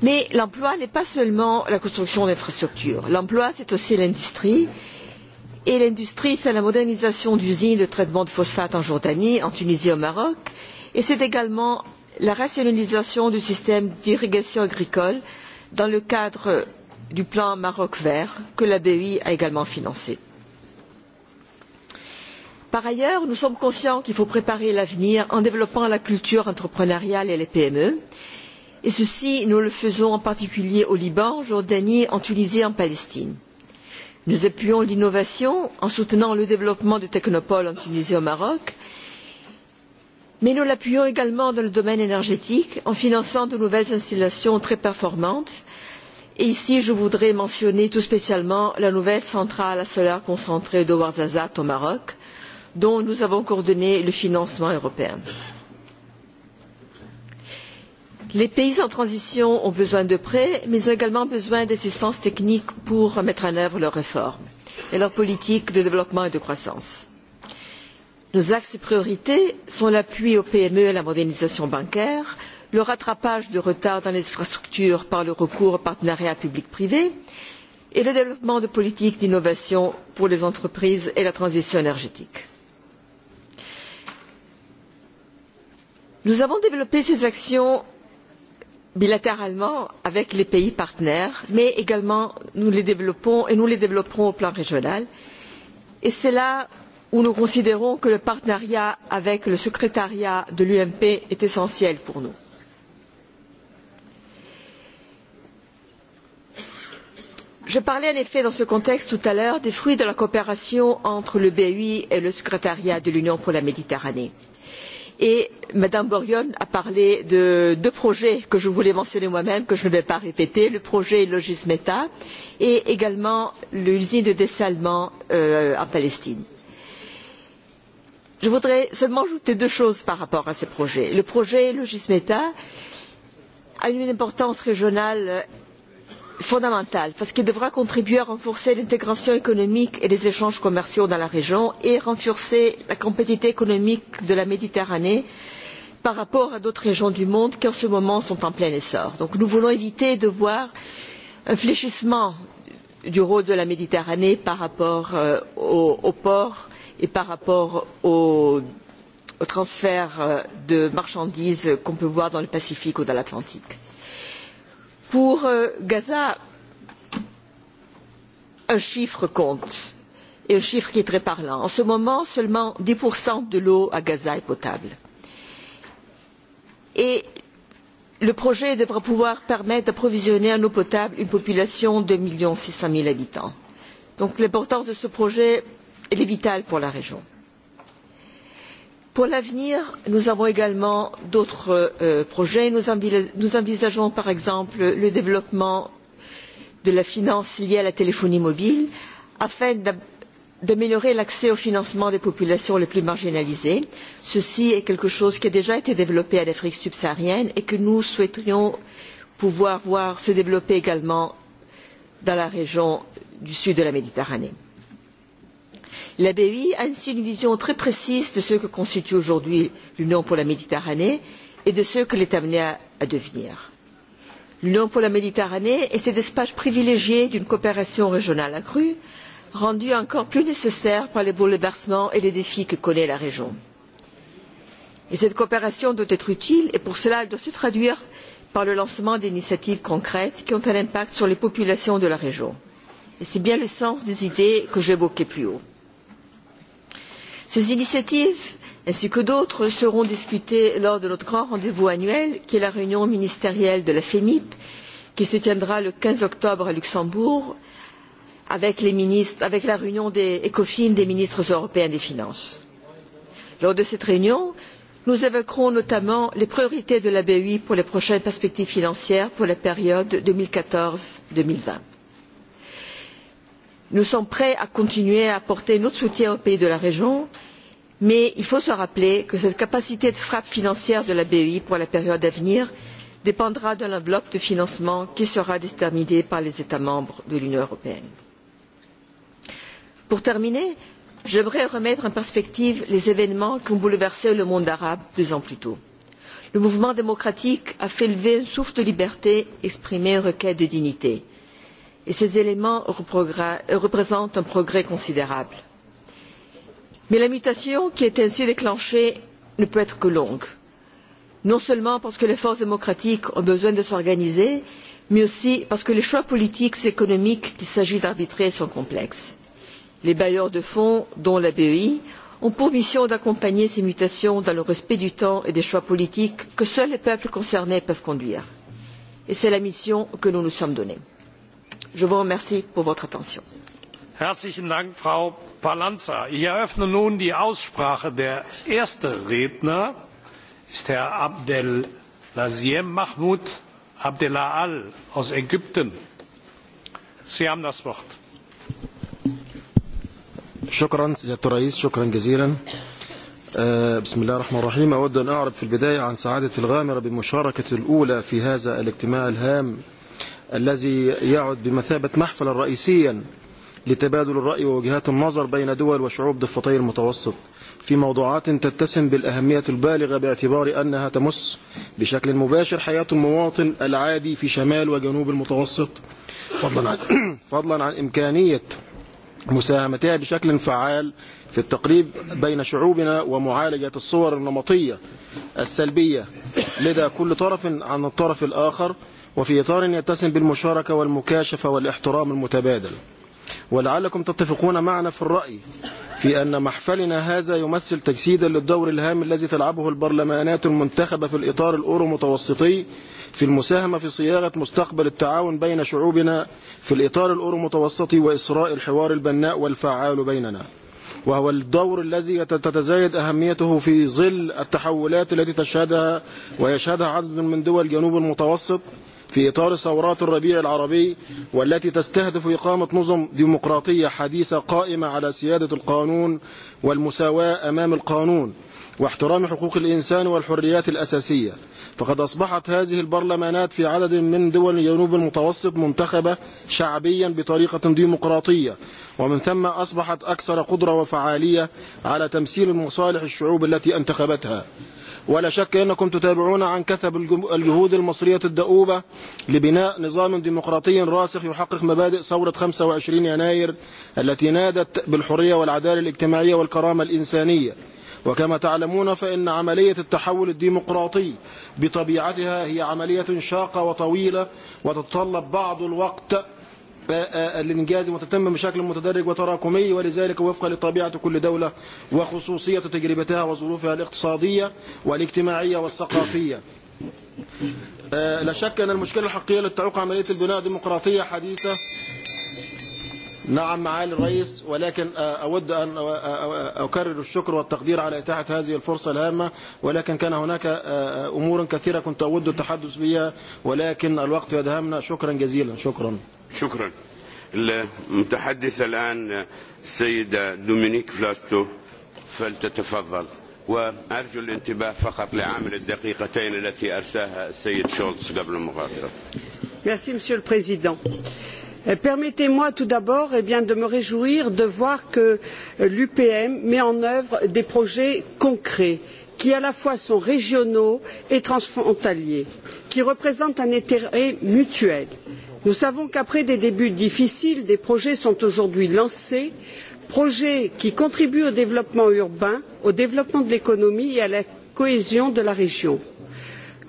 S25: Mais l'emploi n'est pas seulement la construction d'infrastructures. L'emploi, c'est aussi l'industrie, et l'industrie, c'est la modernisation d'usines de traitement de phosphate en Jordanie, en Tunisie, et au Maroc, et c'est également la rationalisation du système d'irrigation agricole dans le cadre du plan Maroc vert que la BEI a également financé. Par ailleurs, nous sommes conscients qu'il faut préparer l'avenir en développant la culture entrepreneuriale et les PME. Et ceci, nous le faisons en particulier au Liban, en Jordanie, en Tunisie et en Palestine Nous appuyons l'innovation en soutenant le développement du technopoles en Tunisie et au Maroc, mais nous l'appuyons également dans le domaine énergétique en finançant de nouvelles installations très performantes. Et ici, je voudrais mentionner tout spécialement la nouvelle centrale à solaire concentrée de Ouarzazate au Maroc, dont nous avons coordonné le financement européen. Les pays en transition ont besoin de prêts, mais ont également besoin d'assistance technique pour mettre en œuvre leurs réformes et leurs politiques de développement et de croissance. Nos axes de priorité sont l'appui aux PME et à la modernisation bancaire, le rattrapage de retard dans les infrastructures par le recours aux partenariats public privé et le développement de politiques d'innovation pour les entreprises et la transition énergétique. Nous avons développé ces actions bilatéralement avec les pays partenaires, mais également nous les développons et nous les développerons au plan régional. Et c'est là où nous considérons que le partenariat avec le secrétariat de l'UMP est essentiel pour nous. Je parlais en effet dans ce contexte tout à l'heure des fruits de la coopération entre le BEI et le secrétariat de l'Union pour la Méditerranée et mme borghion a parlé de deux projets que je voulais mentionner moi même que je ne vais pas répéter le projet logis meta et également l'usine de dessalement en palestine. je voudrais seulement ajouter deux choses par rapport à ces projets. le projet logis meta a une importance régionale fondamental, parce qu'il devra contribuer à renforcer l'intégration économique et les échanges commerciaux dans la région et renforcer la compétitivité économique de la Méditerranée par rapport à d'autres régions du monde qui en ce moment sont en plein essor. Donc nous voulons éviter de voir un fléchissement du rôle de la Méditerranée par rapport aux ports et par rapport aux transferts de marchandises qu'on peut voir dans le Pacifique ou dans l'Atlantique Pour Gaza, un chiffre compte, et un chiffre qui est très parlant. En ce moment, seulement dix de l'eau à Gaza est potable. Et le projet devra pouvoir permettre d'approvisionner en eau potable une population de 1 600 000 habitants. Donc l'importance de ce projet, est vitale pour la région Pour l'avenir, nous avons également d'autres projets. Nous envisageons par exemple le développement de la finance liée à la téléphonie mobile afin d'améliorer l'accès au financement des populations les plus marginalisées. Ceci est quelque chose qui a déjà été développé en Afrique subsaharienne et que nous souhaiterions pouvoir voir se développer également dans la région du sud de la Méditerranée la bei a ainsi une vision très précise de ce que constitue aujourd'hui l'union pour la méditerranée et de ce qu'elle est amenée à devenir. l'union pour la méditerranée est cet espace privilégié d'une coopération régionale accrue rendue encore plus nécessaire par les bouleversements et les défis que connaît la région. cette coopération doit être utile et pour cela elle doit se traduire par le lancement d'initiatives concrètes qui ont un impact sur les populations de la région. c'est bien le sens des idées que j'évoquais plus haut. Ces initiatives ainsi que d'autres seront discutées lors de notre grand rendez-vous annuel qui est la réunion ministérielle de la FEMIP qui se tiendra le quinze octobre à Luxembourg avec, la réunion des ECOFIN des ministres européens des Finances. Lors de cette réunion, nous évoquerons notamment les priorités de la bei pour les prochaines perspectives financières pour la période deux mille quatorze deux mille vingt nous sommes prêts à continuer à apporter notre soutien aux pays de la région mais il faut se rappeler que cette capacité de frappe financière de la bei pour la période à venir dépendra de l'enveloppe de financement qui sera déterminée par les états membres de l'union européenne. pour terminer j'aimerais remettre en perspective les événements qui ont bouleversé le monde arabe deux ans plus tôt. le mouvement démocratique a fait lever un souffle de liberté exprimer un requête de dignité et ces éléments représentent un progrès considérable. Mais la mutation qui est ainsi déclenchée ne peut être que longue, non seulement parce que les forces démocratiques ont besoin de s'organiser, mais aussi parce que les choix politiques et économiques qu'il s'agit d'arbitrer sont complexes. Les bailleurs de fonds, dont la BEI, ont pour mission d'accompagner ces mutations dans le respect du temps et des choix politiques que seuls les peuples concernés peuvent conduire. Et c'est la mission que nous nous sommes donnée je vous remercie pour votre attention.
S1: herzlichen dank frau ich eröffne nun die aussprache. der erste redner ist herr abdelaziem mahmoud abdullah al aus ägypten. sie haben das wort.
S26: شكرا الرئيس شكرا جزيلا بسم الله الرحمن الرحيم في عن في هذا الاجتماع الهام الذي يعد بمثابة محفلا رئيسيا لتبادل الرأي ووجهات النظر بين دول وشعوب ضفتي المتوسط في موضوعات تتسم بالأهمية البالغة باعتبار أنها تمس بشكل مباشر حياة المواطن العادي في شمال وجنوب المتوسط فضلا عن, فضلا عن إمكانية مساهمتها بشكل فعال في التقريب بين شعوبنا ومعالجة الصور النمطية السلبية لدى كل طرف عن الطرف الآخر وفي إطار يتسم بالمشاركة والمكاشفة والاحترام المتبادل ولعلكم تتفقون معنا في الرأي في أن محفلنا هذا يمثل تجسيدا للدور الهام الذي تلعبه البرلمانات المنتخبة في الإطار الأورو متوسطي في المساهمة في صياغة مستقبل التعاون بين شعوبنا في الإطار الأورو متوسطي وإسراء الحوار البناء والفعال بيننا وهو الدور الذي تتزايد أهميته في ظل التحولات التي تشهدها ويشهدها عدد من دول جنوب المتوسط في إطار ثورات الربيع العربي والتي تستهدف إقامة نظم ديمقراطية حديثة قائمة على سيادة القانون والمساواة أمام القانون واحترام حقوق الإنسان والحريات الأساسية فقد أصبحت هذه البرلمانات في عدد من دول جنوب المتوسط منتخبة شعبيا بطريقة ديمقراطية ومن ثم أصبحت أكثر قدرة وفعالية على تمثيل المصالح الشعوب التي انتخبتها ولا شك أنكم تتابعون عن كثب الجهود المصرية الدؤوبة لبناء نظام ديمقراطي راسخ يحقق مبادئ ثورة 25 يناير التي نادت بالحرية والعدالة الاجتماعية والكرامة الإنسانية وكما تعلمون فإن عملية التحول الديمقراطي بطبيعتها هي عملية شاقة وطويلة وتتطلب بعض الوقت الانجاز متتمم بشكل متدرج وتراكمي ولذلك وفقا لطبيعه كل دوله وخصوصيه تجربتها وظروفها الاقتصاديه والاجتماعيه والثقافيه. لا شك ان المشكله الحقيقيه التي تعوق عمليه البناء الديمقراطيه حديثه نعم معالي الرئيس ولكن اود ان اكرر الشكر والتقدير على اتاحه هذه الفرصه الهامه ولكن كان هناك امور كثيره كنت اود التحدث بها ولكن الوقت يدهمنا شكرا جزيلا شكرا
S27: شكرا المتحدث الآن السيدة دومينيك فلاستو فلتتفضل وأرجو الانتباه فقط لعامل الدقيقتين التي أرساها السيد شولتز قبل المغادرة
S28: Merci, Monsieur le Président. Permettez moi tout d'abord eh de me réjouir de voir que l'UPM met en œuvre des projets concrets qui à la fois sont régionaux et transfrontaliers, qui représentent un intérêt mutuel. Nous savons qu'après des débuts difficiles, des projets sont aujourd'hui lancés, projets qui contribuent au développement urbain, au développement de l'économie et à la cohésion de la région.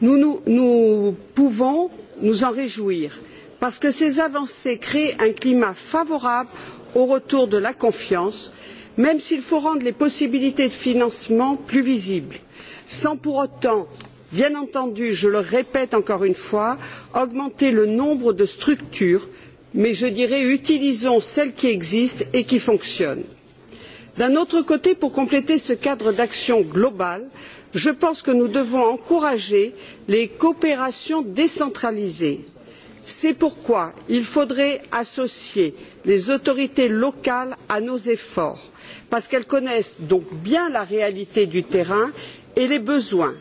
S28: Nous, pouvons nous en réjouir parce que ces avancées créent un climat favorable au retour de la confiance, même s'il faut rendre les possibilités de financement plus visibles, sans pour autant bien entendu je le répète encore une fois augmenter le nombre de structures mais je dirais utilisons celles qui existent et qui fonctionnent. d'un autre côté pour compléter ce cadre d'action global je pense que nous devons encourager les coopérations décentralisées. c'est pourquoi il faudrait associer les autorités locales à nos efforts parce qu'elles connaissent donc bien la réalité du terrain et les besoins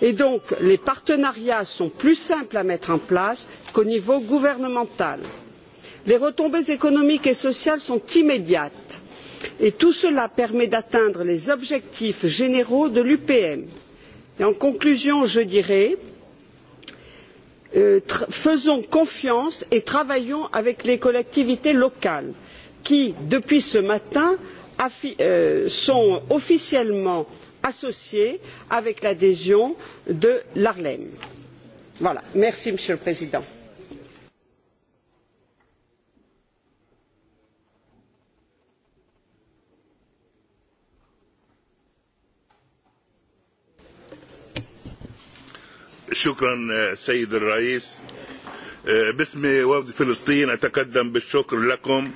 S28: et donc les partenariats sont plus simples à mettre en place qu'au niveau gouvernemental. les retombées économiques et sociales sont immédiates et tout cela permet d'atteindre les objectifs généraux de l'upm. en conclusion je dirai faisons confiance et travaillons avec les collectivités locales qui depuis ce matin sont officiellement associée avec l'adhésion de l'Arlem. Voilà. Merci, Monsieur le Président.
S29: شكرا سيد الرئيس باسم وفد فلسطين اتقدم بالشكر لكم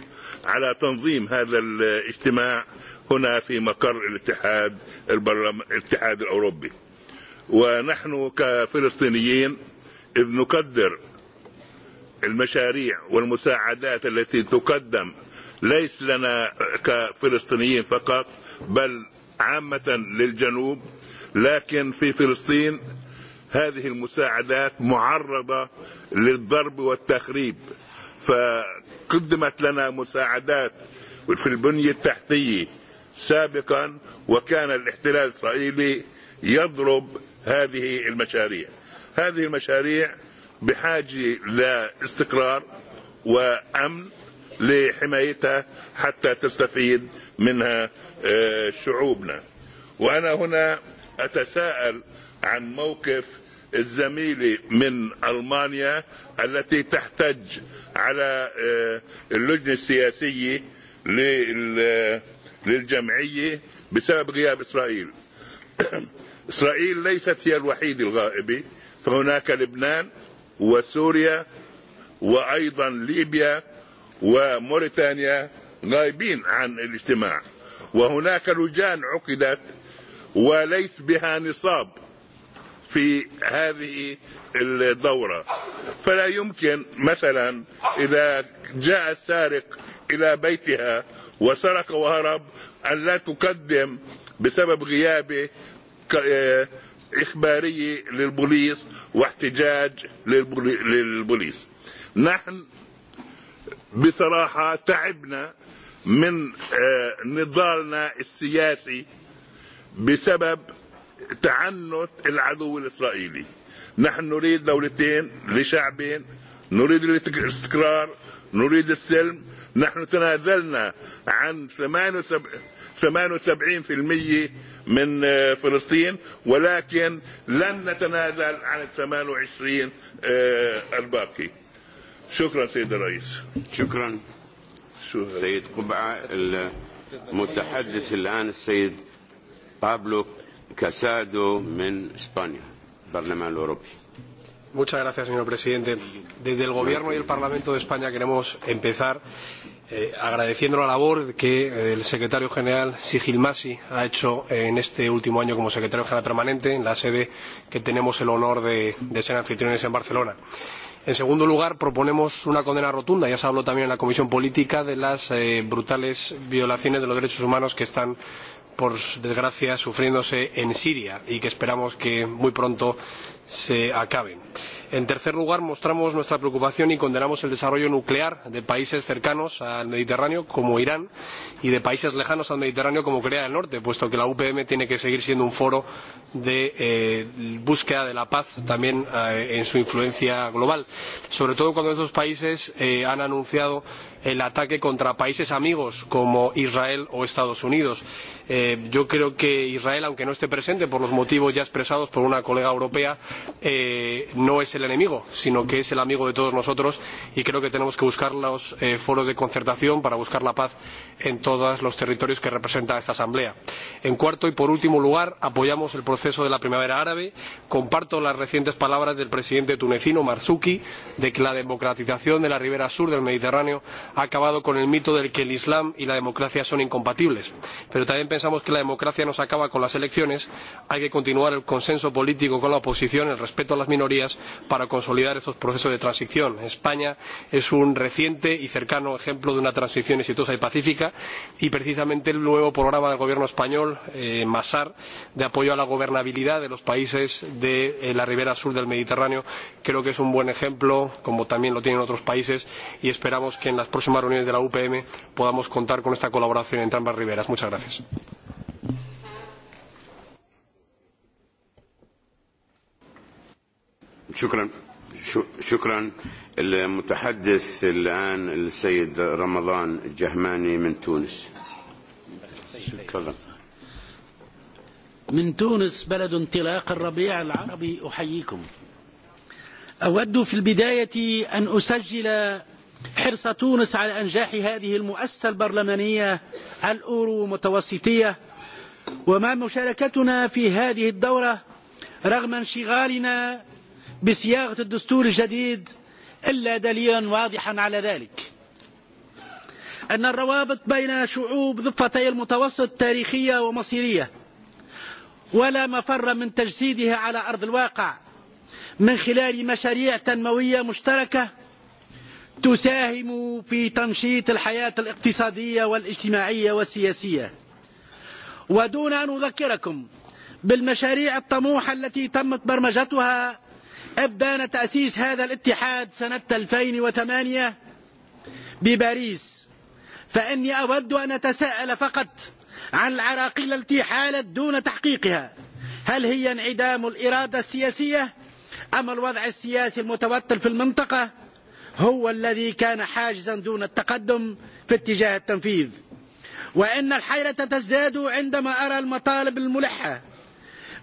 S29: على تنظيم هذا الاجتماع هنا في مقر الاتحاد الاتحاد الاوروبي ونحن كفلسطينيين اذ نقدر المشاريع والمساعدات التي تقدم ليس لنا كفلسطينيين فقط بل عامه للجنوب لكن في فلسطين هذه المساعدات معرضه للضرب والتخريب فقدمت لنا مساعدات في البنيه التحتيه سابقا وكان الاحتلال الاسرائيلي يضرب هذه المشاريع هذه المشاريع بحاجه لاستقرار وامن لحمايتها حتى تستفيد منها شعوبنا وانا هنا اتساءل عن موقف الزميله من المانيا التي تحتج على اللجنه السياسيه للجمعية بسبب غياب إسرائيل إسرائيل ليست هي الوحيد الغائب فهناك لبنان وسوريا وأيضا ليبيا وموريتانيا غايبين عن الاجتماع وهناك لجان عقدت وليس بها نصاب في هذه الدورة فلا يمكن مثلا إذا جاء السارق إلى بيتها وسرق وهرب ان لا تقدم بسبب غيابه إخبارية للبوليس واحتجاج للبوليس نحن بصراحة تعبنا من نضالنا السياسي بسبب تعنت العدو الاسرائيلي نحن نريد دولتين لشعبين نريد الاستقرار نريد السلم نحن تنازلنا عن 78% من فلسطين ولكن لن نتنازل عن 28 الباقي شكرا سيد الرئيس شكرا سيد قبعة المتحدث
S27: الآن السيد بابلو كاسادو من إسبانيا البرلمان الأوروبي
S30: Muchas gracias, señor presidente. Desde el Gobierno y el Parlamento de España queremos empezar agradeciendo la labor que el secretario general Sigil Masi ha hecho en este último año como secretario general permanente en la sede que tenemos el honor de, ser anfitriones en Barcelona. En segundo lugar, proponemos una condena rotunda, ya se habló también en la Comisión Política, de las brutales violaciones de los derechos humanos que están por desgracia, sufriéndose en Siria y que esperamos que muy pronto se acaben. En tercer lugar, mostramos nuestra preocupación y condenamos el desarrollo nuclear de países cercanos al Mediterráneo, como Irán, y de países lejanos al Mediterráneo, como Corea del Norte, puesto que la UPM tiene que seguir siendo un foro de búsqueda de la paz también en su influencia global, sobre todo cuando estos países han anunciado el ataque contra países amigos como Israel o Estados Unidos yo creo que Israel, aunque no esté presente por los motivos ya expresados por una colega europea, no es el enemigo, sino que es el amigo de todos nosotros y creo que tenemos que buscar los foros de concertación para buscar la paz en todos los territorios que representa esta Asamblea. En cuarto y por último lugar, apoyamos el proceso de la primavera árabe. Comparto las recientes palabras del presidente tunecino Marzuki de que la democratización de la ribera sur del Mediterráneo ha acabado con el mito del que el Islam y la democracia son incompatibles. Pero también pensamos que la democracia no se acaba con las elecciones, hay que continuar el consenso político con la oposición, el respeto a las minorías, para consolidar estos procesos de transición. España es un reciente y cercano ejemplo de una transición exitosa y pacífica y precisamente el nuevo programa del gobierno español, MASAR, de apoyo a la gobernabilidad de los países de la ribera sur del Mediterráneo, creo que es un buen ejemplo, como también lo tienen otros países, y esperamos que en las próximas reuniones de la UPM podamos contar con esta colaboración entre ambas riberas. Muchas gracias.
S27: شكرا شكرا المتحدث الان السيد رمضان الجهماني من تونس
S31: تفضل من تونس بلد انطلاق الربيع العربي احييكم اود في البدايه ان اسجل حرص تونس على انجاح هذه المؤسسه البرلمانيه الاورو متوسطيه وما مشاركتنا في هذه الدوره رغم انشغالنا بصياغة الدستور الجديد إلا دليلا واضحا على ذلك أن الروابط بين شعوب ضفتي المتوسط تاريخية ومصيرية ولا مفر من تجسيدها على أرض الواقع من خلال مشاريع تنموية مشتركة تساهم في تنشيط الحياة الاقتصادية والاجتماعية والسياسية ودون أن أذكركم بالمشاريع الطموحة التي تمت برمجتها أبان تأسيس هذا الاتحاد سنة 2008 بباريس فإني أود أن أتساءل فقط عن العراقيل التي حالت دون تحقيقها هل هي انعدام الإرادة السياسية أم الوضع السياسي المتوتر في المنطقة هو الذي كان حاجزا دون التقدم في اتجاه التنفيذ وإن الحيرة تزداد عندما أرى المطالب الملحة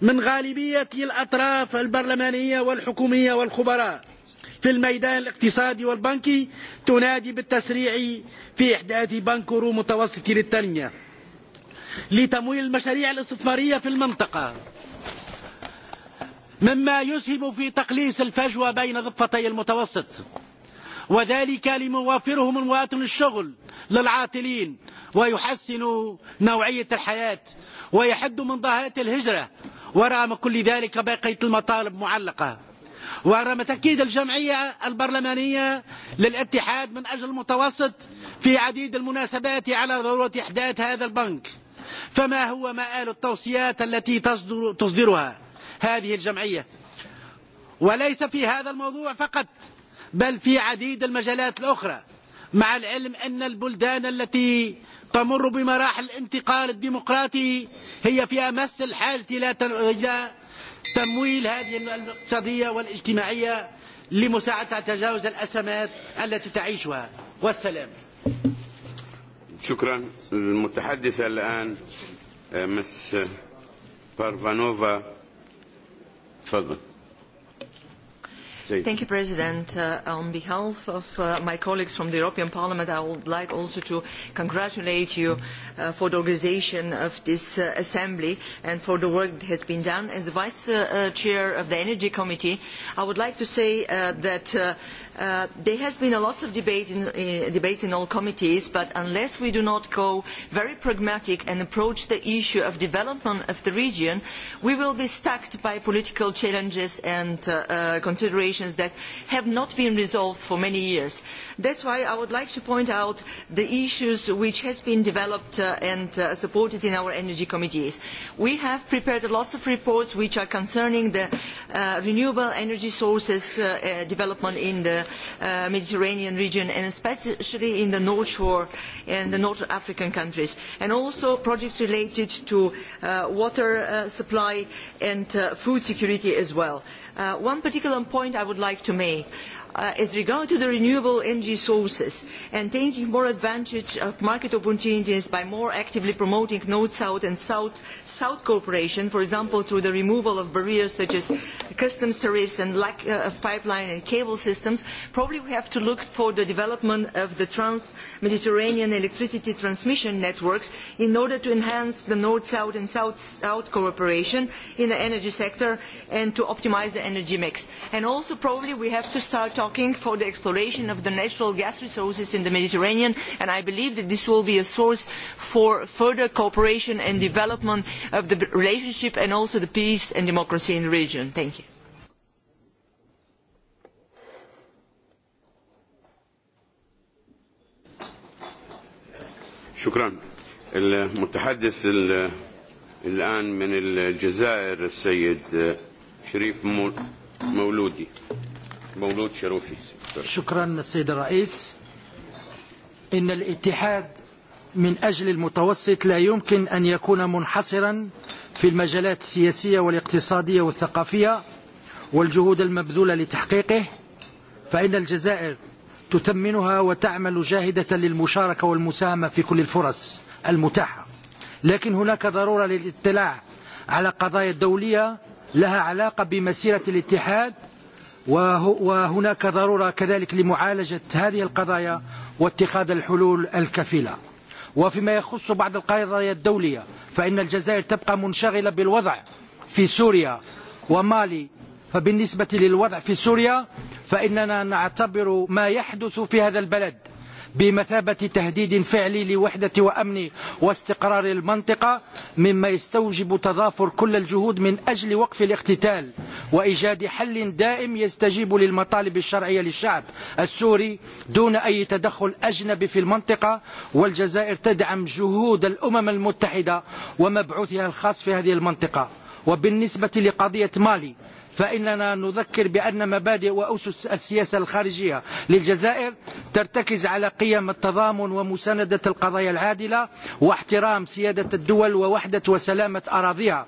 S31: من غالبية الأطراف البرلمانية والحكومية والخبراء في الميدان الاقتصادي والبنكي تنادي بالتسريع في إحداث بنك رو متوسط للتنمية لتمويل المشاريع الاستثمارية في المنطقة مما يسهم في تقليص الفجوة بين ضفتي المتوسط وذلك لموافرهم مواطن الشغل للعاطلين ويحسن نوعية الحياة ويحد من ظاهرة الهجرة ورغم كل ذلك بقيت المطالب معلقة ورغم تأكيد الجمعية البرلمانية للاتحاد من أجل المتوسط في عديد المناسبات على ضرورة إحداث هذا البنك فما هو مآل التوصيات التي تصدر تصدرها هذه الجمعية وليس في هذا الموضوع فقط بل في عديد المجالات الأخرى مع العلم أن البلدان التي تمر بمراحل الانتقال الديمقراطي هي في مس الحاجة إلى تمويل هذه الاقتصادية والاجتماعية لمساعدتها تجاوز الأزمات التي تعيشها والسلام
S27: شكرا المتحدثة الآن مس بارفانوفا تفضل
S4: Mr
S32: President. on behalf of my colleagues from the European Parliament, I would like also to congratulate you for the organisation of this assembly and for the work that has been done. As Vice Chair of the Energy Committee, I would like to say that there has been a lot of debate in, all committees, but unless we do not go very pragmatic and approach the issue of development of the region, we will be stuck by political challenges and considerations that have not been resolved for many years. That is why I would like to point out the issues which have been developed and supported in our energy committees. We have prepared lots of reports which are concerning the renewable energy sources development in the Mediterranean region and especially in the North Shore and the North African countries. And also projects related to water supply and food security as well. one particular point I would like to make. Uh, as regards the renewable energy sources and taking more advantage of market opportunities by more actively promoting north south and south south cooperation for example through the removal of barriers such as customs tariffs and lack of pipeline and cable systems probably we have to look for the development of the trans mediterranean electricity transmission networks in order to enhance the north south and south south cooperation in the energy sector and to optimise the energy mix and also probably we have to start talking for the exploration of the natural gas resources in the Mediterranean, and I believe that this will be a source for further cooperation and development of the relationship and also the peace and democracy in the region. Thank you.
S27: شكرا المتحدث الآن من الجزائر السيد شريف مولودي مولود شروفي
S21: شكرا السيد الرئيس إن الاتحاد من أجل المتوسط لا يمكن أن يكون منحصرا في المجالات السياسية والاقتصادية والثقافية والجهود المبذولة لتحقيقه فإن الجزائر تثمنها وتعمل جاهدة للمشاركة والمساهمة في كل الفرص المتاحة لكن هناك ضرورة للاطلاع على قضايا دولية لها علاقة بمسيرة الاتحاد وهناك ضرورة كذلك لمعالجة هذه القضايا واتخاذ الحلول الكفيلة وفيما يخص بعض القضايا الدولية فإن الجزائر تبقى منشغلة بالوضع في سوريا ومالي فبالنسبة للوضع في سوريا فإننا نعتبر ما يحدث في هذا البلد بمثابة تهديد فعلي لوحدة وأمن واستقرار المنطقة مما يستوجب تضافر كل الجهود من أجل وقف الاقتتال وإيجاد حل دائم يستجيب للمطالب الشرعية للشعب السوري دون أي تدخل أجنبي في المنطقة والجزائر تدعم جهود الأمم المتحدة ومبعوثها الخاص في هذه المنطقة وبالنسبة لقضية مالي فإننا نذكر بأن مبادئ وأسس السياسة الخارجية للجزائر ترتكز على قيم التضامن ومساندة القضايا العادلة واحترام سيادة الدول ووحدة وسلامة أراضيها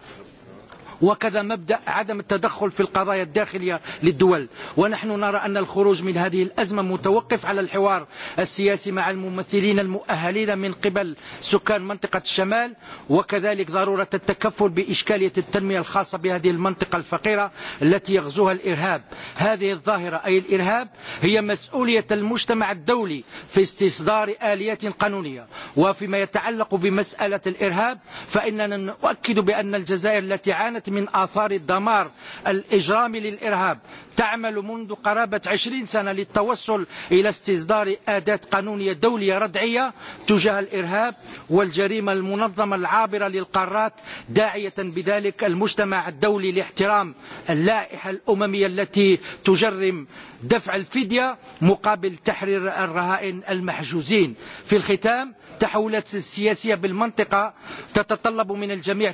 S21: وكذا مبدأ عدم التدخل في القضايا الداخلية للدول ونحن نرى أن الخروج من هذه الأزمة متوقف على الحوار السياسي مع الممثلين المؤهلين من قبل سكان منطقة الشمال وكذلك ضرورة التكفل بإشكالية التنمية الخاصة بهذه المنطقة الفقيرة التي يغزوها الإرهاب هذه الظاهرة أي الإرهاب هي مسؤولية المجتمع الدولي في استصدار آليات قانونية وفيما يتعلق بمسألة الإرهاب فإننا نؤكد بأن الجزائر التي عانت من آثار الدمار الإجرام للإرهاب تعمل منذ قرابة عشرين سنة للتوصل إلى استصدار أداة قانونية دولية ردعية تجاه الإرهاب والجريمة المنظمة العابرة للقارات داعية بذلك المجتمع الدولي لاحترام اللائحة الأممية التي تجرم دفع الفدية مقابل تحرير الرهائن المحجوزين في الختام التحولات السياسية بالمنطقة تتطلب من الجميع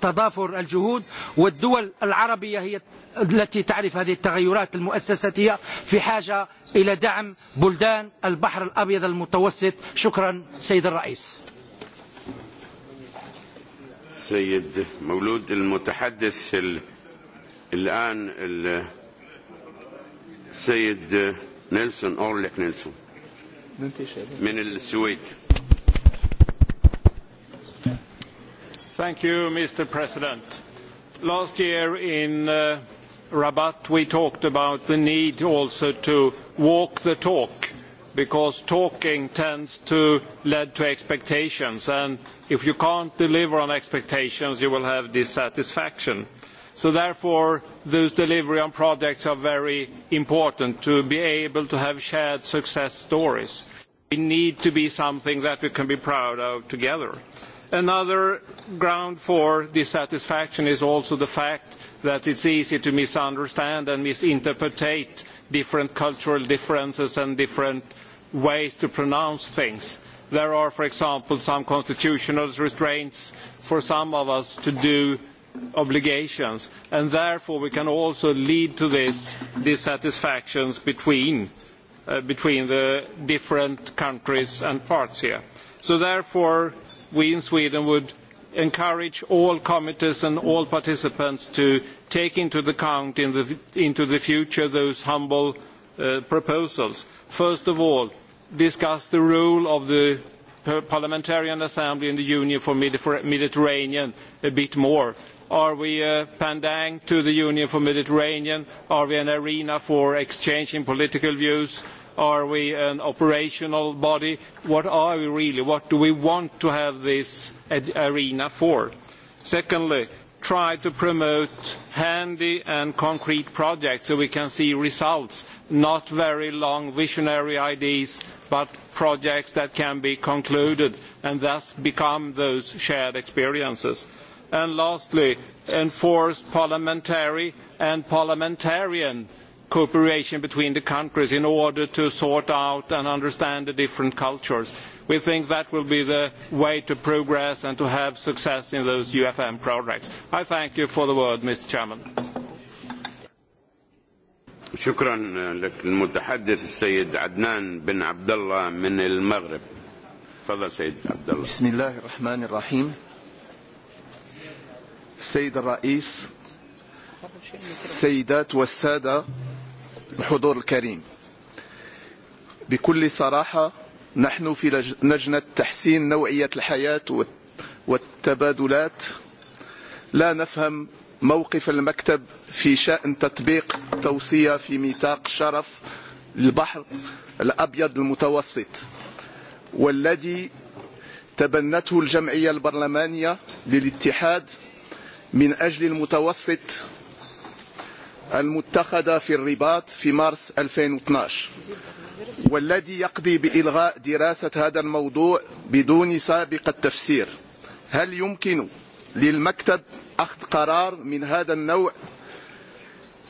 S21: تضافر الجهود والدول العربية هي التي تعرف هذه التغيرات المؤسساتية في حاجة إلى دعم بلدان البحر الأبيض المتوسط شكرا سيد الرئيس
S27: سيد مولود المتحدث الآن السيد نيلسون أورليك نيلسون من السويد
S33: mr president last year in rabat we talked about the need also to walk the talk because talking tends to lead to expectations and if you cannot deliver on expectations you will have dissatisfaction. So therefore those delivery on projects are very important to be able to have shared success stories. we need to be something that we can be proud of together. Another ground for dissatisfaction is also the fact that it is easy to misunderstand and misinterpret different cultural differences and different ways to pronounce things. There are, for example, some constitutional restraints for some of us to do obligations, and therefore we can also lead to this dissatisfactions between, the different countries and parts here. So therefore, we in Sweden would encourage all committees and all participants to take into account into the future those humble proposals. First of all, discuss the role of the Parliamentarian Assembly in the Union for the Mediterranean a bit more. Are we a pandang to the Union for the Mediterranean? Are we an arena for exchanging political views? Are we an operational body? What are we really? What do we want to have this arena for? Secondly, try to promote handy and concrete projects so we can see results, not very long visionary ideas, but projects that can be concluded and thus become those shared experiences. And Lastly, enforce parliamentary and parliamentarian cooperation between the countries in order to sort out and understand the different cultures. We think that will be the way to progress and to have success in those UFM projects. I thank you for the word, Mr. Chairman.
S27: شكرا للمتحدث السيد عدنان بن عبد الله من المغرب. تفضل سيد عبد
S34: الله. بسم الله الرحمن الرحيم. السيد الرئيس السيدات والساده الحضور الكريم بكل صراحة نحن في لجنة تحسين نوعية الحياة والتبادلات لا نفهم موقف المكتب في شأن تطبيق توصية في ميثاق شرف البحر الأبيض المتوسط والذي تبنته الجمعية البرلمانية للاتحاد من أجل المتوسط المتخذة في الرباط في مارس 2012 والذي يقضي بإلغاء دراسة هذا الموضوع بدون سابق التفسير هل يمكن للمكتب أخذ قرار من هذا النوع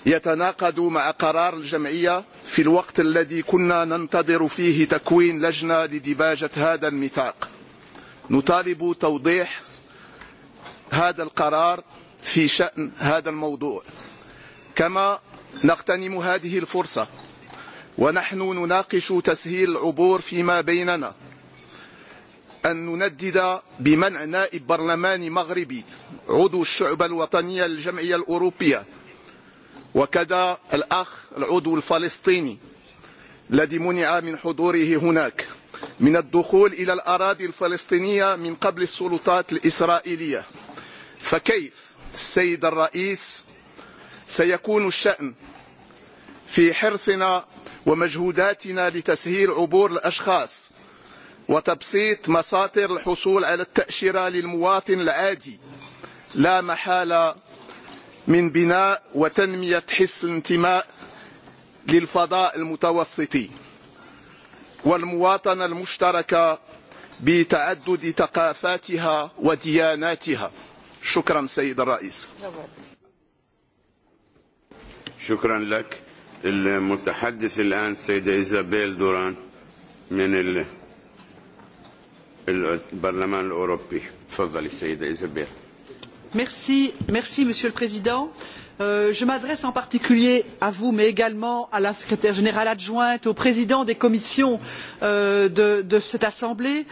S34: يتناقض مع قرار الجمعية في الوقت الذي كنا ننتظر فيه تكوين لجنة لدباجة هذا الميثاق نطالب توضيح هذا القرار في شأن هذا الموضوع كما نغتنم هذه الفرصة ونحن نناقش تسهيل العبور فيما بيننا أن نندد بمنع نائب برلماني مغربي عضو الشعب الوطنية للجمعية الأوروبية وكذا الأخ العضو الفلسطيني الذي منع من حضوره هناك من الدخول إلى الأراضي الفلسطينية من قبل السلطات الإسرائيلية فكيف السيد الرئيس سيكون الشأن في حرصنا ومجهوداتنا لتسهيل عبور الأشخاص وتبسيط مساطر الحصول على التأشيرة للمواطن العادي لا محالة من بناء وتنمية حس الانتماء للفضاء المتوسطي والمواطنة المشتركة بتعدد ثقافاتها ودياناتها شكرا سيد الرئيس
S27: شكرا لك المتحدث الآن سيدة إيزابيل دوران من البرلمان الأوروبي تفضلي سيدة إيزابيل
S3: Merci, merci Monsieur le Président. Euh, je m'adresse en particulier à vous mais également à la secrétaire générale adjointe aux présidents des commissions de cette assemblée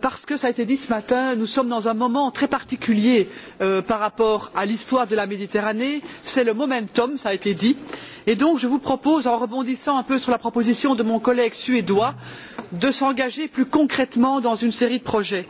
S3: parce que cela a été dit ce matin nous sommes dans un moment très particulier par rapport à l'histoire de la méditerranée c'est le momentum cela a été dit et donc je vous propose en rebondissant un peu sur la proposition de mon collègue suédois de s'engager plus concrètement dans une série de projets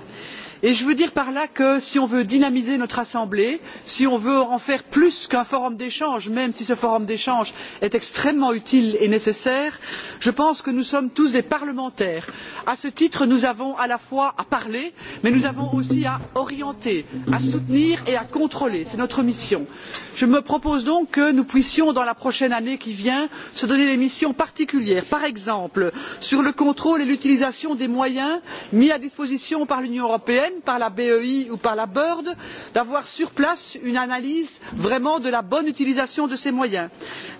S3: et je veux dire par là que si on veut dynamiser notre assemblée si on veut en faire plus qu'un forum d'échange même si ce forum d'échange est extrêmement utile et nécessaire je pense que nous sommes tous des parlementaires. à ce titre nous avons à la fois à parler mais nous avons aussi à orienter à soutenir et à contrôler c'est notre mission. je me propose donc que nous puissions dans la prochaine année qui vient se donner des missions particulières par exemple sur le contrôle et l'utilisation des moyens mis à disposition par l'union européenne européenne par la bei ou par la berd d'avoir sur place une analyse vraiment de la bonne utilisation de ces moyens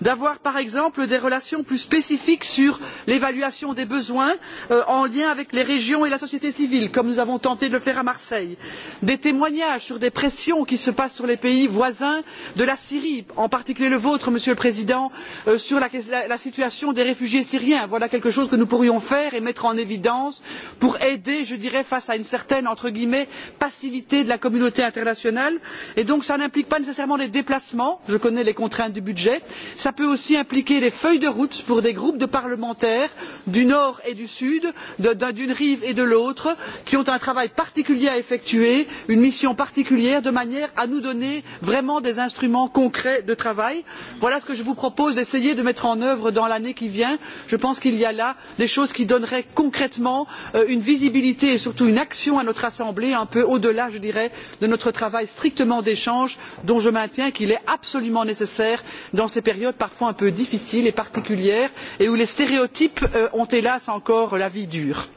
S3: d'avoir par exemple des relations plus spécifiques sur l'évaluation des besoins en lien avec les régions et la société civile comme nous avons tenté de le faire à marseille des témoignages sur des pressions qui se passent sur les pays voisins de la syrie en particulier le vôtre monsieur le président sur la situation des réfugiés syriens voilà quelque chose que nous pourrions faire et mettre en évidence pour aider je dirais face à une certaine guillemets passivité de la communauté internationale et donc cela n'implique pas nécessairement des déplacements je connais les contraintes du budget cela peut aussi impliquer des feuilles de route pour des groupes de parlementaires du nord et du sud d'une rive et de l'autre qui ont un travail particulier à effectuer une mission particulière de manière à nous donner vraiment des instruments concrets de travail. voilà ce que je vous propose d'essayer de mettre en œuvre dans l'année qui vient. je pense qu'il y a là des choses qui donneraient concrètement une visibilité et surtout une action à notre assemblée l'assemblée un peu au delà je dirais de notre travail strictement d'échange dont je maintiens qu'il est absolument nécessaire dans ces périodes parfois un peu difficiles et particulières et où les stéréotypes ont hélas encore la vie dure.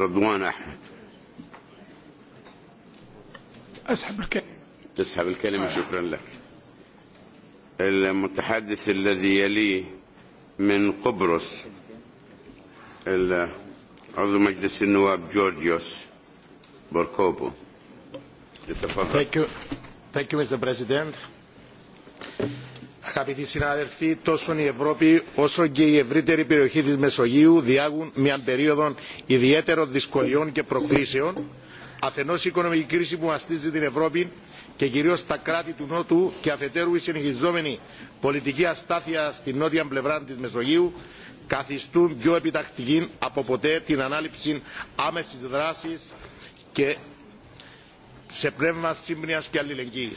S27: رضوان شكرا لك المتحدث الذي يليه من قبرص عضو مجلس النواب جورجيوس بوركوبو يتفضل
S17: Thank you. Thank you, Mr. President. Αγαπητοί συνάδελφοι, τόσο η Ευρώπη όσο και η ευρύτερη περιοχή της Μεσογείου διάγουν μια περίοδο ιδιαίτερων δυσκολιών και προκλήσεων, αφενός η οικονομική κρίση που μαστίζει την Ευρώπη και κυρίω στα κράτη του Νότου και αφετέρου η συνεχιζόμενη πολιτική αστάθεια στην νότια πλευρά τη Μεσογείου καθιστούν πιο επιτακτική από ποτέ την ανάληψη άμεση δράση και σε πνεύμα σύμπνοια και αλληλεγγύη.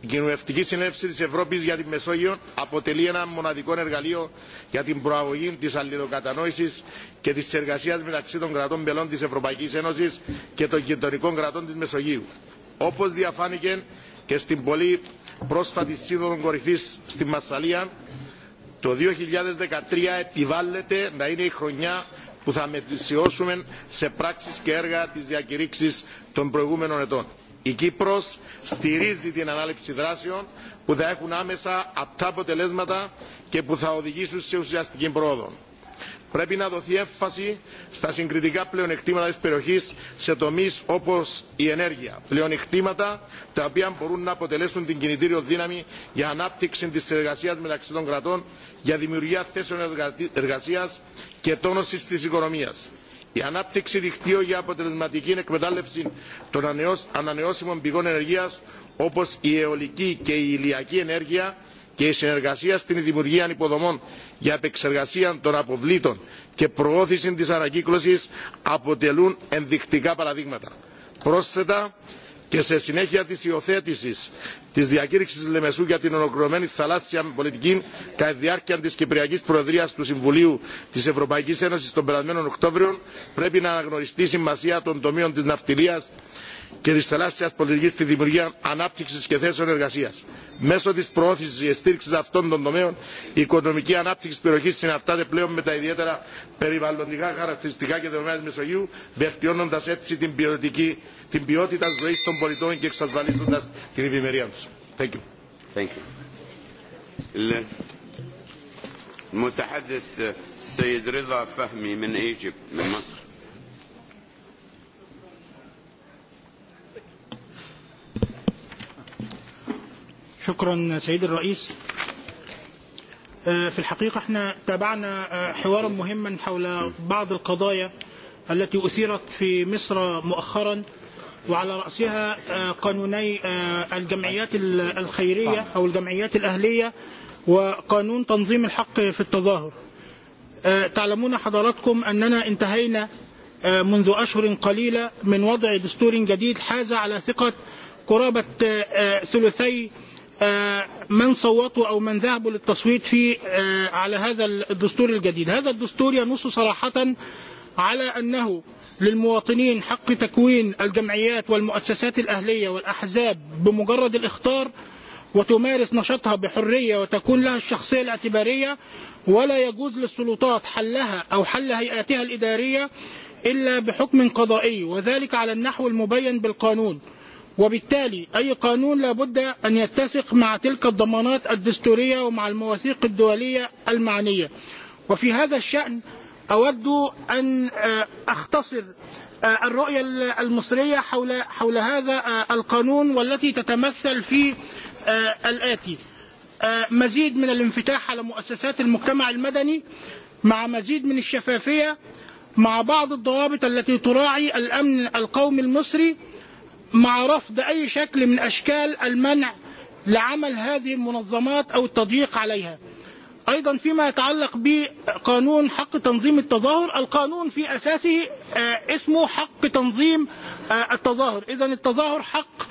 S17: Η κοινοβουλευτική συνέλευση τη Ευρώπη για τη Μεσόγειο αποτελεί ένα μοναδικό εργαλείο για την προαγωγή τη αλληλοκατανόηση και τη συνεργασία μεταξύ των κρατών μελών τη Ευρωπαϊκή Ένωση και των γειτονικών κρατών τη Μεσογείου όπως διαφάνηκε και στην πολύ πρόσφατη σύνοδο κορυφής στη Μασσαλία, το 2013 επιβάλλεται να είναι η χρονιά που θα μετουσιώσουμε σε πράξεις και έργα της διακηρύξης των προηγούμενων ετών. Η Κύπρος στηρίζει την ανάληψη δράσεων που θα έχουν άμεσα απτά αποτελέσματα και που θα οδηγήσουν σε ουσιαστική πρόοδο πρέπει να δοθεί έμφαση στα συγκριτικά πλεονεκτήματα της περιοχής σε τομείς όπως η ενέργεια. Πλεονεκτήματα τα οποία μπορούν να αποτελέσουν την κινητήριο δύναμη για ανάπτυξη της συνεργασίας μεταξύ των κρατών, για δημιουργία θέσεων εργασίας και τόνωση της οικονομίας. Η ανάπτυξη δικτύου για αποτελεσματική εκμετάλλευση των ανανεώσιμων πηγών ενεργείας όπως η αιωλική και η ηλιακή ενέργεια και η συνεργασία στην δημιουργία υποδομών για επεξεργασία των αποβλήτων και προώθηση της ανακύκλωσης αποτελούν ενδεικτικά παραδείγματα. Πρόσθετα, και σε συνέχεια της υιοθέτησης της διακήρυξης Λεμεσού για την ολοκληρωμένη θαλάσσια πολιτική κατά τη διάρκεια της Κυπριακής Προεδρίας του Συμβουλίου της Ευρωπαϊκής Ένωσης τον περασμένο Οκτώβριο πρέπει να αναγνωριστεί η σημασία των τομείων της ναυτιλίας και τη θαλάσσια πολιτική στη δημιουργία ανάπτυξη και θέσεων εργασία. Μέσω τη προώθηση και στήριξη αυτών των τομέων, η οικονομική ανάπτυξη τη περιοχή συναρτάται πλέον με τα ιδιαίτερα περιβαλλοντικά χαρακτηριστικά και δεδομένα Μεσογείου, βελτιώνοντα έτσι την, ποιοτική, την ποιότητα ζωή των πολιτών και εξασφαλίζοντα την ευημερία του. Thank you.
S27: Thank you. المتحدث السيد رضا فهمي من من مصر
S35: شكرا سيد الرئيس في الحقيقة احنا تابعنا حوارا مهما حول بعض القضايا التي أثيرت في مصر مؤخرا وعلى رأسها قانوني الجمعيات الخيرية أو الجمعيات الأهلية وقانون تنظيم الحق في التظاهر تعلمون حضراتكم أننا انتهينا منذ أشهر قليلة من وضع دستور جديد حاز على ثقة قرابة ثلثي من صوتوا أو من ذهبوا للتصويت في على هذا الدستور الجديد هذا الدستور ينص صراحة على أنه للمواطنين حق تكوين الجمعيات والمؤسسات الأهلية والأحزاب بمجرد الاختار وتمارس نشاطها بحرية وتكون لها الشخصية الاعتبارية ولا يجوز للسلطات حلها أو حل هيئاتها الإدارية إلا بحكم قضائي وذلك على النحو المبين بالقانون وبالتالي أي قانون لابد أن يتسق مع تلك الضمانات الدستورية ومع المواثيق الدولية المعنية وفي هذا الشأن أود أن أختصر الرؤية المصرية حول حول هذا القانون والتي تتمثل في الآتي مزيد من الانفتاح على مؤسسات المجتمع المدني مع مزيد من الشفافية مع بعض الضوابط التي تراعي الأمن القومي المصري مع رفض أي شكل من أشكال المنع لعمل هذه المنظمات أو التضييق عليها أيضا فيما يتعلق بقانون حق تنظيم التظاهر القانون في أساسه اسمه حق تنظيم التظاهر إذا التظاهر حق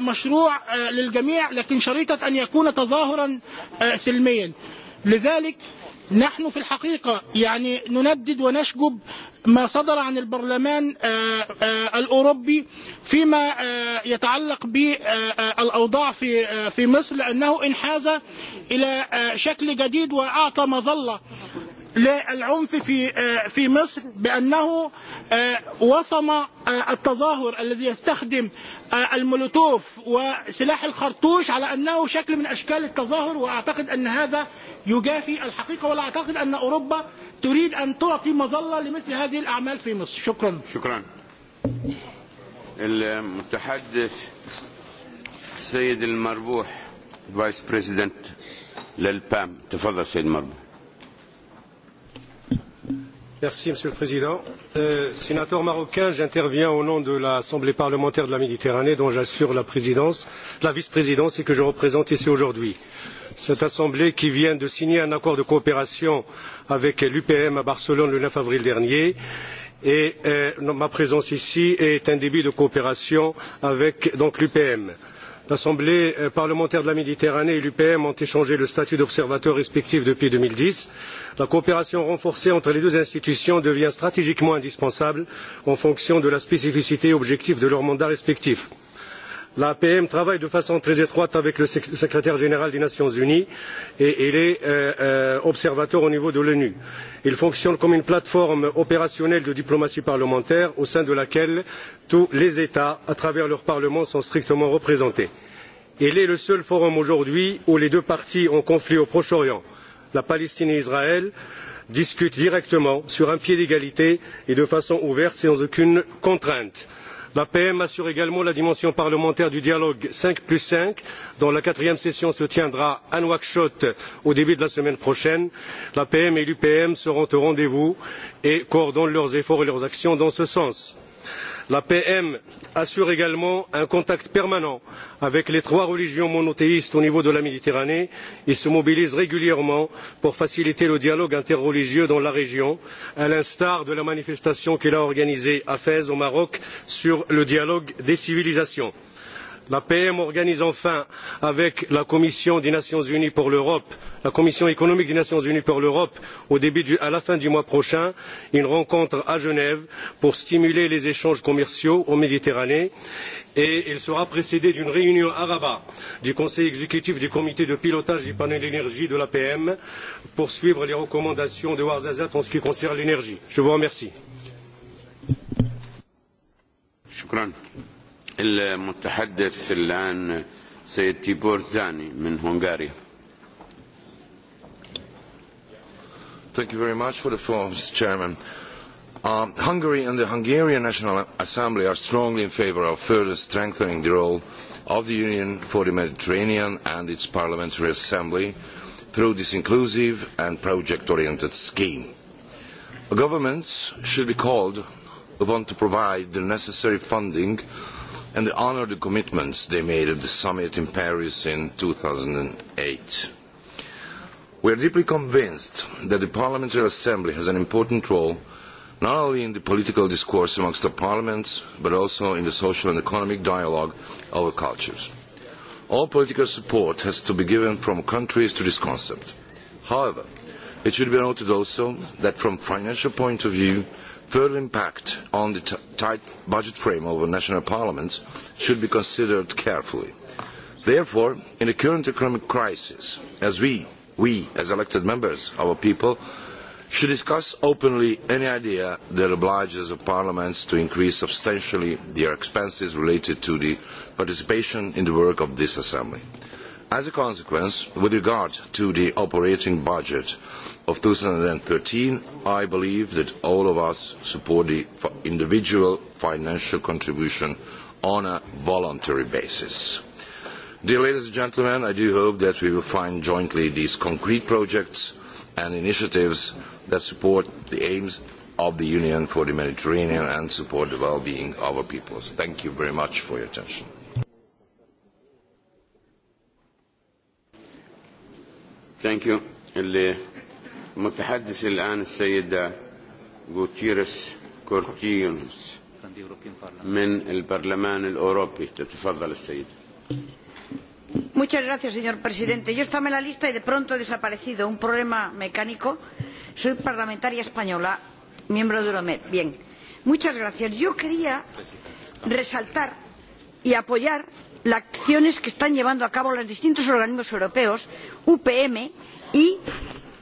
S35: مشروع للجميع لكن شريطة أن يكون تظاهرا سلميا لذلك نحن في الحقيقة يعني نندد ونشجب ما صدر عن البرلمان الأوروبي فيما يتعلق بالأوضاع في في مصر لأنه انحاز إلى شكل جديد وأعطى مظلة للعنف في في مصر بانه وصم التظاهر الذي يستخدم المولوتوف وسلاح الخرطوش على انه شكل من اشكال التظاهر واعتقد ان هذا يجافي الحقيقه ولا اعتقد ان اوروبا تريد ان تعطي مظله لمثل هذه الاعمال في مصر شكرا
S27: شكرا المتحدث السيد المربوح فايس بريزيدنت للبام تفضل سيد مربوح
S36: Monsieur le Président. sénateur marocain, j'interviens au nom de l'Assemblée parlementaire de la Méditerranée, dont j'assure la présidence, la vice-présidence et que je représente ici aujourd'hui. Cette Assemblée qui vient de signer un accord de coopération avec l'UPM à Barcelone le neuf avril dernier et ma présence ici est un début de coopération avec l'UPM L'Assemblée parlementaire de la Méditerranée et l'UPM ont échangé le statut d'observateur respectif depuis deux mille dix. La coopération renforcée entre les deux institutions devient stratégiquement indispensable en fonction de la spécificité et objectifs de leurs mandats respectifs l'apm travaille de façon très étroite avec le secrétaire général des nations unies et il est observateur au niveau de l'onu. il fonctionne comme une plateforme opérationnelle de diplomatie parlementaire au sein de laquelle tous les états à travers leur Parlement, sont strictement représentés. il est le seul forum aujourd'hui où les deux parties en conflit au proche orient la palestine et israël discutent directement sur un pied d'égalité et de façon ouverte sans aucune contrainte. La PM assure également la dimension parlementaire du dialogue cinq plus cinq dont la quatrième session se tiendra à nouakchott au début de la semaine prochaine. La PM et l'upm seront au rendez vous et coordonnent leurs efforts et leurs actions dans ce sens. La PM assure également un contact permanent avec les trois religions monothéistes au niveau de la Méditerranée et se mobilise régulièrement pour faciliter le dialogue interreligieux dans la région, à l'instar de la manifestation qu'elle a organisée à Fès au Maroc sur le dialogue des civilisations la pm organise enfin avec la commission des nations unies pour l'europe la commission économique des nations unies pour l'europe à la fin du mois prochain une rencontre à genève pour stimuler les échanges commerciaux en méditerranée et elle sera précédée d'une réunion à rabat du conseil exécutif du comité de pilotage du panel énergie de la PM pour suivre les recommandations de ouarzazate en ce qui concerne l'énergie. je vous remercie.
S27: المتحدث الآن
S37: سيد تيبور زاني من هنغاريا Thank you very much for the floor, Mr. Chairman. Um, Hungary and the Hungarian National Assembly are strongly in favour of further strengthening the role of the Union for the Mediterranean and its Parliamentary Assembly through this inclusive and project-oriented scheme. Governments should be called upon to provide the necessary funding and honour the commitments they made at the summit in Paris in two thousand eight. We are deeply convinced that the Parliamentary Assembly has an important role not only in the political discourse amongst the parliaments, but also in the social and economic dialogue of our cultures. All political support has to be given from countries to this concept. However, it should be noted also that from a financial point of view, further impact on the tight budget frame of national parliaments should be considered carefully. Therefore, in the current economic crisis, as we, we as elected members, our people, should discuss openly any idea that obliges parliaments to increase substantially their expenses related to the participation in the work of this assembly. As a consequence, with regard to the operating budget, of 2013, I believe that all of us support the individual financial contribution on a voluntary basis. Dear ladies and gentlemen, I do hope that we will find jointly these concrete projects and initiatives that support the aims of the Union for the Mediterranean and support the well-being of our peoples. Thank you very much for your attention. Thank you.
S27: متحدث الآن السيدة غوتيرس كورتيونس من البرلمان الأوروبي تتفضل السيدة
S38: señor presidente. Yo estaba en la lista y de pronto he desaparecido. Un problema mecánico. Soy parlamentaria española, miembro de Euromed. Bien, muchas gracias. Yo quería resaltar y apoyar las acciones que están llevando a cabo los distintos organismos europeos, UPM y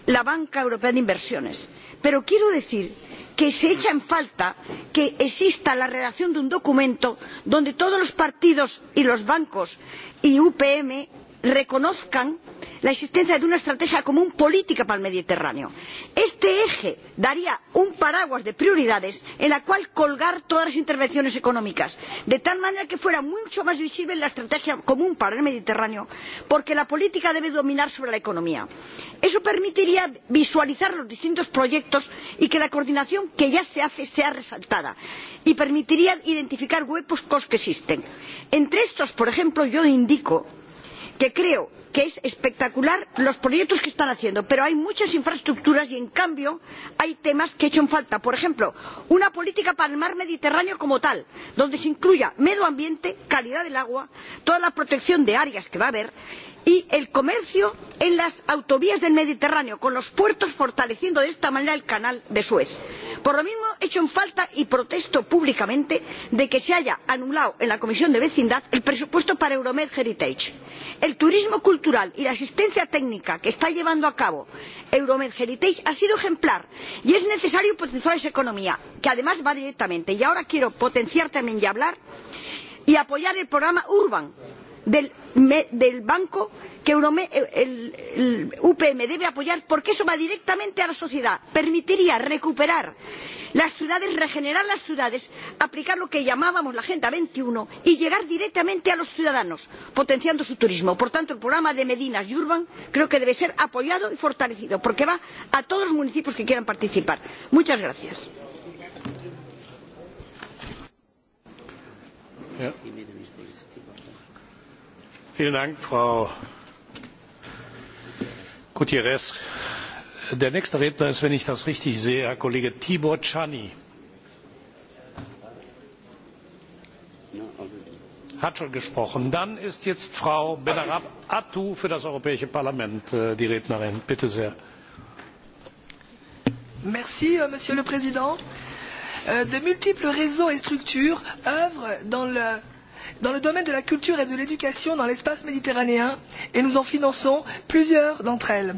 S38: la banca europea de inversiones pero quiero decir que se echa en falta que exista la redacción de un documento donde todos los partidos y los bancos y upm reconozcan la existencia de una estrategia común política para el Mediterráneo. Este eje daría un paraguas de prioridades en la cual colgar todas las intervenciones económicas, de tal manera que fuera mucho más visible la estrategia común para el Mediterráneo, porque la política debe dominar sobre la economía. Eso permitiría visualizar los distintos proyectos y que la coordinación que ya se hace sea resaltada y permitiría identificar huecos que existen. Entre estos, por ejemplo, yo indico que creo que es espectacular los proyectos que están haciendo, pero hay muchas infraestructuras y, en cambio, hay temas que echan falta. Por ejemplo, una política para el mar Mediterráneo como tal, donde se incluya medio ambiente, calidad del agua, toda la protección de áreas que va a haber y el comercio en las autovías del Mediterráneo, con los puertos fortaleciendo de esta manera el canal de Suez por lo mismo echo en falta y protesto públicamente de que se haya anulado en la comisión de vecindad el presupuesto para euromed heritage. el turismo cultural y la asistencia técnica que está llevando a cabo euromed heritage ha sido ejemplar y es necesario potenciar esa economía que además va directamente y ahora quiero potenciar también y hablar y apoyar el programa urban que del, banco que el UPM debe apoyar porque eso va directamente a la sociedad. Permitiría recuperar las ciudades, regenerar las ciudades, aplicar lo que llamábamos la Agenda 21 y llegar directamente a los ciudadanos, potenciando su turismo. Por tanto, el programa de Medinas y Urban creo que debe ser apoyado y fortalecido, porque va a todos los municipios que quieran participar. Muchas gracias. Vielen
S1: Dank, Frau Gutierrez. Der nächste Redner ist, wenn ich das richtig sehe, Herr Kollege Tibor Czani. Hat schon gesprochen. Dann ist jetzt Frau Benarab Attu für das Europäische Parlament die Rednerin. Bitte sehr.
S39: Monsieur le Président. De multiples réseaux et structures œuvrent dans le dans le domaine de la culture et de l'éducation dans l'espace méditerranéen et nous en finançons plusieurs d'entre elles.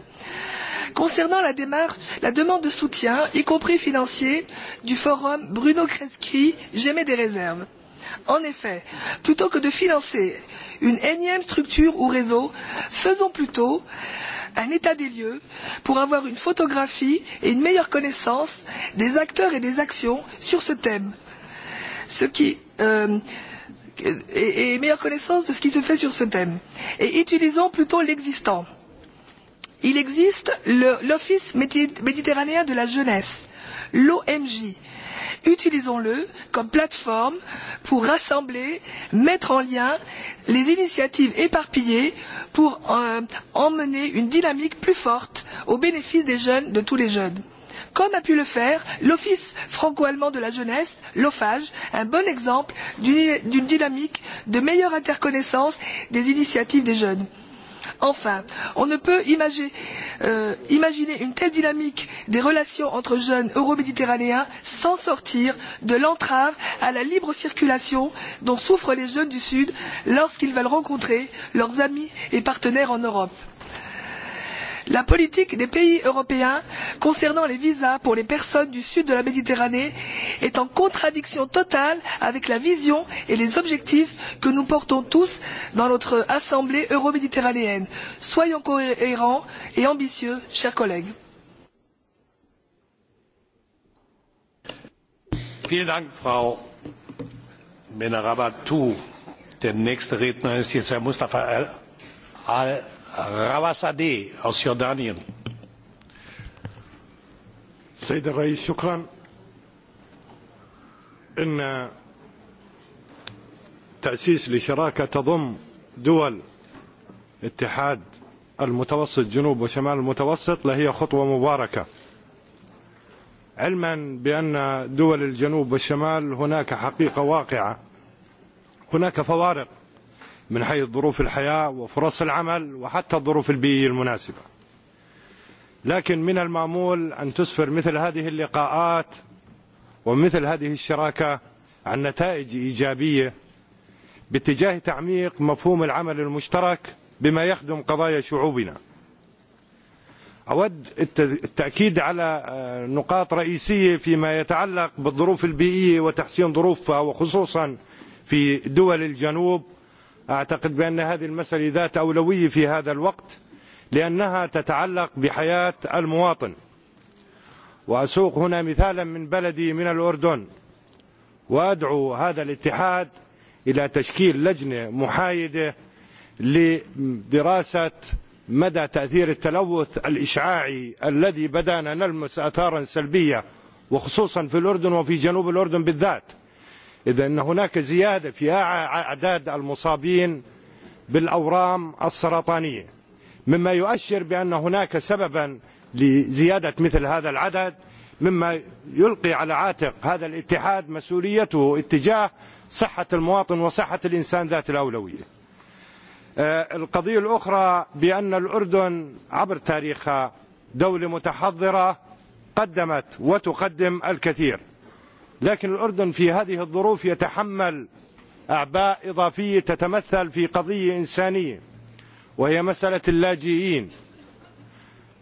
S39: Concernant la démarche, la demande de soutien, y compris financier, du forum Bruno Kreski, j'émets des réserves. En effet, plutôt que de financer une énième structure ou réseau, faisons plutôt un état des lieux pour avoir une photographie et une meilleure connaissance des acteurs et des actions sur ce thème. Ce qui euh, et, et meilleure connaissance de ce qui se fait sur ce thème. Et utilisons plutôt l'existant. Il existe l'Office méditerranéen de la jeunesse, l'OMJ. Utilisons-le comme plateforme pour rassembler, mettre en lien les initiatives éparpillées pour euh, emmener une dynamique plus forte au bénéfice des jeunes, de tous les jeunes comme a pu le faire l'Office franco-allemand de la jeunesse, l'OFAGE, un bon exemple d'une dynamique de meilleure interconnaissance des initiatives des jeunes. Enfin, on ne peut imaginer une telle dynamique des relations entre jeunes euroméditerranéens sans sortir de l'entrave à la libre circulation dont souffrent les jeunes du Sud lorsqu'ils veulent rencontrer leurs amis et partenaires en Europe la politique des pays européens concernant les visas pour les personnes du sud de la Méditerranée est en contradiction totale avec la vision et les objectifs que nous portons tous dans notre Assemblée euroméditerranéenne. Soyons cohérents et ambitieux, chers collègues.
S1: Vielen Dank, Frau Der nächste Redner ist jetzt Herr Mustafa Al Rawazadeh aus Jordanien.
S40: سيد الرئيس شكرا ان تاسيس لشراكه تضم دول اتحاد المتوسط جنوب وشمال المتوسط لهي خطوه مباركه علما بان دول الجنوب والشمال هناك حقيقه واقعه هناك فوارق من حيث ظروف الحياة وفرص العمل وحتى الظروف البيئية المناسبة لكن من المامول أن تسفر مثل هذه اللقاءات ومثل هذه الشراكة عن نتائج إيجابية باتجاه تعميق مفهوم العمل المشترك بما يخدم قضايا شعوبنا أود التأكيد على نقاط رئيسية فيما يتعلق بالظروف البيئية وتحسين ظروفها وخصوصا في دول الجنوب أعتقد بأن هذه المسألة ذات أولوية في هذا الوقت لأنها تتعلق بحياة المواطن وأسوق هنا مثالا من بلدي من الأردن وأدعو هذا الاتحاد إلى تشكيل لجنة محايدة لدراسة مدى تأثير التلوث الإشعاعي الذي بدأنا نلمس آثارا سلبية وخصوصا في الأردن وفي جنوب الأردن بالذات إذا أن هناك زيادة في أعداد المصابين بالأورام السرطانية مما يؤشر بأن هناك سببا لزيادة مثل هذا العدد مما يلقي على عاتق هذا الاتحاد مسؤوليته اتجاه صحة المواطن وصحة الإنسان ذات الأولوية القضية الأخرى بأن الأردن عبر تاريخها دولة متحضرة قدمت وتقدم الكثير لكن الأردن في هذه الظروف يتحمل أعباء إضافية تتمثل في قضية إنسانية وهي مسألة اللاجئين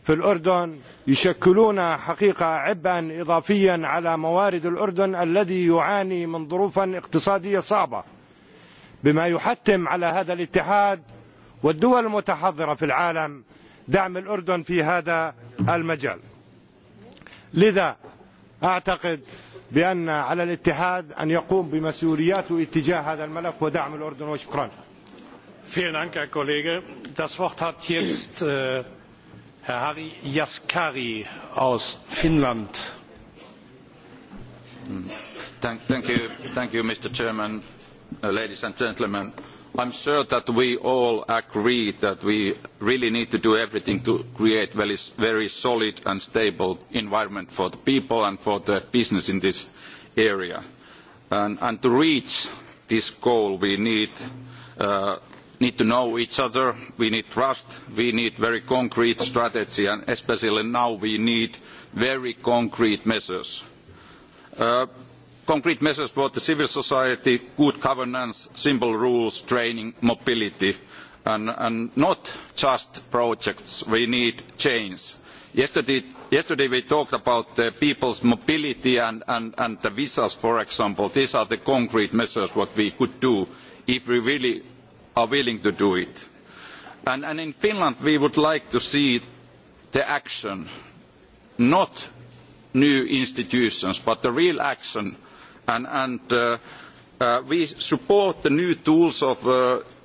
S40: في الأردن يشكلون حقيقة عبئا إضافيا على موارد الأردن الذي يعاني من ظروف اقتصادية صعبة بما يحتم على هذا الاتحاد والدول المتحضرة في العالم دعم الأردن في هذا المجال لذا أعتقد بأن على الاتحاد أن يقوم بمسؤولياته اتجاه هذا الملف ودعم الأردن وشكرا
S1: Vielen Dank, Herr Kollege. Das Wort hat jetzt äh, Herr Harry Jaskari
S41: aus Finnland. Thank, thank you, thank you, Mr. Chairman, uh, ladies and gentlemen I am sure that we all agree that we really need to do everything to create a very solid and stable environment for the people and for the business in this area. to reach this goal, we need, to know each other, we need trust, we need very concrete strategy, and especially now we need very concrete measures concrete measures for civil society, good governance, simple rules, training, mobility, and, not just projects. We need change. Yesterday, we talked about the people's mobility and, the visas, for example. These are the concrete measures what we could do if we really are willing to do it. And, in Finland, we would like to see the action, not new institutions, but the real action and we support the new tools of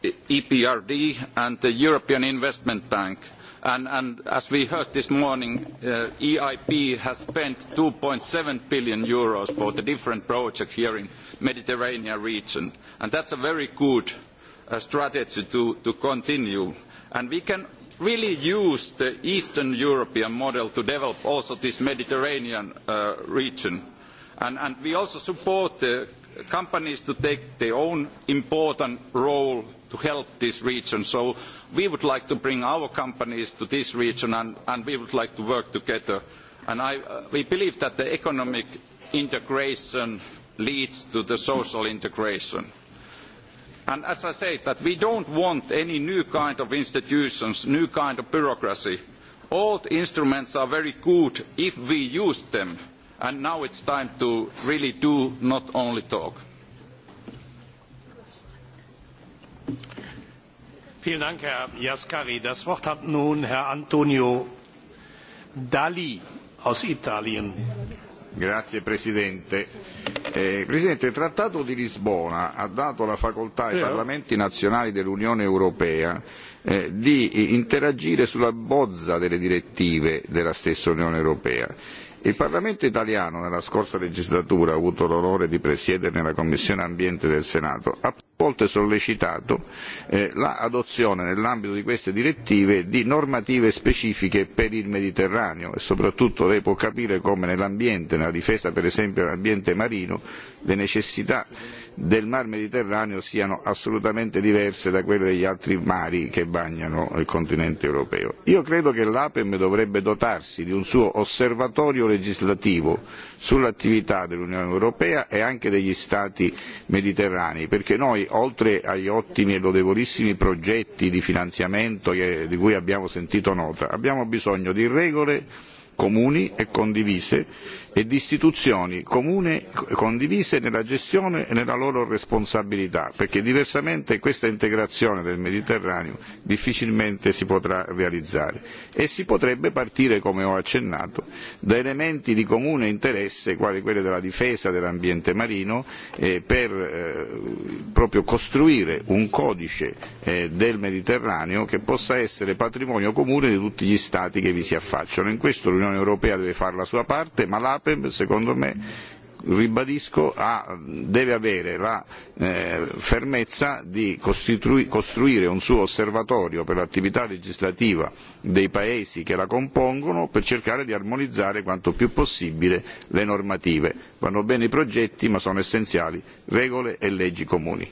S41: EBRD and the European Investment Bank. And as we heard this morning, EIB has spent EUR 2.7 billion for the different projects here in the Mediterranean region, and that's a very good strategy to continue. And we can really use the Eastern European model to develop also this Mediterranean region And we also support companies to take their own important role to help this region. So we would like to bring our companies to this region, and we would like to work together. We believe that the economic integration leads to the social integration. And as I said, that we don't want any new kind of institutions, new kind of bureaucracy. All instruments are very good if we use them and now it's time to really do, not only talk. Vielen Dank,
S1: Herr Jaskari. Das Wort hat nun Herr Antonio
S42: aus Italien. Grazie Presidente. Eh, Presidente, il Trattato di Lisbona ha dato la facoltà ai Parlamenti nazionali dell'Unione Europea eh, di interagire sulla bozza delle direttive della stessa Unione Europea Il Parlamento italiano nella scorsa legislatura ha avuto l'onore di presiedere nella Commissione Ambiente del Senato, ha volte sollecitato l'adozione nell'ambito di queste direttive di normative specifiche per il Mediterraneo e soprattutto lei può capire come nell'ambiente, nella difesa per esempio dell'ambiente marino, le necessità del mar Mediterraneo siano assolutamente diverse da quelle degli altri mari che bagnano il continente europeo. Io credo che l'APEM dovrebbe dotarsi di un suo osservatorio legislativo sull'attività dell'Unione Europea e anche degli Stati mediterranei, perché noi, oltre agli ottimi e lodevolissimi progetti di finanziamento di cui abbiamo sentito nota, abbiamo bisogno di regole comuni e condivise e di istituzioni comuni condivise nella gestione e nella loro responsabilità, perché diversamente questa integrazione del Mediterraneo difficilmente si potrà realizzare e si potrebbe partire, come ho accennato, da elementi di comune interesse quali quelli della difesa dell'ambiente marino per proprio costruire un codice del Mediterraneo che possa essere patrimonio comune di tutti gli Stati che vi si affacciano. In questo l'Unione Europea deve fare la sua parte, ma Verstappen, secondo me, ribadisco, deve avere la fermezza di costruire un suo osservatorio per l'attività legislativa dei paesi che la compongono per cercare di armonizzare quanto più possibile le normative. Vanno bene i progetti, ma sono essenziali regole e leggi comuni.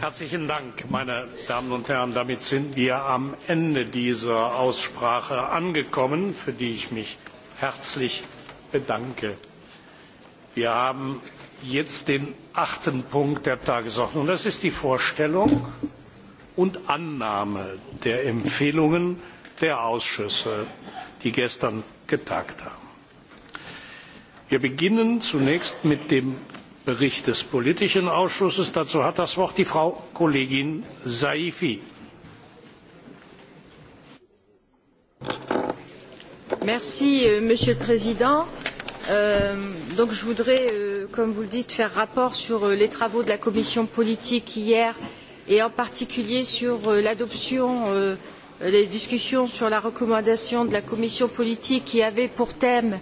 S1: Herzlichen Dank, meine Damen und Herren. Damit sind wir am Ende dieser Aussprache angekommen, für die ich mich herzlich bedanke. Wir haben jetzt den achten Punkt der Tagesordnung. Das ist die Vorstellung und Annahme der Empfehlungen der Ausschüsse, die gestern getagt haben. Wir beginnen zunächst mit dem Bericht des politischen Ausschusses. Dazu hat das Wort die Frau Kollegin safi.
S43: monsieur le président je voudrais comme vous le dites faire rapport sur les travaux de la commission politique hier et en particulier sur l'adoption des discussions sur la recommandation de la commission politique qui avait pour thème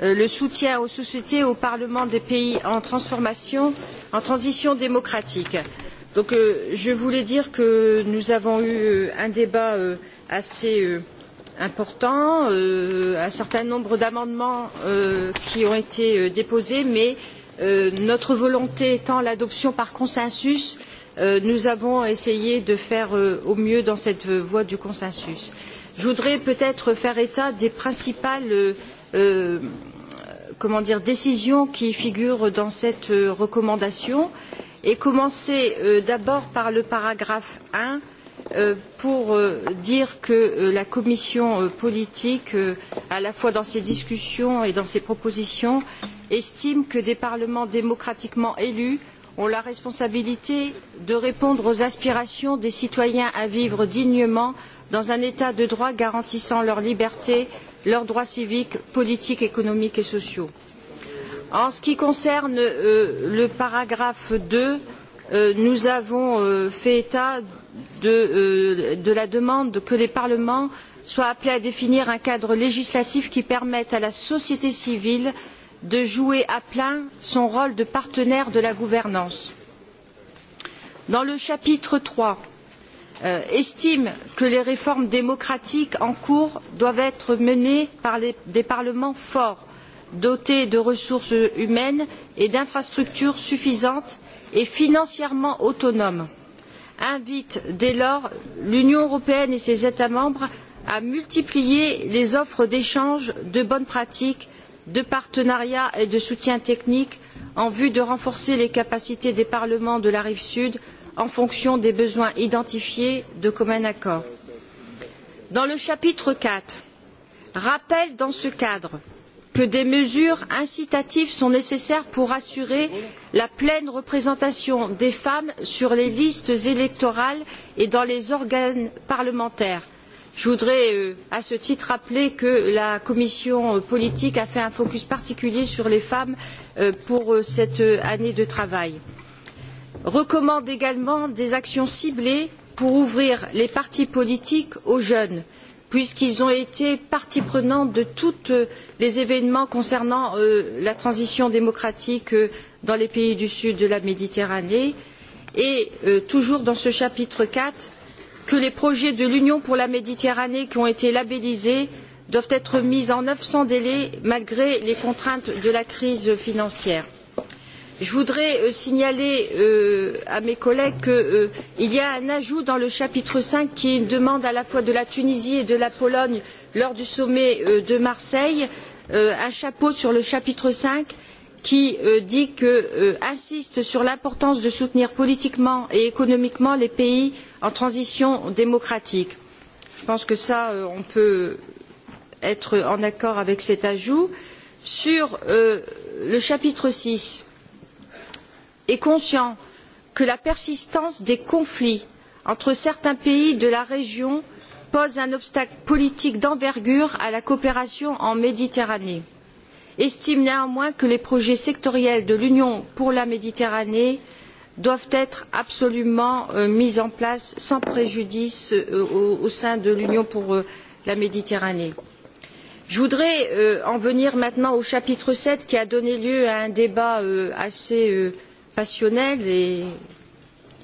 S43: le soutien aux sociétés et aux parlements des pays en transformation, en transition démocratique. Donc je voulais dire que nous avons eu un débat assez important, un certain nombre d'amendements qui ont été déposés, mais notre volonté étant l'adoption par consensus, nous avons essayé de faire au mieux dans cette voie du consensus. Je voudrais peut-être faire état des principales comment dire, décisions qui figurent dans cette recommandation et commencer d'abord par le paragraphe un pour dire que la commission politique, à la fois dans ses discussions et dans ses propositions, estime que des parlements démocratiquement élus ont la responsabilité de répondre aux aspirations des citoyens à vivre dignement dans un état de droit garantissant leur liberté, leurs droits civiques, politiques, économiques et sociaux. En ce qui concerne le paragraphe deux, nous avons fait état de, la demande que les parlements soient appelés à définir un cadre législatif qui permette à la société civile de jouer à plein son rôle de partenaire de la gouvernance. Dans le chapitre trois estime que les réformes démocratiques en cours doivent être menées par des parlements forts, dotés de ressources humaines et d'infrastructures suffisantes et financièrement autonomes invite dès lors l'Union européenne et ses États membres à multiplier les offres d'échanges, de bonnes pratiques, de partenariats et de soutien technique en vue de renforcer les capacités des parlements de la rive sud en fonction des besoins identifiés de commun accord. Dans le chapitre IV, rappelle dans ce cadre que des mesures incitatives sont nécessaires pour assurer la pleine représentation des femmes sur les listes électorales et dans les organes parlementaires. Je voudrais à ce titre rappeler que la commission politique a fait un focus particulier sur les femmes pour cette année de travail recommande également des actions ciblées pour ouvrir les partis politiques aux jeunes puisqu'ils ont été partie prenante de tous les événements concernant la transition démocratique dans les pays du sud de la Méditerranée et toujours dans ce chapitre IV que les projets de l'Union pour la Méditerranée qui ont été labellisés doivent être mis en œuvre sans délai malgré les contraintes de la crise financière je voudrais signaler à mes collègues qu'il y a un ajout dans le chapitre V qui est une demande à la fois de la Tunisie et de la Pologne lors du sommet de Marseille, un chapeau sur le chapitre V qui insiste sur l'importance de soutenir politiquement et économiquement les pays en transition démocratique. Je pense que cela on peut être en accord avec cet ajout. Sur le chapitre six est conscient que la persistance des conflits entre certains pays de la région pose un obstacle politique d'envergure à la coopération en Méditerranée, estime néanmoins que les projets sectoriels de l'Union pour la Méditerranée doivent être absolument mis en place sans préjudice au, sein de l'Union pour la Méditerranée. Je voudrais en venir maintenant au chapitre sept qui a donné lieu à un débat assez passionnel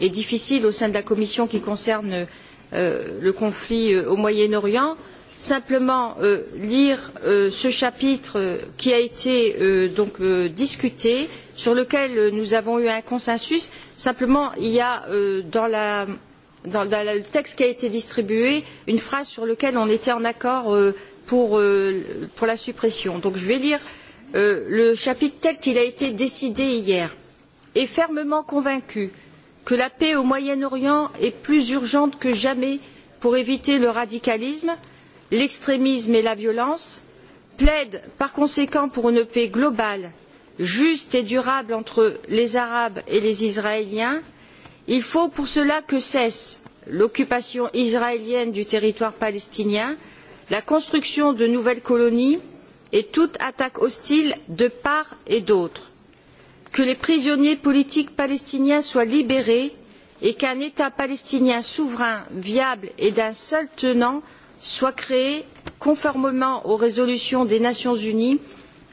S43: et, difficile au sein de la commission qui concerne le conflit au Moyen-Orient. Simplement lire ce chapitre qui a été donc discuté, sur lequel nous avons eu un consensus. Simplement, il y a dans la dans le texte qui a été distribué une phrase sur laquelle on était en accord pour, la suppression. Donc je vais lire le chapitre tel qu'il a été décidé hier est fermement convaincue que la paix au Moyen Orient est plus urgente que jamais pour éviter le radicalisme, l'extrémisme et la violence, plaide par conséquent pour une paix globale, juste et durable entre les Arabes et les Israéliens, il faut pour cela que cesse l'occupation israélienne du territoire palestinien, la construction de nouvelles colonies et toute attaque hostile de part et d'autre que les prisonniers politiques palestiniens soient libérés et qu'un État palestinien souverain, viable et d'un seul tenant soit créé conformément aux résolutions des Nations unies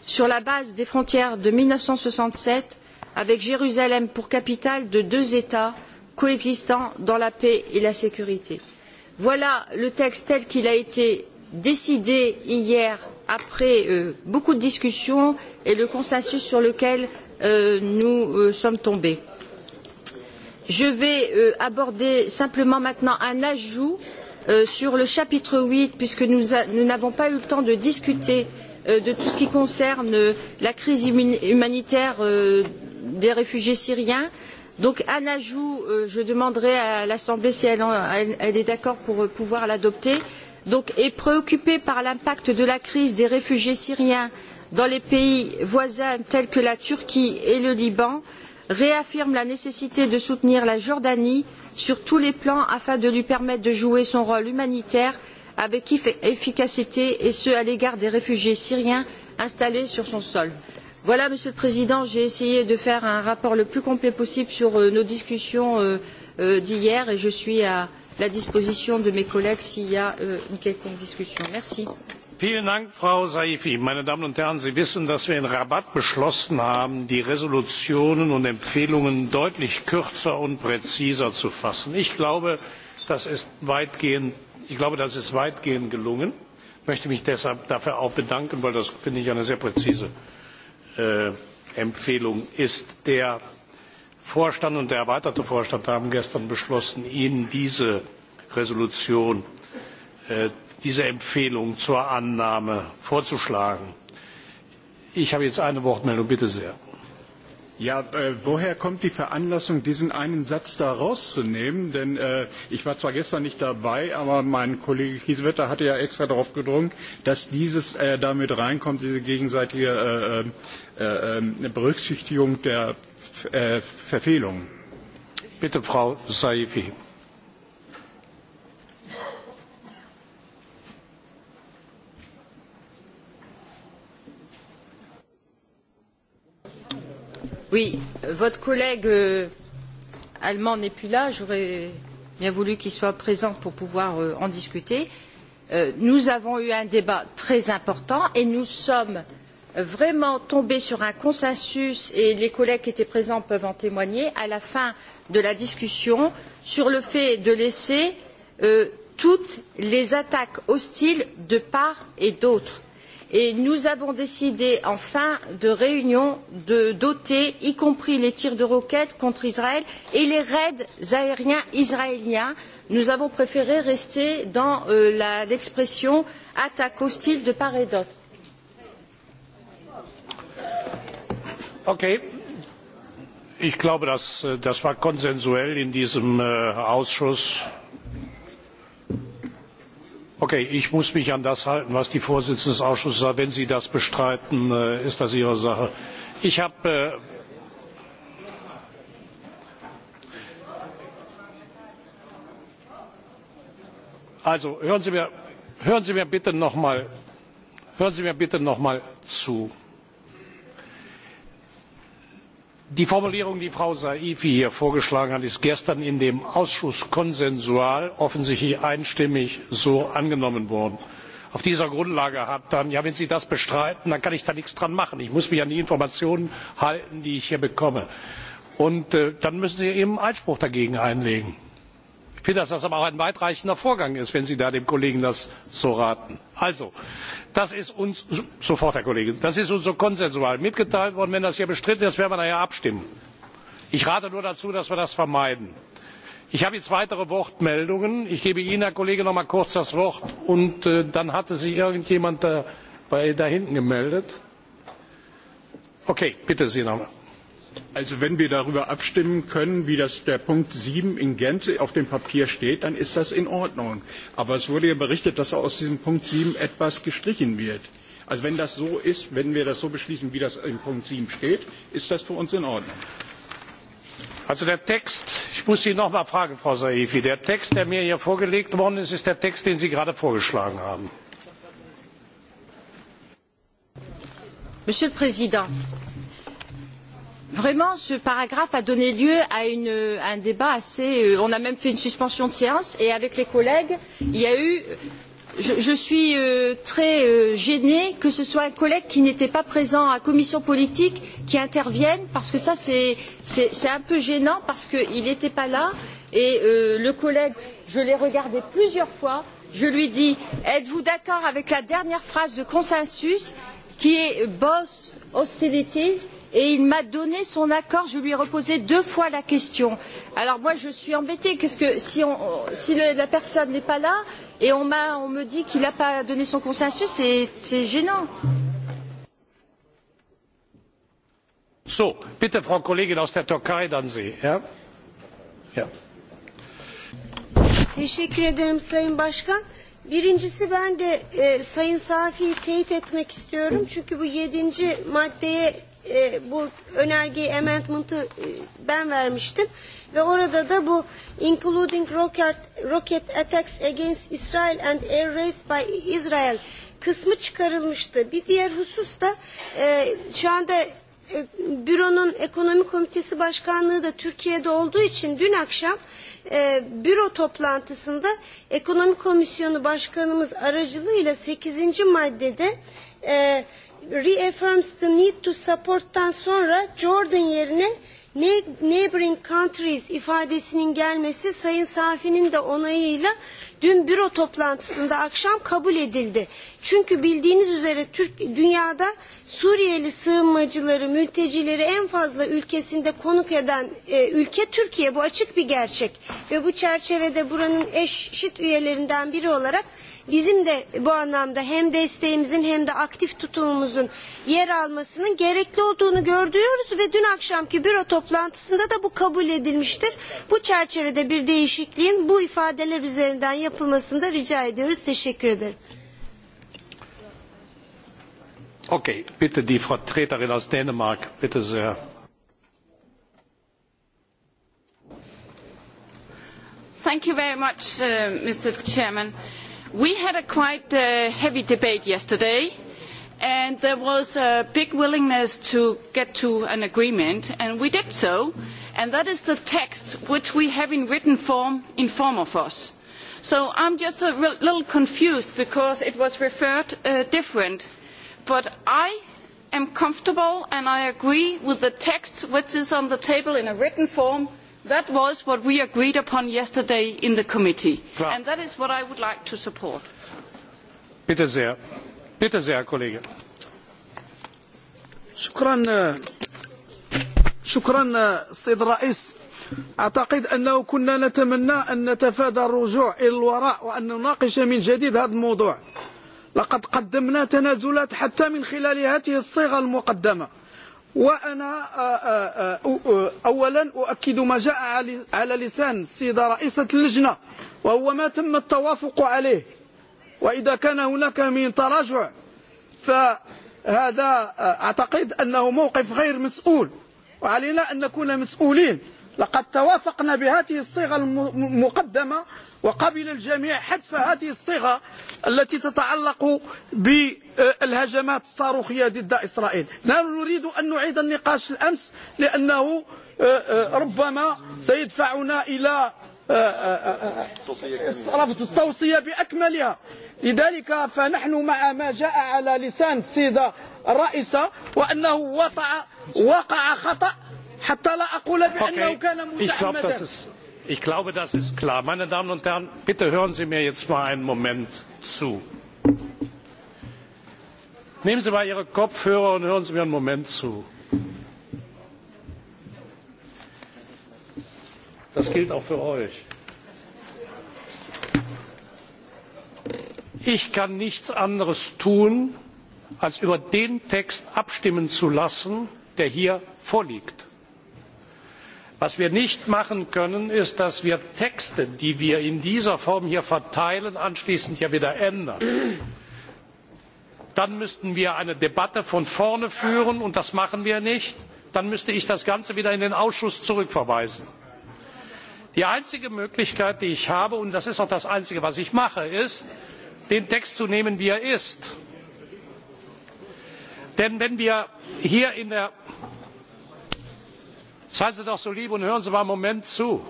S43: sur la base des frontières de mille neuf cent soixante sept avec Jérusalem pour capitale de deux États coexistant dans la paix et la sécurité. Voilà le texte tel qu'il a été décidé hier après beaucoup de discussions et le consensus sur lequel nous sommes tombés. Je vais aborder simplement maintenant un ajout sur le chapitre huit, puisque nous n'avons pas eu le temps de discuter de tout ce qui concerne la crise humanitaire des réfugiés syriens. Donc un ajout, je demanderai à l'Assemblée si elle, est d'accord pour pouvoir l'adopter. Donc est préoccupée par l'impact de la crise des réfugiés syriens dans les pays voisins tels que la Turquie et le Liban réaffirme la nécessité de soutenir la Jordanie sur tous les plans afin de lui permettre de jouer son rôle humanitaire avec efficacité et ce à l'égard des réfugiés syriens installés sur son sol. Voilà, Monsieur le Président, j'ai essayé de faire un rapport le plus complet possible sur nos discussions d'hier et je suis à la disposition de mes collègues s'il y a une quelconque discussion. Merci
S1: frau safi! meine damen und herren sie wissen dass wir in rabat beschlossen haben die entschließungen und empfehlungen deutlich kürzer und präziser zu fassen. ich glaube das ist weitgehend gelungen. ich möchte mich deshalb dafür auch bedanken weil das finde ich eine sehr präzise empfehlung ist. der vorstand und der erweiterte vorstand haben gestern beschlossen ihnen diese entschließung diese empfehlung zur annahme vorzuschlagen. ich habe jetzt eine wortmeldung bitte sehr. woher kommt die veranlassung diesen einen satz da rauszunehmen? denn ich war zwar gestern nicht dabei aber mein kollege kiesewetter hatte ja extra darauf gedrungen dass dieses da mit reinkommt diese gegenseitige berücksichtigung der verfehlungen. bitte frau safi.
S43: Oui, votre collègue allemand n'est plus là. J'aurais bien voulu qu'il soit présent pour pouvoir en discuter. nous avons eu un débat très important et nous sommes vraiment tombés sur un consensus et les collègues qui étaient présents peuvent en témoigner à la fin de la discussion sur le fait de laisser toutes les attaques hostiles de part et d'autre et nous avons décidé en fin de réunion de doter y compris les tirs de roquettes contre israël et les raids aériens israéliens nous avons préféré rester dans l'expression attaque hostile de part et d'autre.
S1: ich glaube das war konsensuell in diesem ausschuss Okay, ich muss mich an das halten, was die Vorsitzende des Ausschusses sagt. Wenn Sie das bestreiten, ist das Ihre Sache. Ich habe also hören Sie mir bitte noch mal zu. die formulierung die frau safi hier vorgeschlagen hat ist gestern in dem ausschuss konsensual offensichtlich einstimmig so angenommen worden. auf dieser grundlage hat dann ja wenn sie das bestreiten dann kann ich da nichts dran machen ich muss mich an die informationen halten die ich hier bekomme. dann müssen sie eben einspruch dagegen einlegen ich finde dass das aber auch ein weitreichender vorgang ist wenn sie da dem kollegen das so raten. also das ist uns sofort herr kollege das ist uns so konsensual mitgeteilt worden. wenn das hier bestritten ist werden wir nachher abstimmen. ich rate nur dazu dass wir das vermeiden. ich habe jetzt weitere wortmeldungen. ich gebe ihnen herr kollege noch einmal kurz das wort und dann hatte sich irgendjemand da hinten gemeldet. okay bitte sie noch Also wenn wir darüber abstimmen können, wie das der Punkt sieben in Gänze auf dem Papier steht, dann ist das in Ordnung. Aber es wurde ja berichtet, dass aus diesem Punkt sieben etwas gestrichen wird. Also wenn das so ist, wenn wir das so beschließen, wie das in Punkt sieben steht, ist das für uns in Ordnung. Also der Text, ich muss Sie noch mal fragen, Frau Saifi, der Text, der mir hier vorgelegt worden ist, ist der Text, den Sie gerade vorgeschlagen haben.
S43: Monsieur le Président, vraiment ce paragraphe a donné lieu à, un débat assez. on a même fait une suspension de séance et avec les collègues, il y a eu. Je, suis très gênée que ce soit un collègue qui n'était pas présent à la commission politique qui intervienne parce que ça c'est un peu gênant parce qu'il n'était pas là et le collègue, je l'ai regardé plusieurs fois, je lui ai dit êtes-vous d'accord avec la dernière phrase de consensus qui est Boss Hostilities, et il m'a donné son accord. Je lui ai reposé deux fois la question. Alors moi, je suis embêtée, parce que si, la personne n'est pas là et on, me dit qu'il n'a pas donné son consensus, c'est gênant.
S1: So, bitte, Frau Kollegin aus der Türkei, dann Sie. Ja? Ja.
S6: Teşekkür ederim Sayın Başkan. Birincisi ben de e, Sayın Safi'yi teyit etmek istiyorum. Çünkü bu yedinci maddeye e, bu önergeyi amendment'ı e, ben vermiştim. Ve orada da bu including rocket, rocket attacks against Israel and air raids by Israel kısmı çıkarılmıştı. Bir diğer husus da e, şu anda e, büronun ekonomi komitesi başkanlığı da Türkiye'de olduğu için dün akşam e, büro toplantısında ekonomi komisyonu başkanımız aracılığıyla 8. maddede e, reaffirms the need to support'tan sonra Jordan yerine Neighboring countries ifadesinin gelmesi Sayın Safi'nin de onayıyla dün büro toplantısında akşam kabul edildi. Çünkü bildiğiniz üzere Türk dünyada Suriyeli sığınmacıları, mültecileri en fazla ülkesinde konuk eden e, ülke Türkiye. Bu açık bir gerçek ve bu çerçevede buranın eşit üyelerinden biri olarak bizim de bu anlamda hem desteğimizin hem de aktif tutumumuzun yer almasının gerekli olduğunu gördüyoruz ve dün akşamki büro toplantısında da bu kabul edilmiştir. Bu çerçevede bir değişikliğin bu ifadeler üzerinden yapılmasını da rica ediyoruz. Teşekkür ederim.
S1: Okay, bitte die Vertreterin aus Dänemark, bitte sehr.
S7: Thank you very much, uh, Mr. Chairman. We had a quite heavy debate yesterday, and there was a big willingness to get to an agreement, and we did so, and that is the text which we have in written form in form of us. So I am just a little confused because it was referred different, but I am comfortable and I agree with the text which is on the table in a written form That was what we agreed upon yesterday in the committee, and that is what I would like to support.
S1: Bitte sehr. Bitte sehr, Herr Kollege.
S22: شكرا شكرا السيد الرئيس اعتقد انه كنا نتمنى ان نتفادى الرجوع الى الوراء وان نناقش من جديد هذا الموضوع لقد قدمنا تنازلات حتى من خلال هذه الصيغه المقدمه وأنا أولا أؤكد ما جاء على لسان السيدة رئيسة اللجنة وهو ما تم التوافق عليه وإذا كان هناك من تراجع فهذا أعتقد أنه موقف غير مسؤول وعلينا أن نكون مسؤولين لقد توافقنا بهذه الصيغة المقدمة وقبل الجميع حذف هذه الصيغة التي تتعلق بالهجمات الصاروخية ضد إسرائيل نحن نريد أن نعيد النقاش الأمس لأنه ربما سيدفعنا إلى التوصية بأكملها لذلك فنحن مع ما جاء على لسان السيدة الرئيسة وأنه وقع خطأ حتى لا كان متعمدا
S1: ich glaube das ist klar. meine damen und herren bitte hören sie mir jetzt mal einen moment zu. nehmen sie mal ihre kopfhörer und hören sie mir einen moment zu. das gilt auch für euch. ich kann nichts anderes tun als über den text abstimmen zu lassen der hier vorliegt was wir nicht machen können ist dass wir texte die wir in dieser form hier verteilen anschließend wieder ändern. dann müssten wir eine debatte von vorne führen und das machen wir nicht. dann müsste ich das ganze wieder in den ausschuss zurückverweisen. die einzige möglichkeit die ich habe und das ist auch das einzige was ich mache ist den text zu nehmen wie er ist. denn wenn wir hier seien sie doch so lieb und hören sie mal einen moment zu.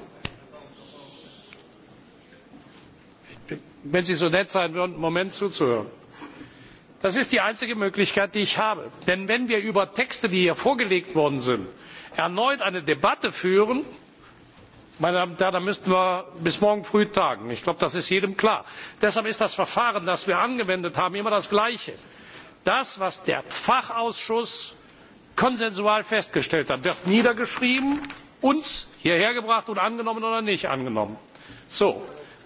S1: wenn sie so nett sein würden einen moment zuzuhören. das ist die einzige möglichkeit die ich habe. denn wenn wir über texte die hier vorgelegt worden sind erneut eine debatte führen meine damen und herren dann müssten wir bis morgen früh tagen. ich glaube das ist jedem klar. deshalb ist das verfahren das wir angewendet haben immer das gleiche. das was der fachausschuss konsensual festgestellt hat wird niedergeschrieben uns hierher gebracht und angenommen oder nicht angenommen.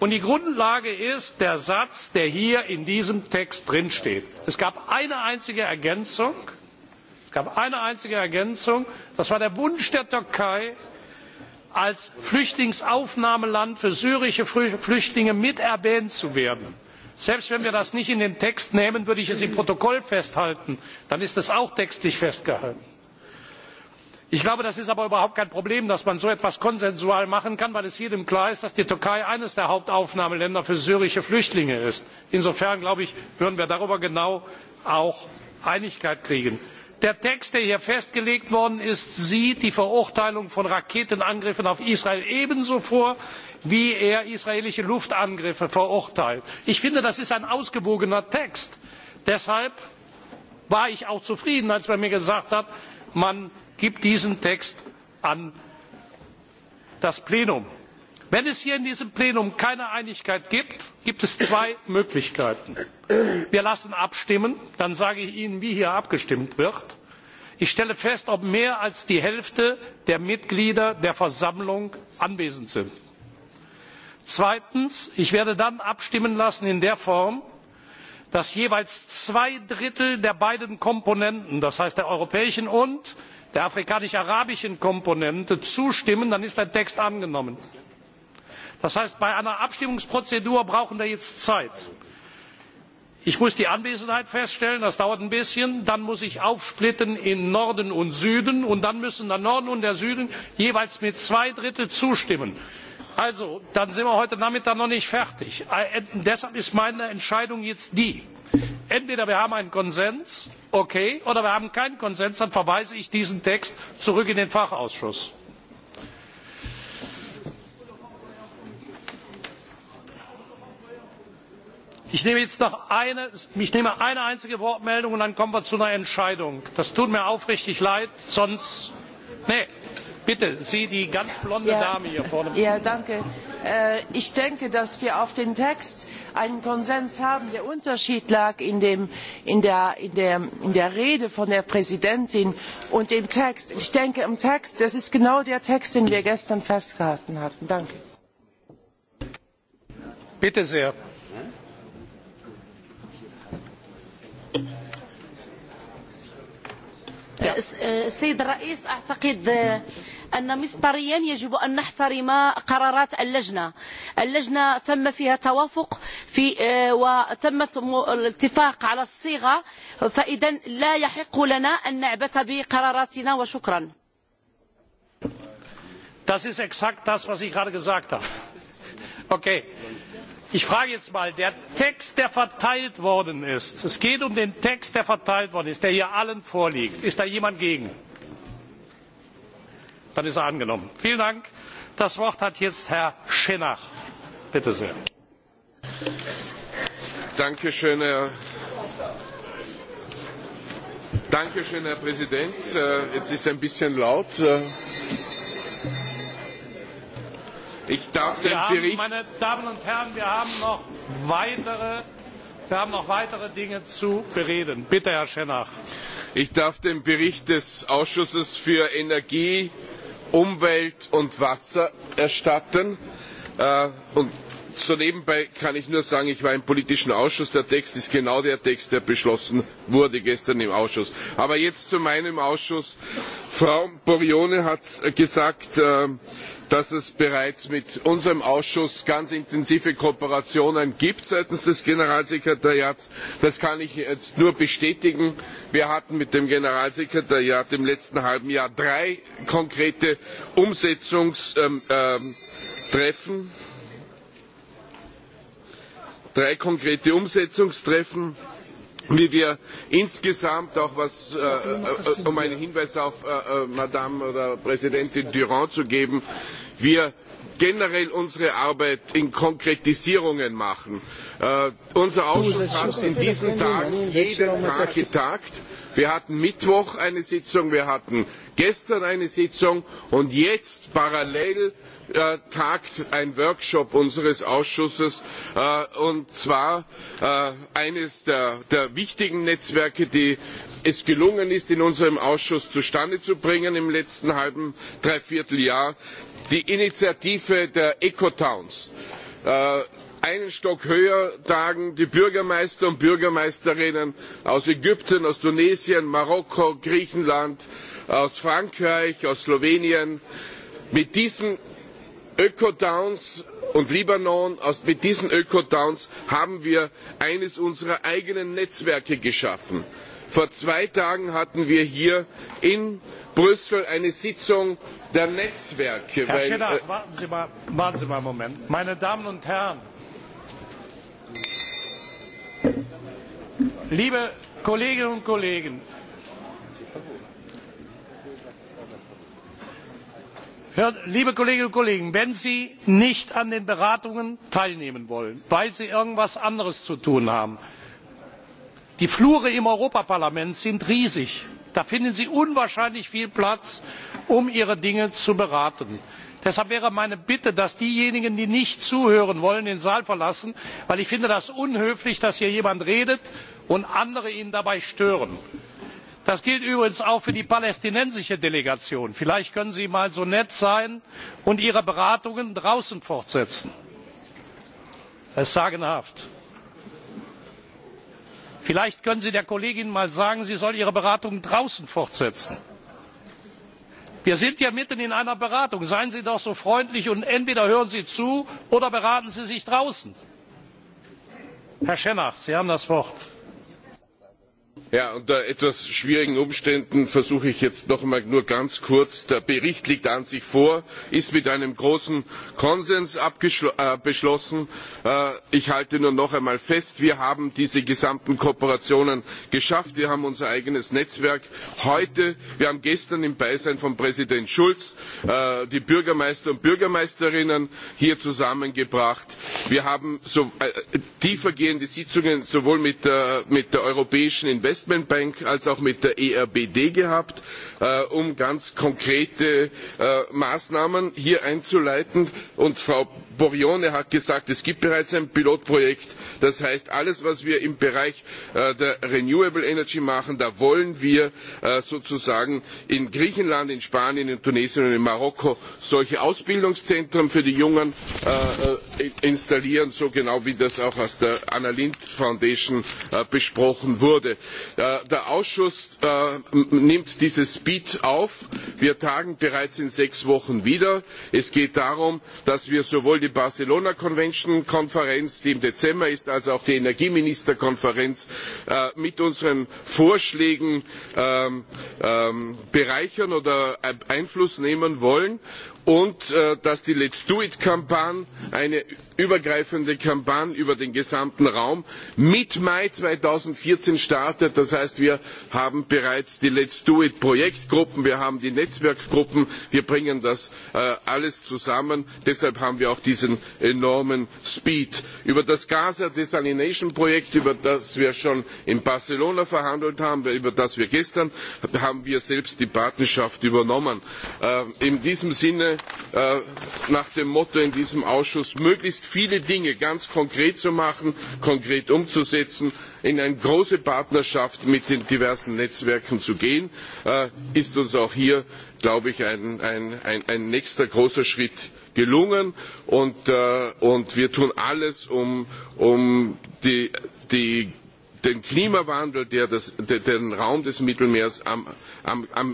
S1: und die grundlage ist der satz der hier in diesem text steht. es gab eine einzige ergänzung das war der wunsch der türkei als flüchtlingsaufnahmeland für syrische flüchtlinge mit erwähnt zu werden selbst wenn wir das nicht in den text nehmen würde ich es im protokoll festhalten dann ist es auch textlich festgehalten. ich glaube das ist aber überhaupt kein problem dass man so etwas konsensual machen kann weil es jedem klar ist dass die türkei eines der hauptaufnahmeländer für syrische flüchtlinge ist. insofern glaube ich würden wir darüber genau auch einigkeit kriegen der text der hier festgelegt worden ist sieht die verurteilung von raketenangriffen auf israel ebenso vor wie er israelische luftangriffe verurteilt. ich finde das ist ein ausgewogener text. deshalb war ich auch zufrieden als man mir gesagt hat man gibt diesen text an das plenum wenn es hier in diesem plenum keine einigkeit gibt gibt es zwei möglichkeiten wir lassen abstimmen dann sage ich ihnen wie hier abgestimmt wird ich stelle fest ob mehr als die hälfte der mitglieder der versammlung anwesend sind. zweitens ich werde dann abstimmen lassen in der form dass jeweils zwei drittel der beiden komponenten das heißt der europäischen und der afrikanisch arabischen komponente zustimmen dann ist der text angenommen das heißt bei einer abstimmungsprozedur brauchen wir jetzt zeit. ich muss die anwesenheit feststellen das dauert ein bisschen dann muss ich aufsplitten in norden und süden und dann müssen der norden und der süden jeweils mit zwei dritteln zustimmen. also dann sind wir heute nachmittag noch nicht fertig. deshalb ist meine entscheidung jetzt die entweder wir haben einen konsens okay oder wir haben keinen konsens dann verweise ich diesen text zurück in den fachausschuss. ich nehme jetzt noch eine einzige wortmeldung und dann kommen wir zu einer entscheidung. das tut mir aufrichtig leid sonst bitte sie die ganz blonde dame hier vorne.
S21: ich denke dass wir auf den text einen konsens haben. der unterschied lag in der rede von der präsidentin und im text. ich denke im text das ist genau der text den wir gestern festgehalten hatten. danke.
S1: bitte sehr.
S10: السيد الرئيس أعتقد أن مصدريا يجب أن نحترم قرارات اللجنة اللجنة تم فيها توافق في وتم الاتفاق على الصيغة فإذا لا يحق لنا أن نعبت بقراراتنا وشكرا
S1: Das ist exakt das, was ich gerade gesagt habe. Okay ich frage jetzt mal der text der verteilt worden ist es geht um den text der verteilt worden ist der hier allen vorliegt ist da jemand gegen? dann ist er angenommen. vielen dank! das wort hat jetzt herr schennach. bitte sehr. danke schön herr
S9: präsident! jetzt ist es ein bisschen laut. Ich darf den Bericht. Meine
S1: Damen und Herren, wir haben noch weitere. Wir haben noch weitere Dinge zu bereden. Bitte, Herr Schennach. Ich darf den Bericht des Ausschusses für
S9: Energie, Umwelt und Wasser erstatten. Und so nebenbei kann ich nur sagen, ich war im politischen Ausschuss. Der Text ist genau der Text, der beschlossen wurde gestern im Ausschuss. Aber jetzt zu meinem Ausschuss. Frau Borione hat gesagt, dass es bereits mit unserem ausschuss ganz intensive kooperationen seitens des generalsekretariats gibt. das kann ich jetzt nur bestätigen. wir hatten mit dem generalsekretariat im letzten halben jahr drei konkrete umsetzungstreffen wie wir insgesamt auch was um einen Hinweis auf Madame oder Präsidentin Durant zu geben, wir generell unsere Arbeit in Konkretisierungen machen. unser Ausschuss hat in diesen Tagen jeden Tag getagt wir hatten mittwoch eine sitzung wir hatten gestern eine sitzung und jetzt parallel tagt ein workshop unseres ausschusses und zwar eines der wichtigen netzwerke die es gelungen ist in unserem ausschuss zustande zu bringen im letzten halben dreivierteljahr die initiative der ecotowns einen Stock höher tagen die Bürgermeister und Bürgermeisterinnen aus Ägypten, aus Tunesien, Marokko, Griechenland, aus Frankreich, aus Slowenien. Mit diesen Ökotowns und Libanon, mit diesen Ökotowns haben wir eines unserer eigenen Netzwerke geschaffen. Vor zwei Tagen hatten wir hier in Brüssel eine Sitzung der Netzwerke. Herr Schiller,
S1: warten Sie warten Sie mal einen Moment. Meine Damen und Herren, Liebe Kolleginnen und Kollegen, liebe Kolleginnen und Kollegen, wenn Sie nicht an den Beratungen teilnehmen wollen, weil Sie irgendetwas anderes zu tun haben, die Flure im Europaparlament sind riesig. Da finden Sie unwahrscheinlich viel Platz, um Ihre Dinge zu beraten deshalb wäre meine bitte dass diejenigen die nicht zuhören wollen den saal verlassen weil ich finde es unhöflich dass hier jemand redet und andere ihn dabei stören. das gilt übrigens auch für die palästinensische delegation. vielleicht können sie einmal so nett sein und ihre beratungen draußen fortsetzen. das ist sagenhaft. vielleicht können sie der kollegin einmal sagen sie soll ihre beratungen draußen fortsetzen wir sind ja mitten in einer beratung. seien sie doch so freundlich und entweder hören sie zu oder beraten sie sich draußen! herr cennach sie haben das wort.
S9: Ja, unter etwas schwierigen Umständen versuche ich jetzt noch einmal nur ganz kurz. Der Bericht liegt an sich vor, ist mit einem großen Konsens beschlossen. ich halte nur noch einmal fest, wir haben diese gesamten Kooperationen geschafft. Wir haben unser eigenes Netzwerk heute. Wir haben gestern im Beisein von Präsident Schulz die Bürgermeister und Bürgermeisterinnen hier zusammengebracht. Wir haben tiefergehende Sitzungen sowohl mit der, Europäischen Investmentbank investmentbank als auch mit der erbd gehabt um ganz konkrete maßnahmen hier einzuleiten und frau borione hat gesagt es gibt bereits ein pilotprojekt das heißt alles was wir im bereich der renewable energy machen da wollen wir sozusagen in griechenland in spanien in tunesien und in marokko solche ausbildungszentren für die jungen installieren so genau wie das auch aus der anna Foundation besprochen wurde. Der Ausschuss nimmt dieses Beat auf. Wir tagen bereits in sechs Wochen wieder. Es geht darum, dass wir sowohl die Barcelona Convention Konferenz, die im Dezember ist, als auch die Energieministerkonferenz mit unseren Vorschlägen bereichern oder Einfluss nehmen wollen und dass die Let's Do It Kampagne eine übergreifende Kampagne über den gesamten Raum mit Mai zweitausendvierzehn startet. Das heißt, wir haben bereits die Let's Do It Projektgruppen, wir haben die Netzwerkgruppen, wir bringen das alles zusammen. Deshalb haben wir auch diesen enormen Speed. Über das Gaza Desalination Projekt, über das wir schon in Barcelona verhandelt haben, über das wir gestern haben wir selbst die Patenschaft übernommen. In diesem Sinne nach dem Motto in diesem Ausschuss, möglichst viele Dinge ganz konkret zu machen, konkret umzusetzen, in eine große Partnerschaft mit den diversen Netzwerken zu gehen, ist uns auch hier, glaube ich, ein, nächster großer Schritt gelungen. Und, wir tun alles, um die den Klimawandel, der den Raum des Mittelmeers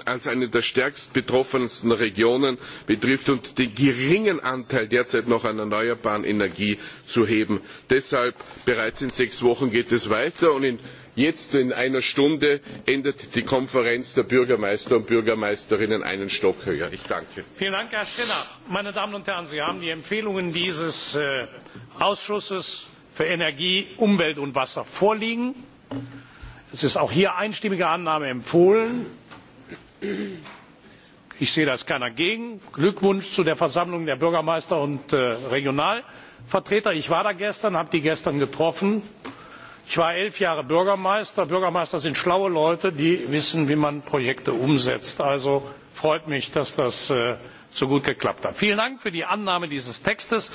S9: als eine der stärkst betroffensten Regionen betrifft und den geringen Anteil derzeit noch an erneuerbaren Energie zu heben. Deshalb bereits in sechs Wochen geht es weiter und jetzt in einer Stunde endet die Konferenz der Bürgermeister und Bürgermeisterinnen einen Stock höher. Ich danke.
S1: Vielen Dank, Herr schinner. Meine Damen und Herren, Sie haben die Empfehlungen dieses Ausschusses für energie umwelt und wasser vorliegen. es ist auch hier einstimmige annahme empfohlen. ich sehe da ist keiner gegen. glückwunsch zu der versammlung der bürgermeister und regionalvertreter. ich war da gestern habe die gestern getroffen. ich war elf jahre bürgermeister. bürgermeister sind schlaue leute die wissen wie man projekte umsetzt. also freut mich dass das so gut geklappt hat. vielen dank für die annahme dieses textes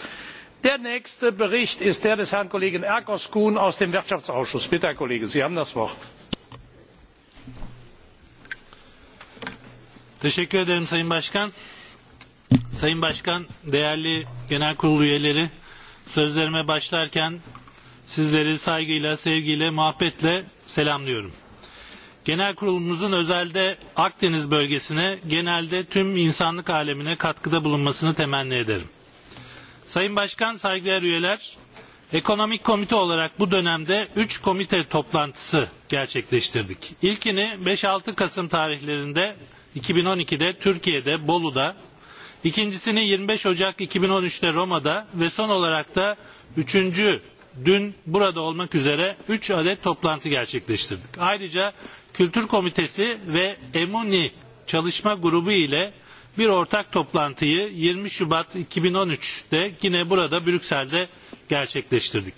S1: der nächste bericht ist der des herrn kollegen Kuhn aus dem wirtschaftsausschuss. bitte herr kollege sie haben das wort.
S44: Sayın Başkan. Sayın Başkan, değerli genel üyeleri, sözlerime başlarken sizleri saygıyla, sevgiyle, muhabbetle selamlıyorum. Genel kurulumuzun özelde Akdeniz bölgesine, genelde tüm insanlık alemine katkıda bulunmasını temenni ederim. Sayın Başkan, saygıdeğer üyeler, Ekonomik komite olarak bu dönemde üç komite toplantısı gerçekleştirdik. İlkini 5-6 Kasım tarihlerinde 2012'de Türkiye'de Bolu'da, ikincisini 25 Ocak 2013'te Roma'da ve son olarak da üçüncü dün burada olmak üzere üç adet toplantı gerçekleştirdik. Ayrıca Kültür Komitesi ve Emuni Çalışma Grubu ile bir ortak toplantıyı 20 Şubat 2013'te yine burada Brüksel'de gerçekleştirdik.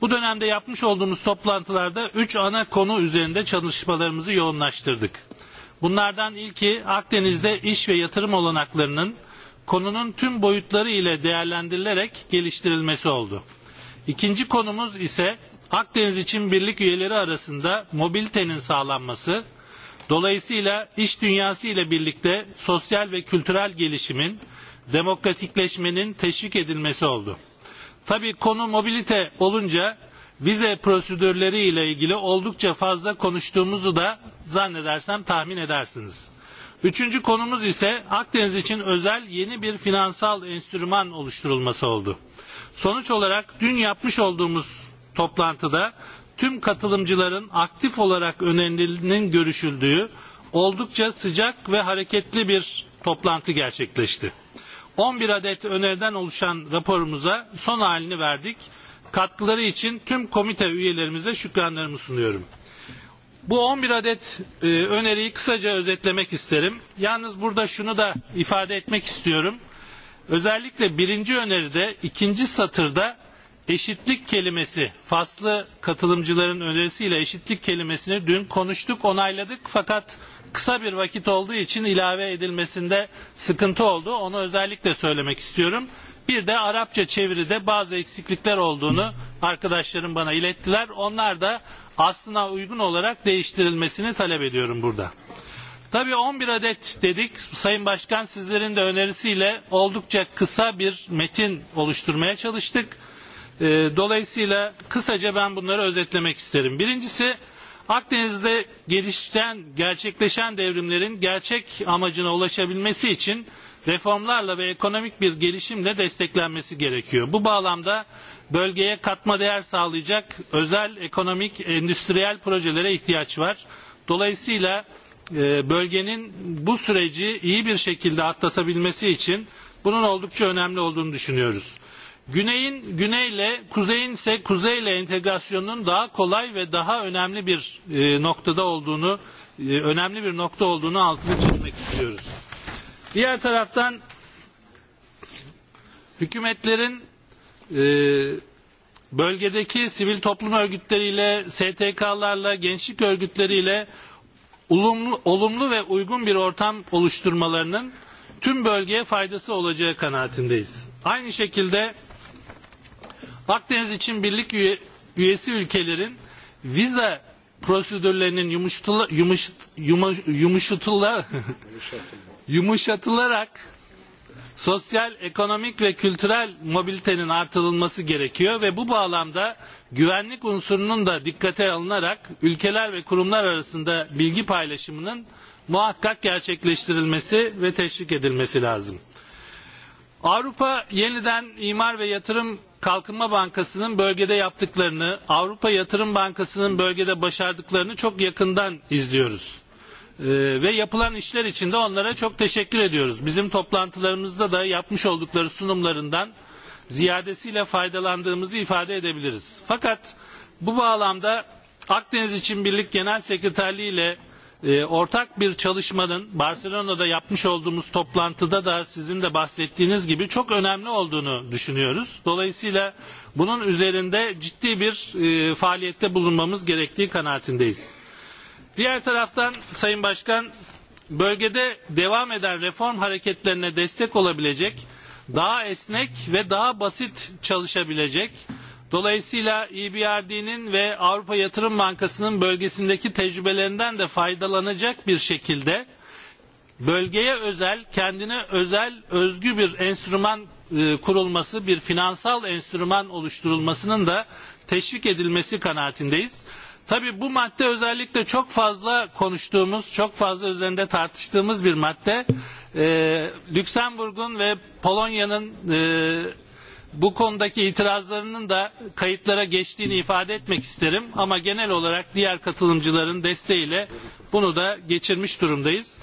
S44: Bu dönemde yapmış olduğumuz toplantılarda 3 ana konu üzerinde çalışmalarımızı yoğunlaştırdık. Bunlardan ilki Akdeniz'de iş ve yatırım olanaklarının konunun tüm boyutları ile değerlendirilerek geliştirilmesi oldu. İkinci konumuz ise Akdeniz için birlik üyeleri arasında mobilitenin sağlanması, Dolayısıyla iş dünyası ile birlikte sosyal ve kültürel gelişimin, demokratikleşmenin teşvik edilmesi oldu. Tabii konu mobilite olunca vize prosedürleri ile ilgili oldukça fazla konuştuğumuzu da zannedersem tahmin edersiniz. Üçüncü konumuz ise Akdeniz için özel yeni bir finansal enstrüman oluşturulması oldu. Sonuç olarak dün yapmış olduğumuz toplantıda tüm katılımcıların aktif olarak önerinin görüşüldüğü oldukça sıcak ve hareketli bir toplantı gerçekleşti. 11 adet öneriden oluşan raporumuza son halini verdik. Katkıları için tüm komite üyelerimize şükranlarımı sunuyorum. Bu 11 adet e, öneriyi kısaca özetlemek isterim. Yalnız burada şunu da ifade etmek istiyorum. Özellikle birinci öneride ikinci satırda eşitlik kelimesi faslı katılımcıların önerisiyle eşitlik kelimesini dün konuştuk onayladık fakat kısa bir vakit olduğu için ilave edilmesinde sıkıntı oldu. Onu özellikle söylemek istiyorum. Bir de Arapça çeviride bazı eksiklikler olduğunu arkadaşlarım bana ilettiler. Onlar da aslına uygun olarak değiştirilmesini talep ediyorum burada. Tabii 11 adet dedik. Sayın Başkan sizlerin de önerisiyle oldukça kısa bir metin oluşturmaya çalıştık E, Dolayısıyla kısaca ben bunları özetlemek isterim. Birincisi Akdeniz'de gelişen, gerçekleşen devrimlerin gerçek amacına ulaşabilmesi için reformlarla ve ekonomik bir gelişimle desteklenmesi gerekiyor. Bu bağlamda bölgeye katma değer sağlayacak özel ekonomik endüstriyel projelere ihtiyaç var. Dolayısıyla e, bölgenin bu süreci iyi bir şekilde atlatabilmesi için bunun oldukça önemli olduğunu düşünüyoruz. Güneyin güneyle, kuzeyin ise kuzeyle entegrasyonun daha kolay ve daha önemli bir e, noktada olduğunu, e, önemli bir nokta olduğunu altını çizmek istiyoruz. Diğer taraftan hükümetlerin e, bölgedeki sivil toplum örgütleriyle, STK'larla, gençlik örgütleriyle olumlu, olumlu ve uygun bir ortam oluşturmalarının tüm bölgeye faydası olacağı kanaatindeyiz. Aynı şekilde bu Akdeniz için birlik üye, üyesi ülkelerin vize prosedürlerinin yumuşatıla, yumuş, yuma, yumuşatıla, yumuşatılarak sosyal, ekonomik ve kültürel mobilitenin artırılması gerekiyor ve bu bağlamda güvenlik unsurunun da dikkate alınarak ülkeler ve kurumlar arasında bilgi paylaşımının muhakkak gerçekleştirilmesi ve teşvik edilmesi lazım. Avrupa yeniden imar ve yatırım Kalkınma Bankası'nın bölgede yaptıklarını, Avrupa Yatırım Bankası'nın bölgede başardıklarını çok yakından izliyoruz. Ee, ve yapılan işler için de onlara çok teşekkür ediyoruz. Bizim toplantılarımızda da yapmış oldukları sunumlarından ziyadesiyle faydalandığımızı ifade edebiliriz. Fakat bu bağlamda Akdeniz için Birlik Genel Sekreterliği ile ortak bir çalışmanın Barcelona'da yapmış olduğumuz toplantıda da sizin de bahsettiğiniz gibi çok önemli olduğunu düşünüyoruz. Dolayısıyla bunun üzerinde ciddi bir faaliyette bulunmamız gerektiği kanaatindeyiz. Diğer taraftan Sayın Başkan bölgede devam eden reform hareketlerine destek olabilecek, daha esnek ve daha basit çalışabilecek Dolayısıyla EBRD'nin ve Avrupa Yatırım Bankası'nın bölgesindeki tecrübelerinden de faydalanacak bir şekilde bölgeye özel, kendine özel, özgü bir enstrüman kurulması, bir finansal enstrüman oluşturulmasının da teşvik edilmesi kanaatindeyiz. Tabii bu madde özellikle çok fazla konuştuğumuz, çok fazla üzerinde tartıştığımız bir madde. Ee, Lüksemburg'un ve Polonya'nın e, bu konudaki itirazlarının da kayıtlara geçtiğini ifade etmek isterim. Ama genel olarak diğer katılımcıların desteğiyle bunu da geçirmiş durumdayız.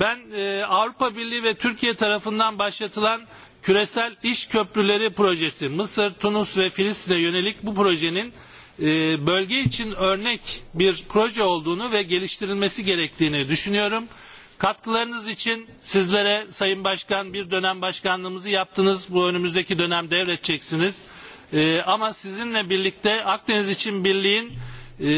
S44: Ben e, Avrupa Birliği ve Türkiye tarafından başlatılan küresel iş köprüleri projesi Mısır, Tunus ve Filistin'e yönelik bu projenin e, bölge için örnek bir proje olduğunu ve geliştirilmesi gerektiğini düşünüyorum. Katkılarınız için sizlere Sayın Başkan bir dönem başkanlığımızı yaptınız. Bu önümüzdeki dönem devredeceksiniz. Ee, ama sizinle birlikte Akdeniz için birliğin e,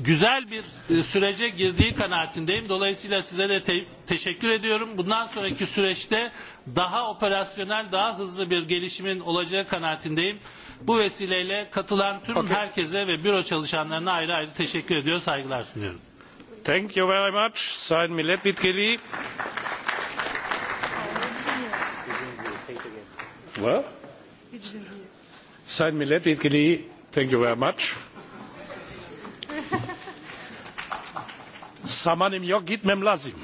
S44: güzel bir e, sürece girdiği kanaatindeyim. Dolayısıyla size de te teşekkür ediyorum. Bundan sonraki süreçte daha operasyonel, daha hızlı bir gelişimin olacağı kanaatindeyim. Bu vesileyle katılan tüm okay. herkese ve büro çalışanlarına ayrı ayrı teşekkür ediyor, saygılar sunuyorum. Thank you very much. thank
S1: you very much. Samanim Mem Lazim.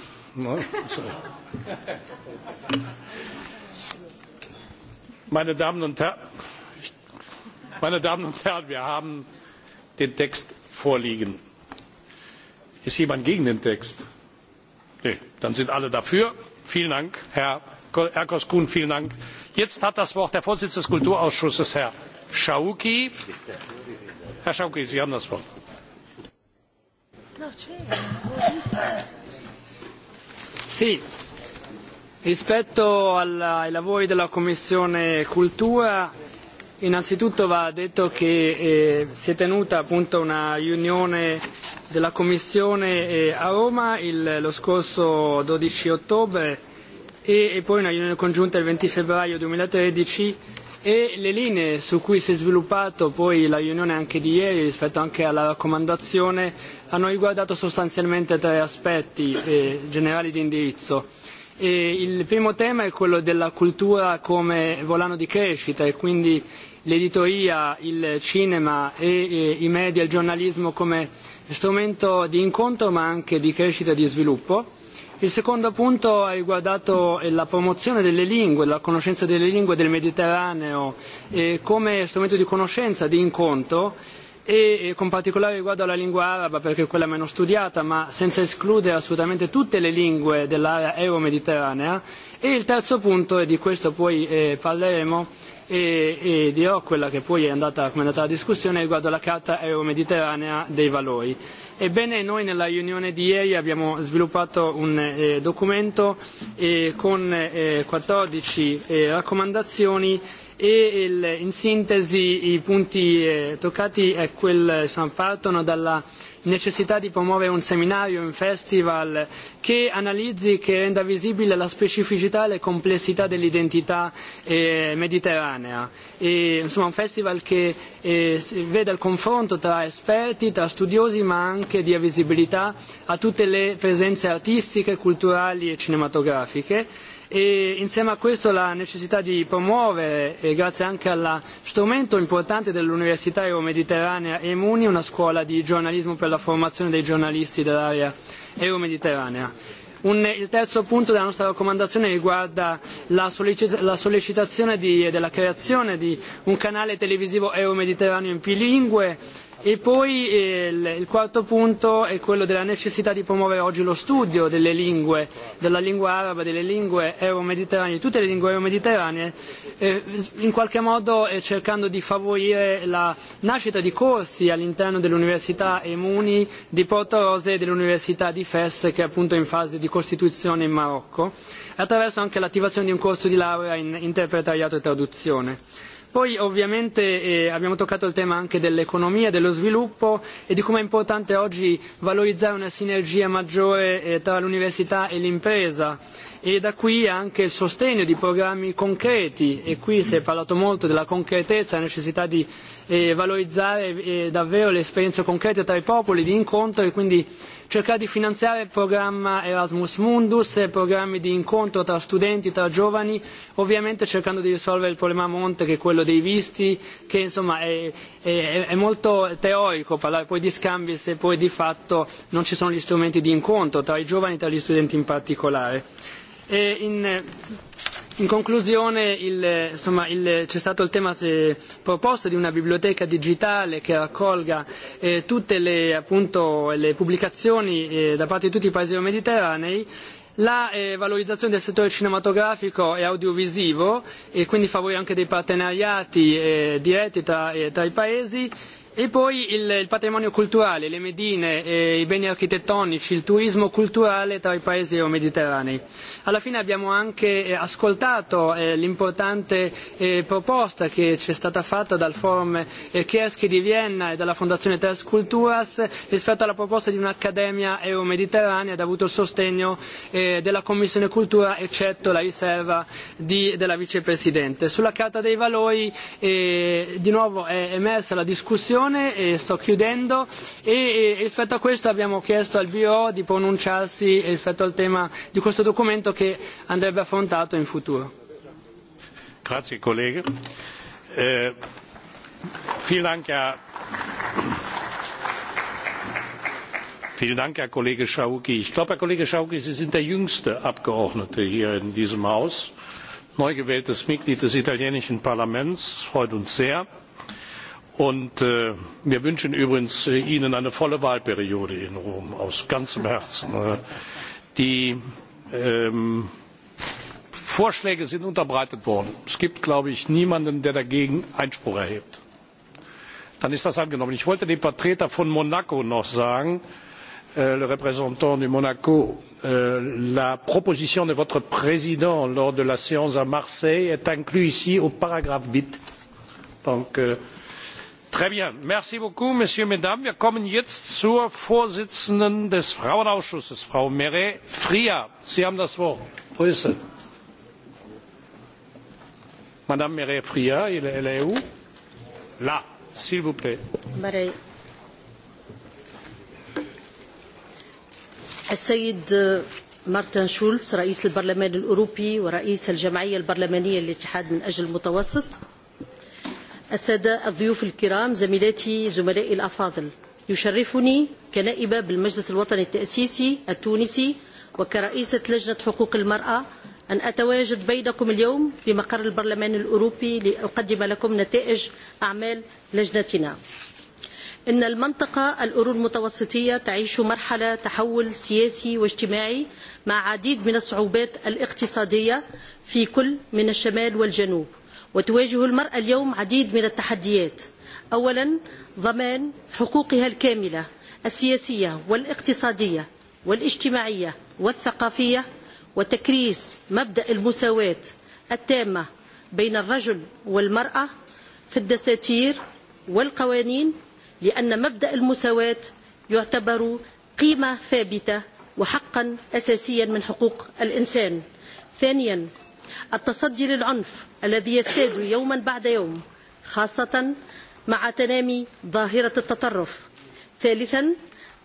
S1: Meine Damen und Herren, meine Damen und Herren, wir haben den Text vorliegen ist jemand gegen den text? nee dann sind alle dafür. vielen dank herr ercos kuhn vielen dank. jetzt hat das wort der vorsitzende des kulturausschusses herr schaouki. herr schaouki sie haben das wort.
S45: rispetto ai lavori della commissione cultura innanzitutto va detto che si è tenuta appunto una riunione della Commissione a Roma lo scorso dodici ottobre e, poi una riunione congiunta il venti febbraio duemilatredici e le linee su cui si è sviluppata poi la riunione anche di ieri rispetto anche alla raccomandazione hanno riguardato sostanzialmente tre aspetti generali di indirizzo il primo tema è quello della cultura come volano di crescita e quindi l'editoria, il cinema e i media, il giornalismo come strumento di incontro ma anche di crescita e di sviluppo. Il secondo punto ha riguardato la promozione delle lingue, la conoscenza delle lingue del Mediterraneo come strumento di conoscenza, di incontro e con particolare riguardo alla lingua araba perché è quella meno studiata ma senza escludere assolutamente tutte le lingue dell'area euromediterranea e il terzo punto e di questo poi parleremo e, dirò quella che poi è andata, come è andata la discussione riguardo alla Carta Euromediterranea dei Valori. Ebbene, noi nella riunione di ieri abbiamo sviluppato un documento con quattordici raccomandazioni e in sintesi i punti toccati è quel, partono dalla necessità di promuovere un seminario, un festival che analizzi, che renda visibile la specificità e le complessità dell'identità mediterranea. insomma un festival che veda il confronto tra esperti, tra studiosi ma anche dia visibilità a tutte le presenze artistiche, culturali e cinematografiche E, insieme a questo la necessità di promuovere, grazie anche allo strumento importante dell'Università Euromediterranea EMUNI, una scuola di giornalismo per la formazione dei giornalisti dell'area euromediterranea. il terzo punto della nostra raccomandazione riguarda la, sollecitazione della creazione di un canale televisivo euromediterraneo in più lingue E poi il, quarto punto è quello della necessità di promuovere oggi lo studio delle lingue, della lingua araba, delle lingue di tutte le lingue euromediterranee, in qualche modo cercando di favorire la nascita di corsi all'interno dell'Università Emuni di Rose e dell'Università di Fes, che è appunto in fase di costituzione in Marocco, attraverso anche l'attivazione di un corso di laurea in interpretariato e traduzione Poi ovviamente abbiamo toccato il tema anche dell'economia, dello sviluppo e di come è importante oggi valorizzare una sinergia maggiore tra l'università e l'impresa e da qui anche il sostegno di programmi concreti e qui si è parlato molto della concretezza, della necessità di e valorizzare davvero le esperienze concrete tra i popoli di incontro e quindi cercare di finanziare il programma Erasmus Mundus e programmi di incontro tra studenti, tra giovani, ovviamente cercando di risolvere il problema a monte che è quello dei visti, che insomma è, è, è molto teorico parlare poi di scambi se poi di fatto non ci sono gli strumenti di incontro tra i giovani e tra gli studenti in particolare. E in, In conclusione, c'è stato il tema proposto di una biblioteca digitale che raccolga tutte le, pubblicazioni da parte di tutti i paesi mediterranei, la valorizzazione del settore cinematografico e audiovisivo e quindi favorire anche dei partenariati diretti tra i paesi E poi il, patrimonio culturale, le medine, i beni architettonici, il turismo culturale tra i paesi mediterranei. Alla fine abbiamo anche ascoltato l'importante proposta che ci è stata fatta dal Forum Kierski di Vienna e dalla Fondazione Tres Culturas rispetto alla proposta di un'Accademia euromediterranea ed ha avuto il sostegno della Commissione Cultura eccetto la riserva della Vicepresidente. Sulla Carta dei Valori di nuovo è emersa la discussione sessione e sto chiudendo e rispetto a questo abbiamo chiesto al BO di pronunciarsi rispetto al tema di questo documento che andrebbe affrontato in futuro.
S1: Grazie Kollege. vielen Dank, Herr Vielen Dank, Herr Kollege Schauki. Ich glaube, Herr Kollege Schauki, Sie sind der jüngste Abgeordnete hier in diesem Haus, neu gewähltes Mitglied des italienischen Parlaments. freut uns sehr und wir wünschen übrigens ihnen eine volle wahlperiode in rom aus ganzem herzen. die vorschläge sind unterbreitet worden. es gibt glaube ich niemanden der dagegen einspruch erhebt. dann ist das angenommen. ich wollte dem vertreter von monaco noch sagen le représentant de monaco la proposition de votre président lors de la séance à marseille est incluse ici au paragraphe huit. donc Wir kommen jetzt zur Vorsitzenden des Frauenausschusses, Frau Meret Fria. Sie haben das Wort. Grüße. Madame Meret Fria, elle est où Là, s'il vous
S46: السيد مارتن شولز رئيس البرلمان الاوروبي ورئيس الجمعيه البرلمانيه للاتحاد من اجل المتوسط السادة الضيوف الكرام زميلاتي زملائي الأفاضل يشرفني كنائبة بالمجلس الوطني التأسيسي التونسي وكرئيسة لجنة حقوق المرأة أن أتواجد بينكم اليوم في مقر البرلمان الأوروبي لأقدم لكم نتائج أعمال لجنتنا إن المنطقة الأورو المتوسطية تعيش مرحلة تحول سياسي واجتماعي مع عديد من الصعوبات الاقتصادية في كل من الشمال والجنوب وتواجه المرأة اليوم عديد من التحديات أولا ضمان حقوقها الكاملة السياسية والاقتصادية والاجتماعية والثقافية وتكريس مبدأ المساواة التامة بين الرجل والمرأة في الدساتير والقوانين لأن مبدأ المساواة يعتبر قيمة ثابتة وحقا أساسيا من حقوق الإنسان ثانيا التصدي للعنف الذي يزداد يوما بعد يوم خاصة مع تنامي ظاهرة التطرف ثالثا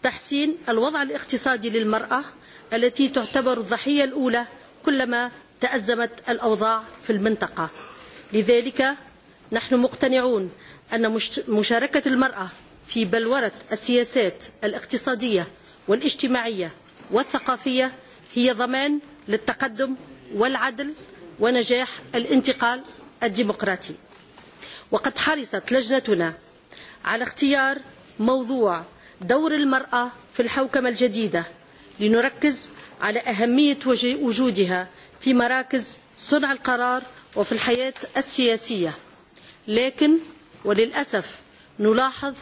S46: تحسين الوضع الاقتصادي للمرأة التي تعتبر الضحية الأولى كلما تأزمت الأوضاع في المنطقة لذلك نحن مقتنعون أن مشاركة المرأة في بلورة السياسات الاقتصادية والاجتماعية والثقافية هي ضمان للتقدم والعدل ونجاح الانتقال الديمقراطي وقد حرصت لجنتنا على اختيار موضوع دور المرأة في الحوكمة الجديدة لنركز على أهمية وجودها في مراكز صنع القرار وفي الحياة السياسية لكن وللأسف نلاحظ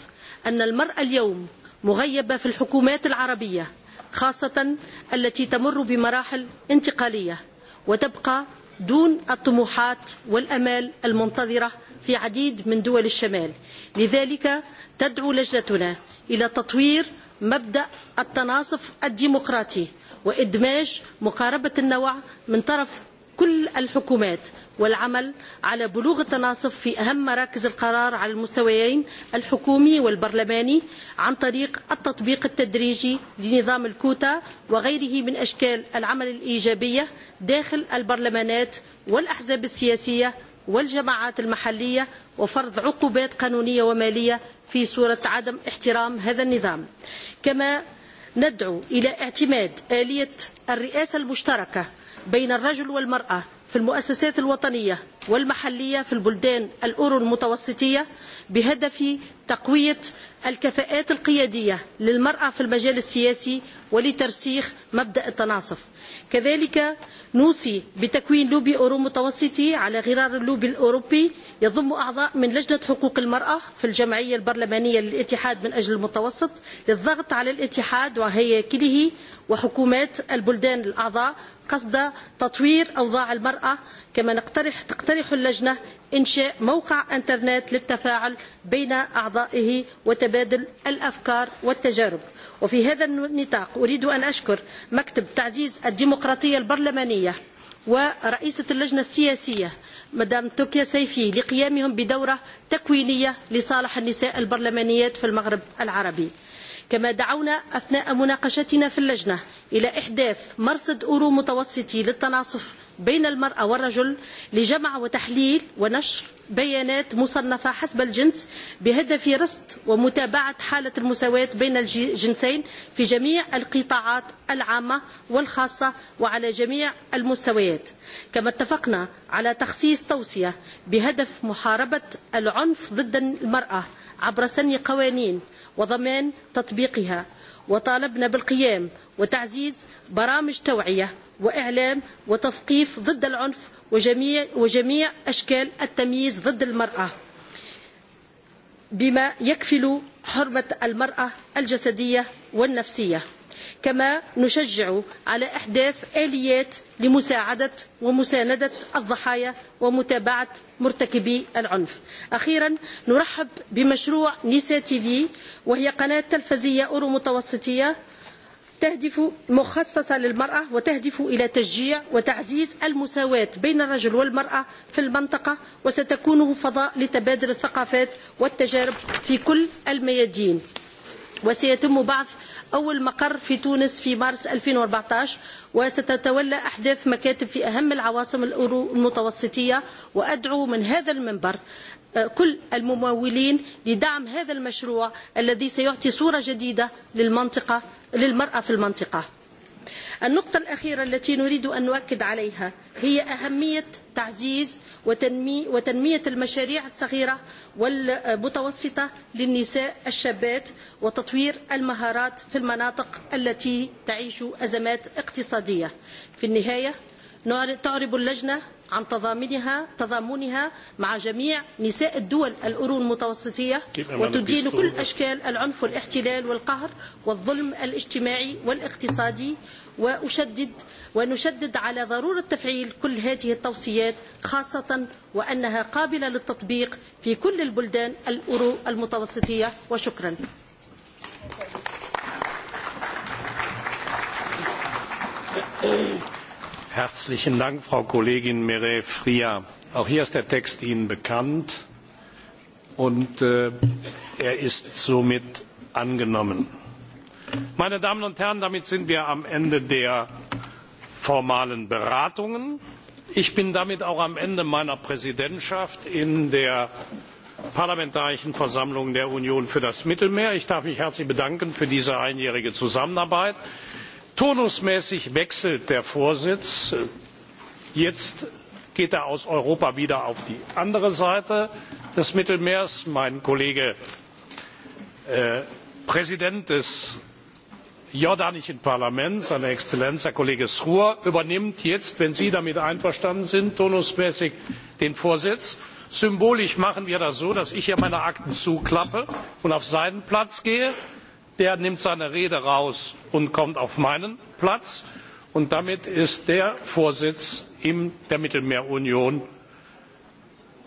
S46: أن المرأة اليوم مغيبة في الحكومات العربية خاصة التي تمر بمراحل انتقالية وتبقى دون الطموحات والأمال المنتظرة في عديد من دول الشمال لذلك تدعو لجنتنا إلى تطوير مبدأ التناصف الديمقراطي وإدماج مقاربة النوع من طرف كل الحكومات والعمل على بلوغ التناصف في أهم مراكز القرار على المستويين الحكومي والبرلماني عن طريق التطبيق التدريجي لنظام الكوتا وغيره من أشكال العمل الإيجابية داخل البرلمانات والأحزاب السياسية والجماعات المحلية وفرض عقوبات قانونية ومالية في صورة عدم احترام هذا النظام كما ندعو إلى اعتماد آلية الرئاسة المشتركة بين الرجل والمرأة في المؤسسات الوطنية والمحلية في البلدان الأورو المتوسطية بهدف تقوية الكفاءات القيادية للمرأة في المجال السياسي ولترسيخ مبدأ التناصف كذلك نوصي بتكوين لوبي أورو متوسطي على غرار اللوبي الأوروبي يضم أعضاء من لجنة حقوق المرأة في الجمعية البرلمانية للاتحاد من أجل المتوسط للضغط على الاتحاد وهياكله وحكومات البلدان الأعضاء قصد تطوير أوضاع المرأة كما نقترح تقترح اللجنة إنشاء موقع أنترنت للتفاعل بين أعضائه وتبادل الأفكار والتجارب وفي هذا النطاق أريد أن أشكر مكتب تعزيز الديمقراطية البرلمانية ورئيسة اللجنة السياسية مدام توكيا سيفي لقيامهم بدورة تكوينية لصالح النساء البرلمانيات في المغرب العربي كما دعونا أثناء مناقشتنا في اللجنة إلى إحداث مرصد أورو متوسطي للتناصف بين المرأة والرجل لجمع وتحليل ونشر بيانات مصنفة حسب الجنس بهدف رصد ومتابعة حالة المساواة بين الجنسين في جميع القطاعات العامة والخاصة وعلى جميع المستويات كما اتفقنا على تخصيص توصية بهدف محاربة العنف ضد المرأة عبر سن قوانين وضمان تطبيقها وطالبنا بالقيام وتعزيز برامج توعية وإعلام وتثقيف ضد العنف وجميع, وجميع أشكال التمييز ضد المرأة بما يكفل حرمة المرأة الجسدية والنفسية كما نشجع على احداث اليات لمساعده ومسانده الضحايا ومتابعه مرتكبي العنف اخيرا نرحب بمشروع نيسا في وهي قناه تلفزيه اورو متوسطيه تهدف مخصصه للمراه وتهدف الى تشجيع وتعزيز المساواه بين الرجل والمراه في المنطقه وستكون فضاء لتبادل الثقافات والتجارب في كل الميادين وسيتم بعث أول مقر في تونس في مارس 2014 وستتولى أحداث مكاتب في أهم العواصم المتوسطية وأدعو من هذا المنبر كل الممولين لدعم هذا المشروع الذي سيعطي صورة جديدة للمنطقة للمرأة في المنطقة النقطة الأخيرة التي نريد أن نؤكد عليها هي أهمية تعزيز وتنمية المشاريع الصغيرة والمتوسطة للنساء الشابات وتطوير المهارات في المناطق التي تعيش أزمات اقتصادية في النهاية تعرب اللجنة عن تضامنها تضامنها مع جميع نساء الدول الأورو المتوسطية وتدين كل أشكال العنف والاحتلال والقهر والظلم الاجتماعي والاقتصادي وأشدد ونشدد على ضرورة تفعيل كل هذه التوصيات خاصة وأنها قابلة للتطبيق في كل البلدان الأورو المتوسطية وشكرا
S1: Herzlichen Dank, Frau Kollegin Mireille Fria. Auch hier ist der Text Ihnen bekannt und äh, er ist somit angenommen meine damen und herren damit sind wir am ende der formalen beratungen. ich bin damit auch am ende meiner präsidentschaft in der parlamentarischen versammlung der union für das mittelmeer. ich darf mich herzlich bedanken für diese einjährige zusammenarbeit. turnusmäßig wechselt der vorsitz jetzt geht er aus europa wieder auf die andere seite des mittelmeers. mein kollege präsident des jordanischen parlaments seine exzellenz herr kollege sure übernimmt jetzt wenn sie damit einverstanden sind turnusmäßig den vorsitz. symbolisch machen wir das so dass ich hier meine akten zuklappe und auf seinen platz gehe der nimmt seine rede heraus und kommt auf meinen platz und damit ist der vorsitz der mittelmeerunion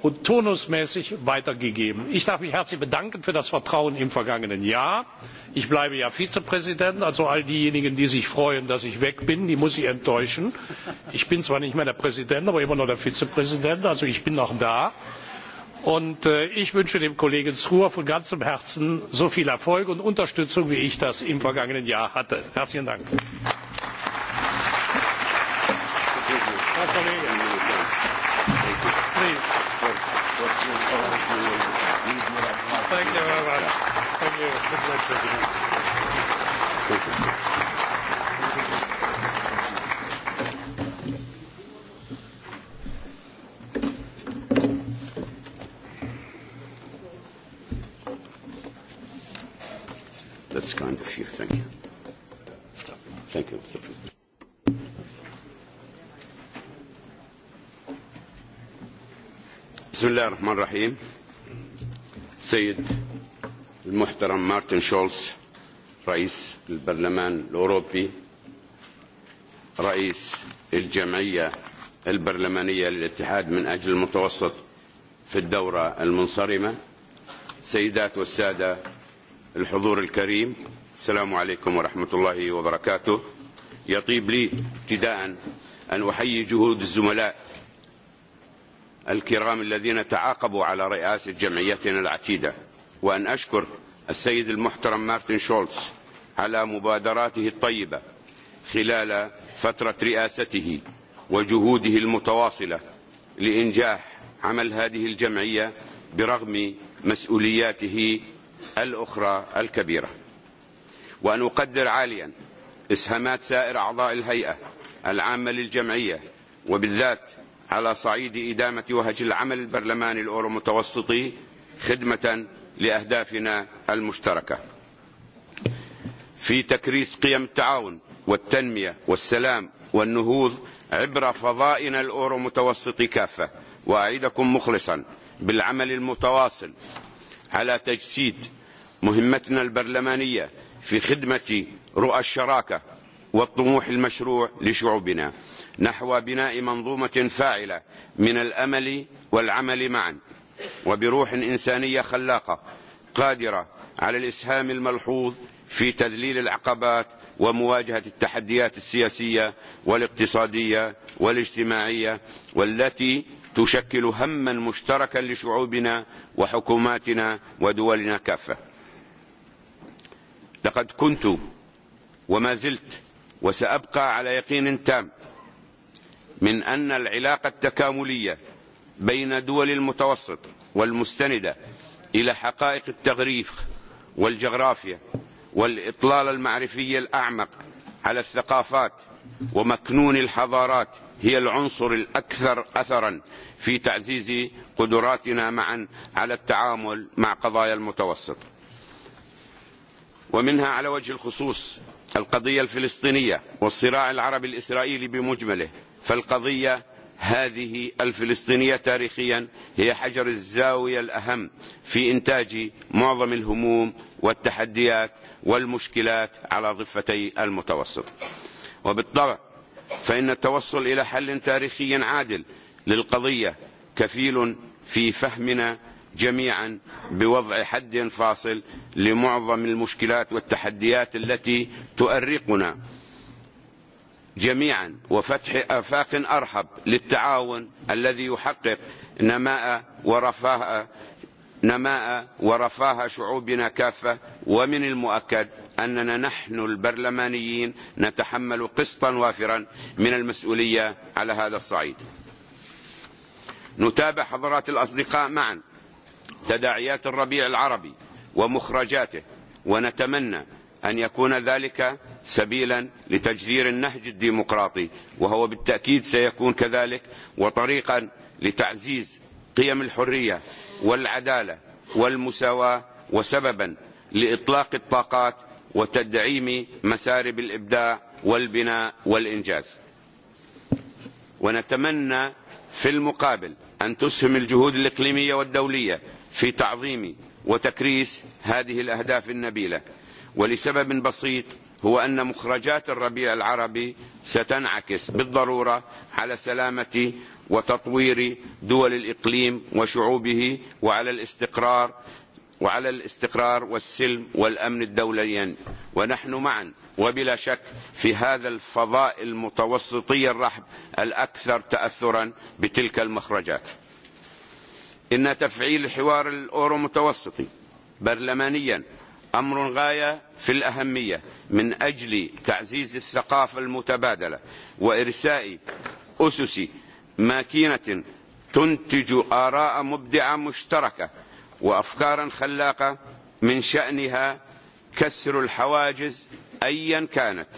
S1: und turnusmäßig weitergegeben. ich darf mich herzlich bedanken für das vertrauen im vergangenen jahr. ich bleibe ja vizepräsident also all diejenigen die sich freuen dass ich weg bin die muss ich enttäuschen. ich bin zwar nicht mehr der präsident aber immer noch der vizepräsident also ich bin noch da. ich wünsche dem kollegen sure von ganzem herzen so viel erfolg und unterstützung wie ich das im vergangenen jahr hatte. herzlichen dank! Thank you very much. Thank you. Good night, President. Thank you.
S27: That's kind of you. Thank you. Thank you, Mr. President. بسم الله الرحمن الرحيم سيد المحترم مارتن شولز رئيس البرلمان الأوروبي رئيس الجمعية البرلمانية للاتحاد من أجل المتوسط في الدورة المنصرمة سيدات والسادة الحضور الكريم السلام عليكم ورحمة الله وبركاته يطيب لي ابتداء أن أحيي جهود الزملاء الكرام الذين تعاقبوا على رئاسة جمعيتنا العتيدة وأن أشكر السيد المحترم مارتن شولتز على مبادراته الطيبة خلال فترة رئاسته وجهوده المتواصلة لإنجاح عمل هذه الجمعية برغم مسؤولياته الأخرى الكبيرة وأن أقدر عاليا إسهامات سائر أعضاء الهيئة العامة للجمعية وبالذات على صعيد إدامة وهج العمل البرلماني الأورو متوسطي خدمة لأهدافنا المشتركة في تكريس قيم التعاون والتنمية والسلام والنهوض عبر فضائنا الأورو متوسطي كافة وأعيدكم مخلصا بالعمل المتواصل على تجسيد مهمتنا البرلمانية في خدمة رؤى الشراكة والطموح المشروع لشعوبنا نحو بناء منظومة فاعلة من الأمل والعمل معا وبروح إنسانية خلاقة قادرة على الإسهام الملحوظ في تذليل العقبات ومواجهة التحديات السياسية والاقتصادية والاجتماعية والتي تشكل هما مشتركا لشعوبنا وحكوماتنا ودولنا كافة لقد كنت وما زلت وسأبقى على يقين تام من أن العلاقة التكاملية بين دول المتوسط والمستندة إلى حقائق التغريف والجغرافيا والإطلال المعرفي الأعمق على الثقافات ومكنون الحضارات هي العنصر الأكثر أثرا في تعزيز قدراتنا معا على التعامل مع قضايا المتوسط ومنها على وجه الخصوص القضية الفلسطينية والصراع العربي الإسرائيلي بمجمله فالقضية هذه الفلسطينية تاريخيا هي حجر الزاوية الأهم في إنتاج معظم الهموم والتحديات والمشكلات على ضفتي المتوسط وبالطبع فإن التوصل إلى حل تاريخي عادل للقضية كفيل في فهمنا جميعا بوضع حد فاصل لمعظم المشكلات والتحديات التي تؤرقنا جميعا وفتح افاق ارحب للتعاون الذي يحقق نماء ورفاه نماء ورفاه شعوبنا كافه ومن المؤكد اننا نحن البرلمانيين نتحمل قسطا وافرا من المسؤوليه على هذا الصعيد نتابع حضرات الاصدقاء معا تداعيات الربيع العربي ومخرجاته ونتمنى أن يكون ذلك سبيلا لتجذير النهج الديمقراطي وهو بالتأكيد سيكون كذلك وطريقا لتعزيز قيم الحرية والعدالة والمساواة وسببا لإطلاق الطاقات وتدعيم مسارب الإبداع والبناء والإنجاز ونتمنى في المقابل أن تسهم الجهود الإقليمية والدولية في تعظيم وتكريس هذه الأهداف النبيلة ولسبب بسيط هو أن مخرجات الربيع العربي ستنعكس بالضرورة على سلامة وتطوير دول الإقليم وشعوبه وعلى الاستقرار وعلى الاستقرار والسلم والأمن الدوليا ونحن معا وبلا شك في هذا الفضاء المتوسطي الرحب الأكثر تأثرا بتلك المخرجات إن تفعيل الحوار الأورو متوسطي برلمانيا أمر غاية في الأهمية من أجل تعزيز الثقافة المتبادلة وإرساء أسس ماكينة تنتج آراء مبدعة مشتركة وأفكارا خلاقة من شأنها كسر الحواجز أيا كانت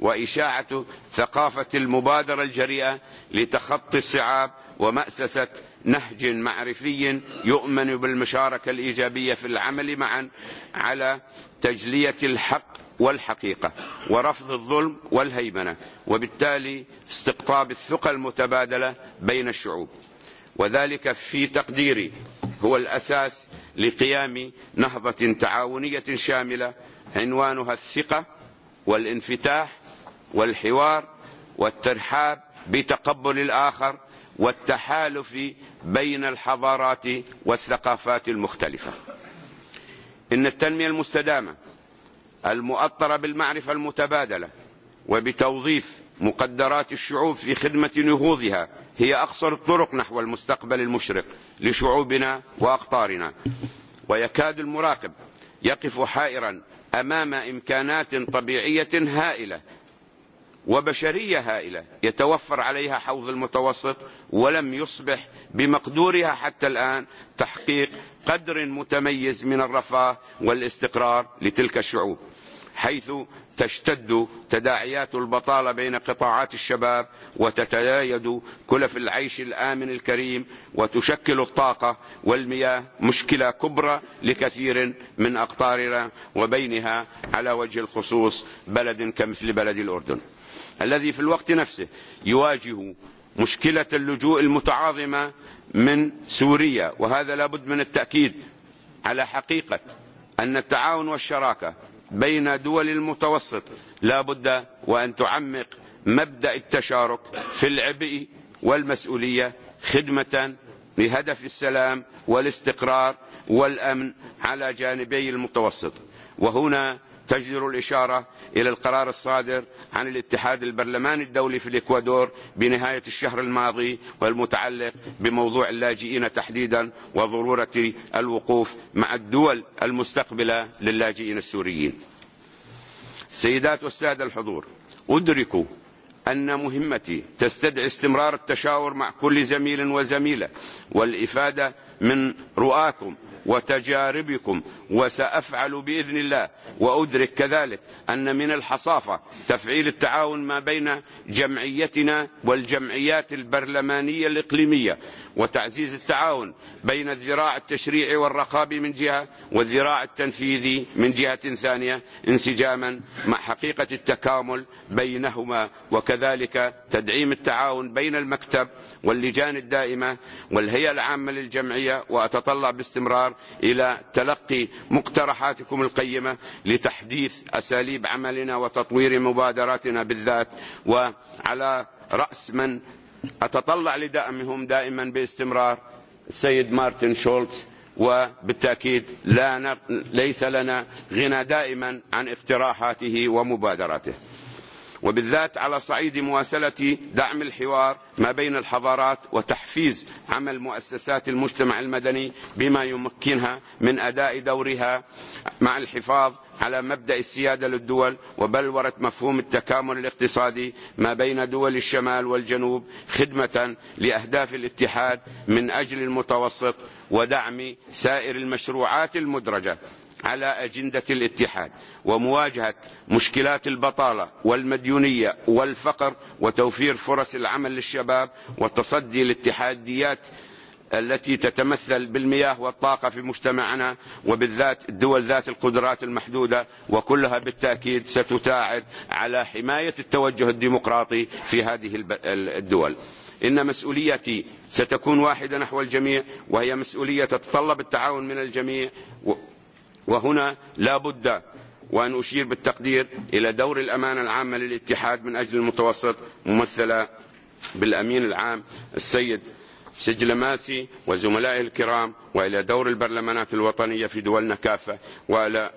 S27: وإشاعة ثقافة المبادرة الجريئة لتخطي الصعاب ومأسسة نهج معرفي يؤمن بالمشاركة الإيجابية في العمل معا على تجلية الحق والحقيقة ورفض الظلم والهيمنة وبالتالي استقطاب الثقة المتبادلة بين الشعوب وذلك في تقديري هو الأساس لقيام نهضة تعاونية شاملة عنوانها الثقة والانفتاح والحوار والترحاب بتقبل الآخر والتحالف بين الحضارات والثقافات المختلفة إن التنمية المستدامة المؤطرة بالمعرفة المتبادلة وبتوظيف مقدرات الشعوب في خدمة نهوضها هي أقصر الطرق نحو المستقبل المشرق لشعوبنا وأقطارنا ويكاد المراقب يقف حائرا أمام إمكانات طبيعية هائلة وبشرية هائلة يتوفر عليها حوض المتوسط ولم يصبح بمقدورها حتى الآن تحقيق قدر متميز من الرفاه والاستقرار لتلك الشعوب حيث تشتد تداعيات البطالة بين قطاعات الشباب وتتزايد كلف العيش الآمن الكريم وتشكل الطاقة والمياه مشكلة كبرى لكثير من أقطارنا وبينها على وجه الخصوص بلد كمثل بلد الأردن الذي في الوقت نفسه يواجه مشكلة اللجوء المتعاظمة من سوريا وهذا لابد من التأكيد على حقيقة أن التعاون والشراكة بين دول المتوسط لا بد وأن تعمق مبدأ التشارك في العبء والمسؤولية خدمة لهدف السلام والاستقرار والأمن على جانبي المتوسط وهنا تجدر الإشارة إلى القرار الصادر عن الاتحاد البرلماني الدولي في الإكوادور بنهاية الشهر الماضي والمتعلق بموضوع اللاجئين تحديدا وضرورة الوقوف مع الدول المستقبلة للاجئين السوريين سيدات والسادة الحضور أدركوا أن مهمتي تستدعي استمرار التشاور مع كل زميل وزميلة والإفادة من رؤاكم وتجاربكم وسأفعل بإذن الله وأدرك كذلك أن من الحصافة تفعيل التعاون ما بين جمعيتنا والجمعيات البرلمانية الإقليمية وتعزيز التعاون بين الذراع التشريعي والرقابي من جهة والذراع التنفيذي من جهة ثانية انسجاما مع حقيقة التكامل بينهما وكذلك تدعيم التعاون بين المكتب واللجان الدائمة والهيئة العامة للجمعية وأتطلع باستمرار إلى تلقي مقترحاتكم القيمة لتحديث أساليب عملنا وتطوير مبادراتنا بالذات وعلى رأس من أتطلع لدعمهم دائما باستمرار السيد مارتن شولتز وبالتأكيد لا نق... ليس لنا غنى دائما عن اقتراحاته ومبادراته وبالذات على صعيد مواصلة دعم الحوار ما بين الحضارات وتحفيز عمل مؤسسات المجتمع المدني بما يمكنها من أداء دورها مع الحفاظ على مبدا السياده للدول وبلوره مفهوم التكامل الاقتصادي ما بين دول الشمال والجنوب خدمه لاهداف الاتحاد من اجل المتوسط ودعم سائر المشروعات المدرجه على أجندة الاتحاد ومواجهة مشكلات البطالة والمديونية والفقر وتوفير فرص العمل للشباب وتصدي لاتحاديات التي تتمثل بالمياه والطاقة في مجتمعنا وبالذات الدول ذات القدرات المحدودة وكلها بالتأكيد ستساعد على حماية التوجه الديمقراطي في هذه الدول إن مسؤوليتي ستكون واحدة نحو الجميع وهي مسؤولية تتطلب التعاون من الجميع وهنا لا بد وأن أشير بالتقدير إلى دور الأمانة العامة للاتحاد من أجل المتوسط ممثلة بالأمين العام السيد سجل ماسي وزملائه الكرام وإلى دور البرلمانات الوطنية في دولنا كافة ولا,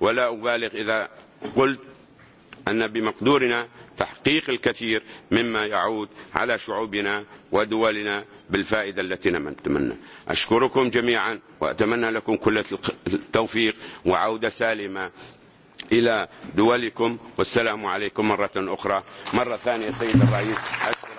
S27: ولا أبالغ إذا قلت أن بمقدورنا تحقيق الكثير مما يعود على شعوبنا ودولنا بالفائدة التي نتمنى أشكركم جميعا وأتمنى لكم كل التوفيق وعودة سالمة إلى دولكم والسلام عليكم مرة أخرى مرة ثانية سيد الرئيس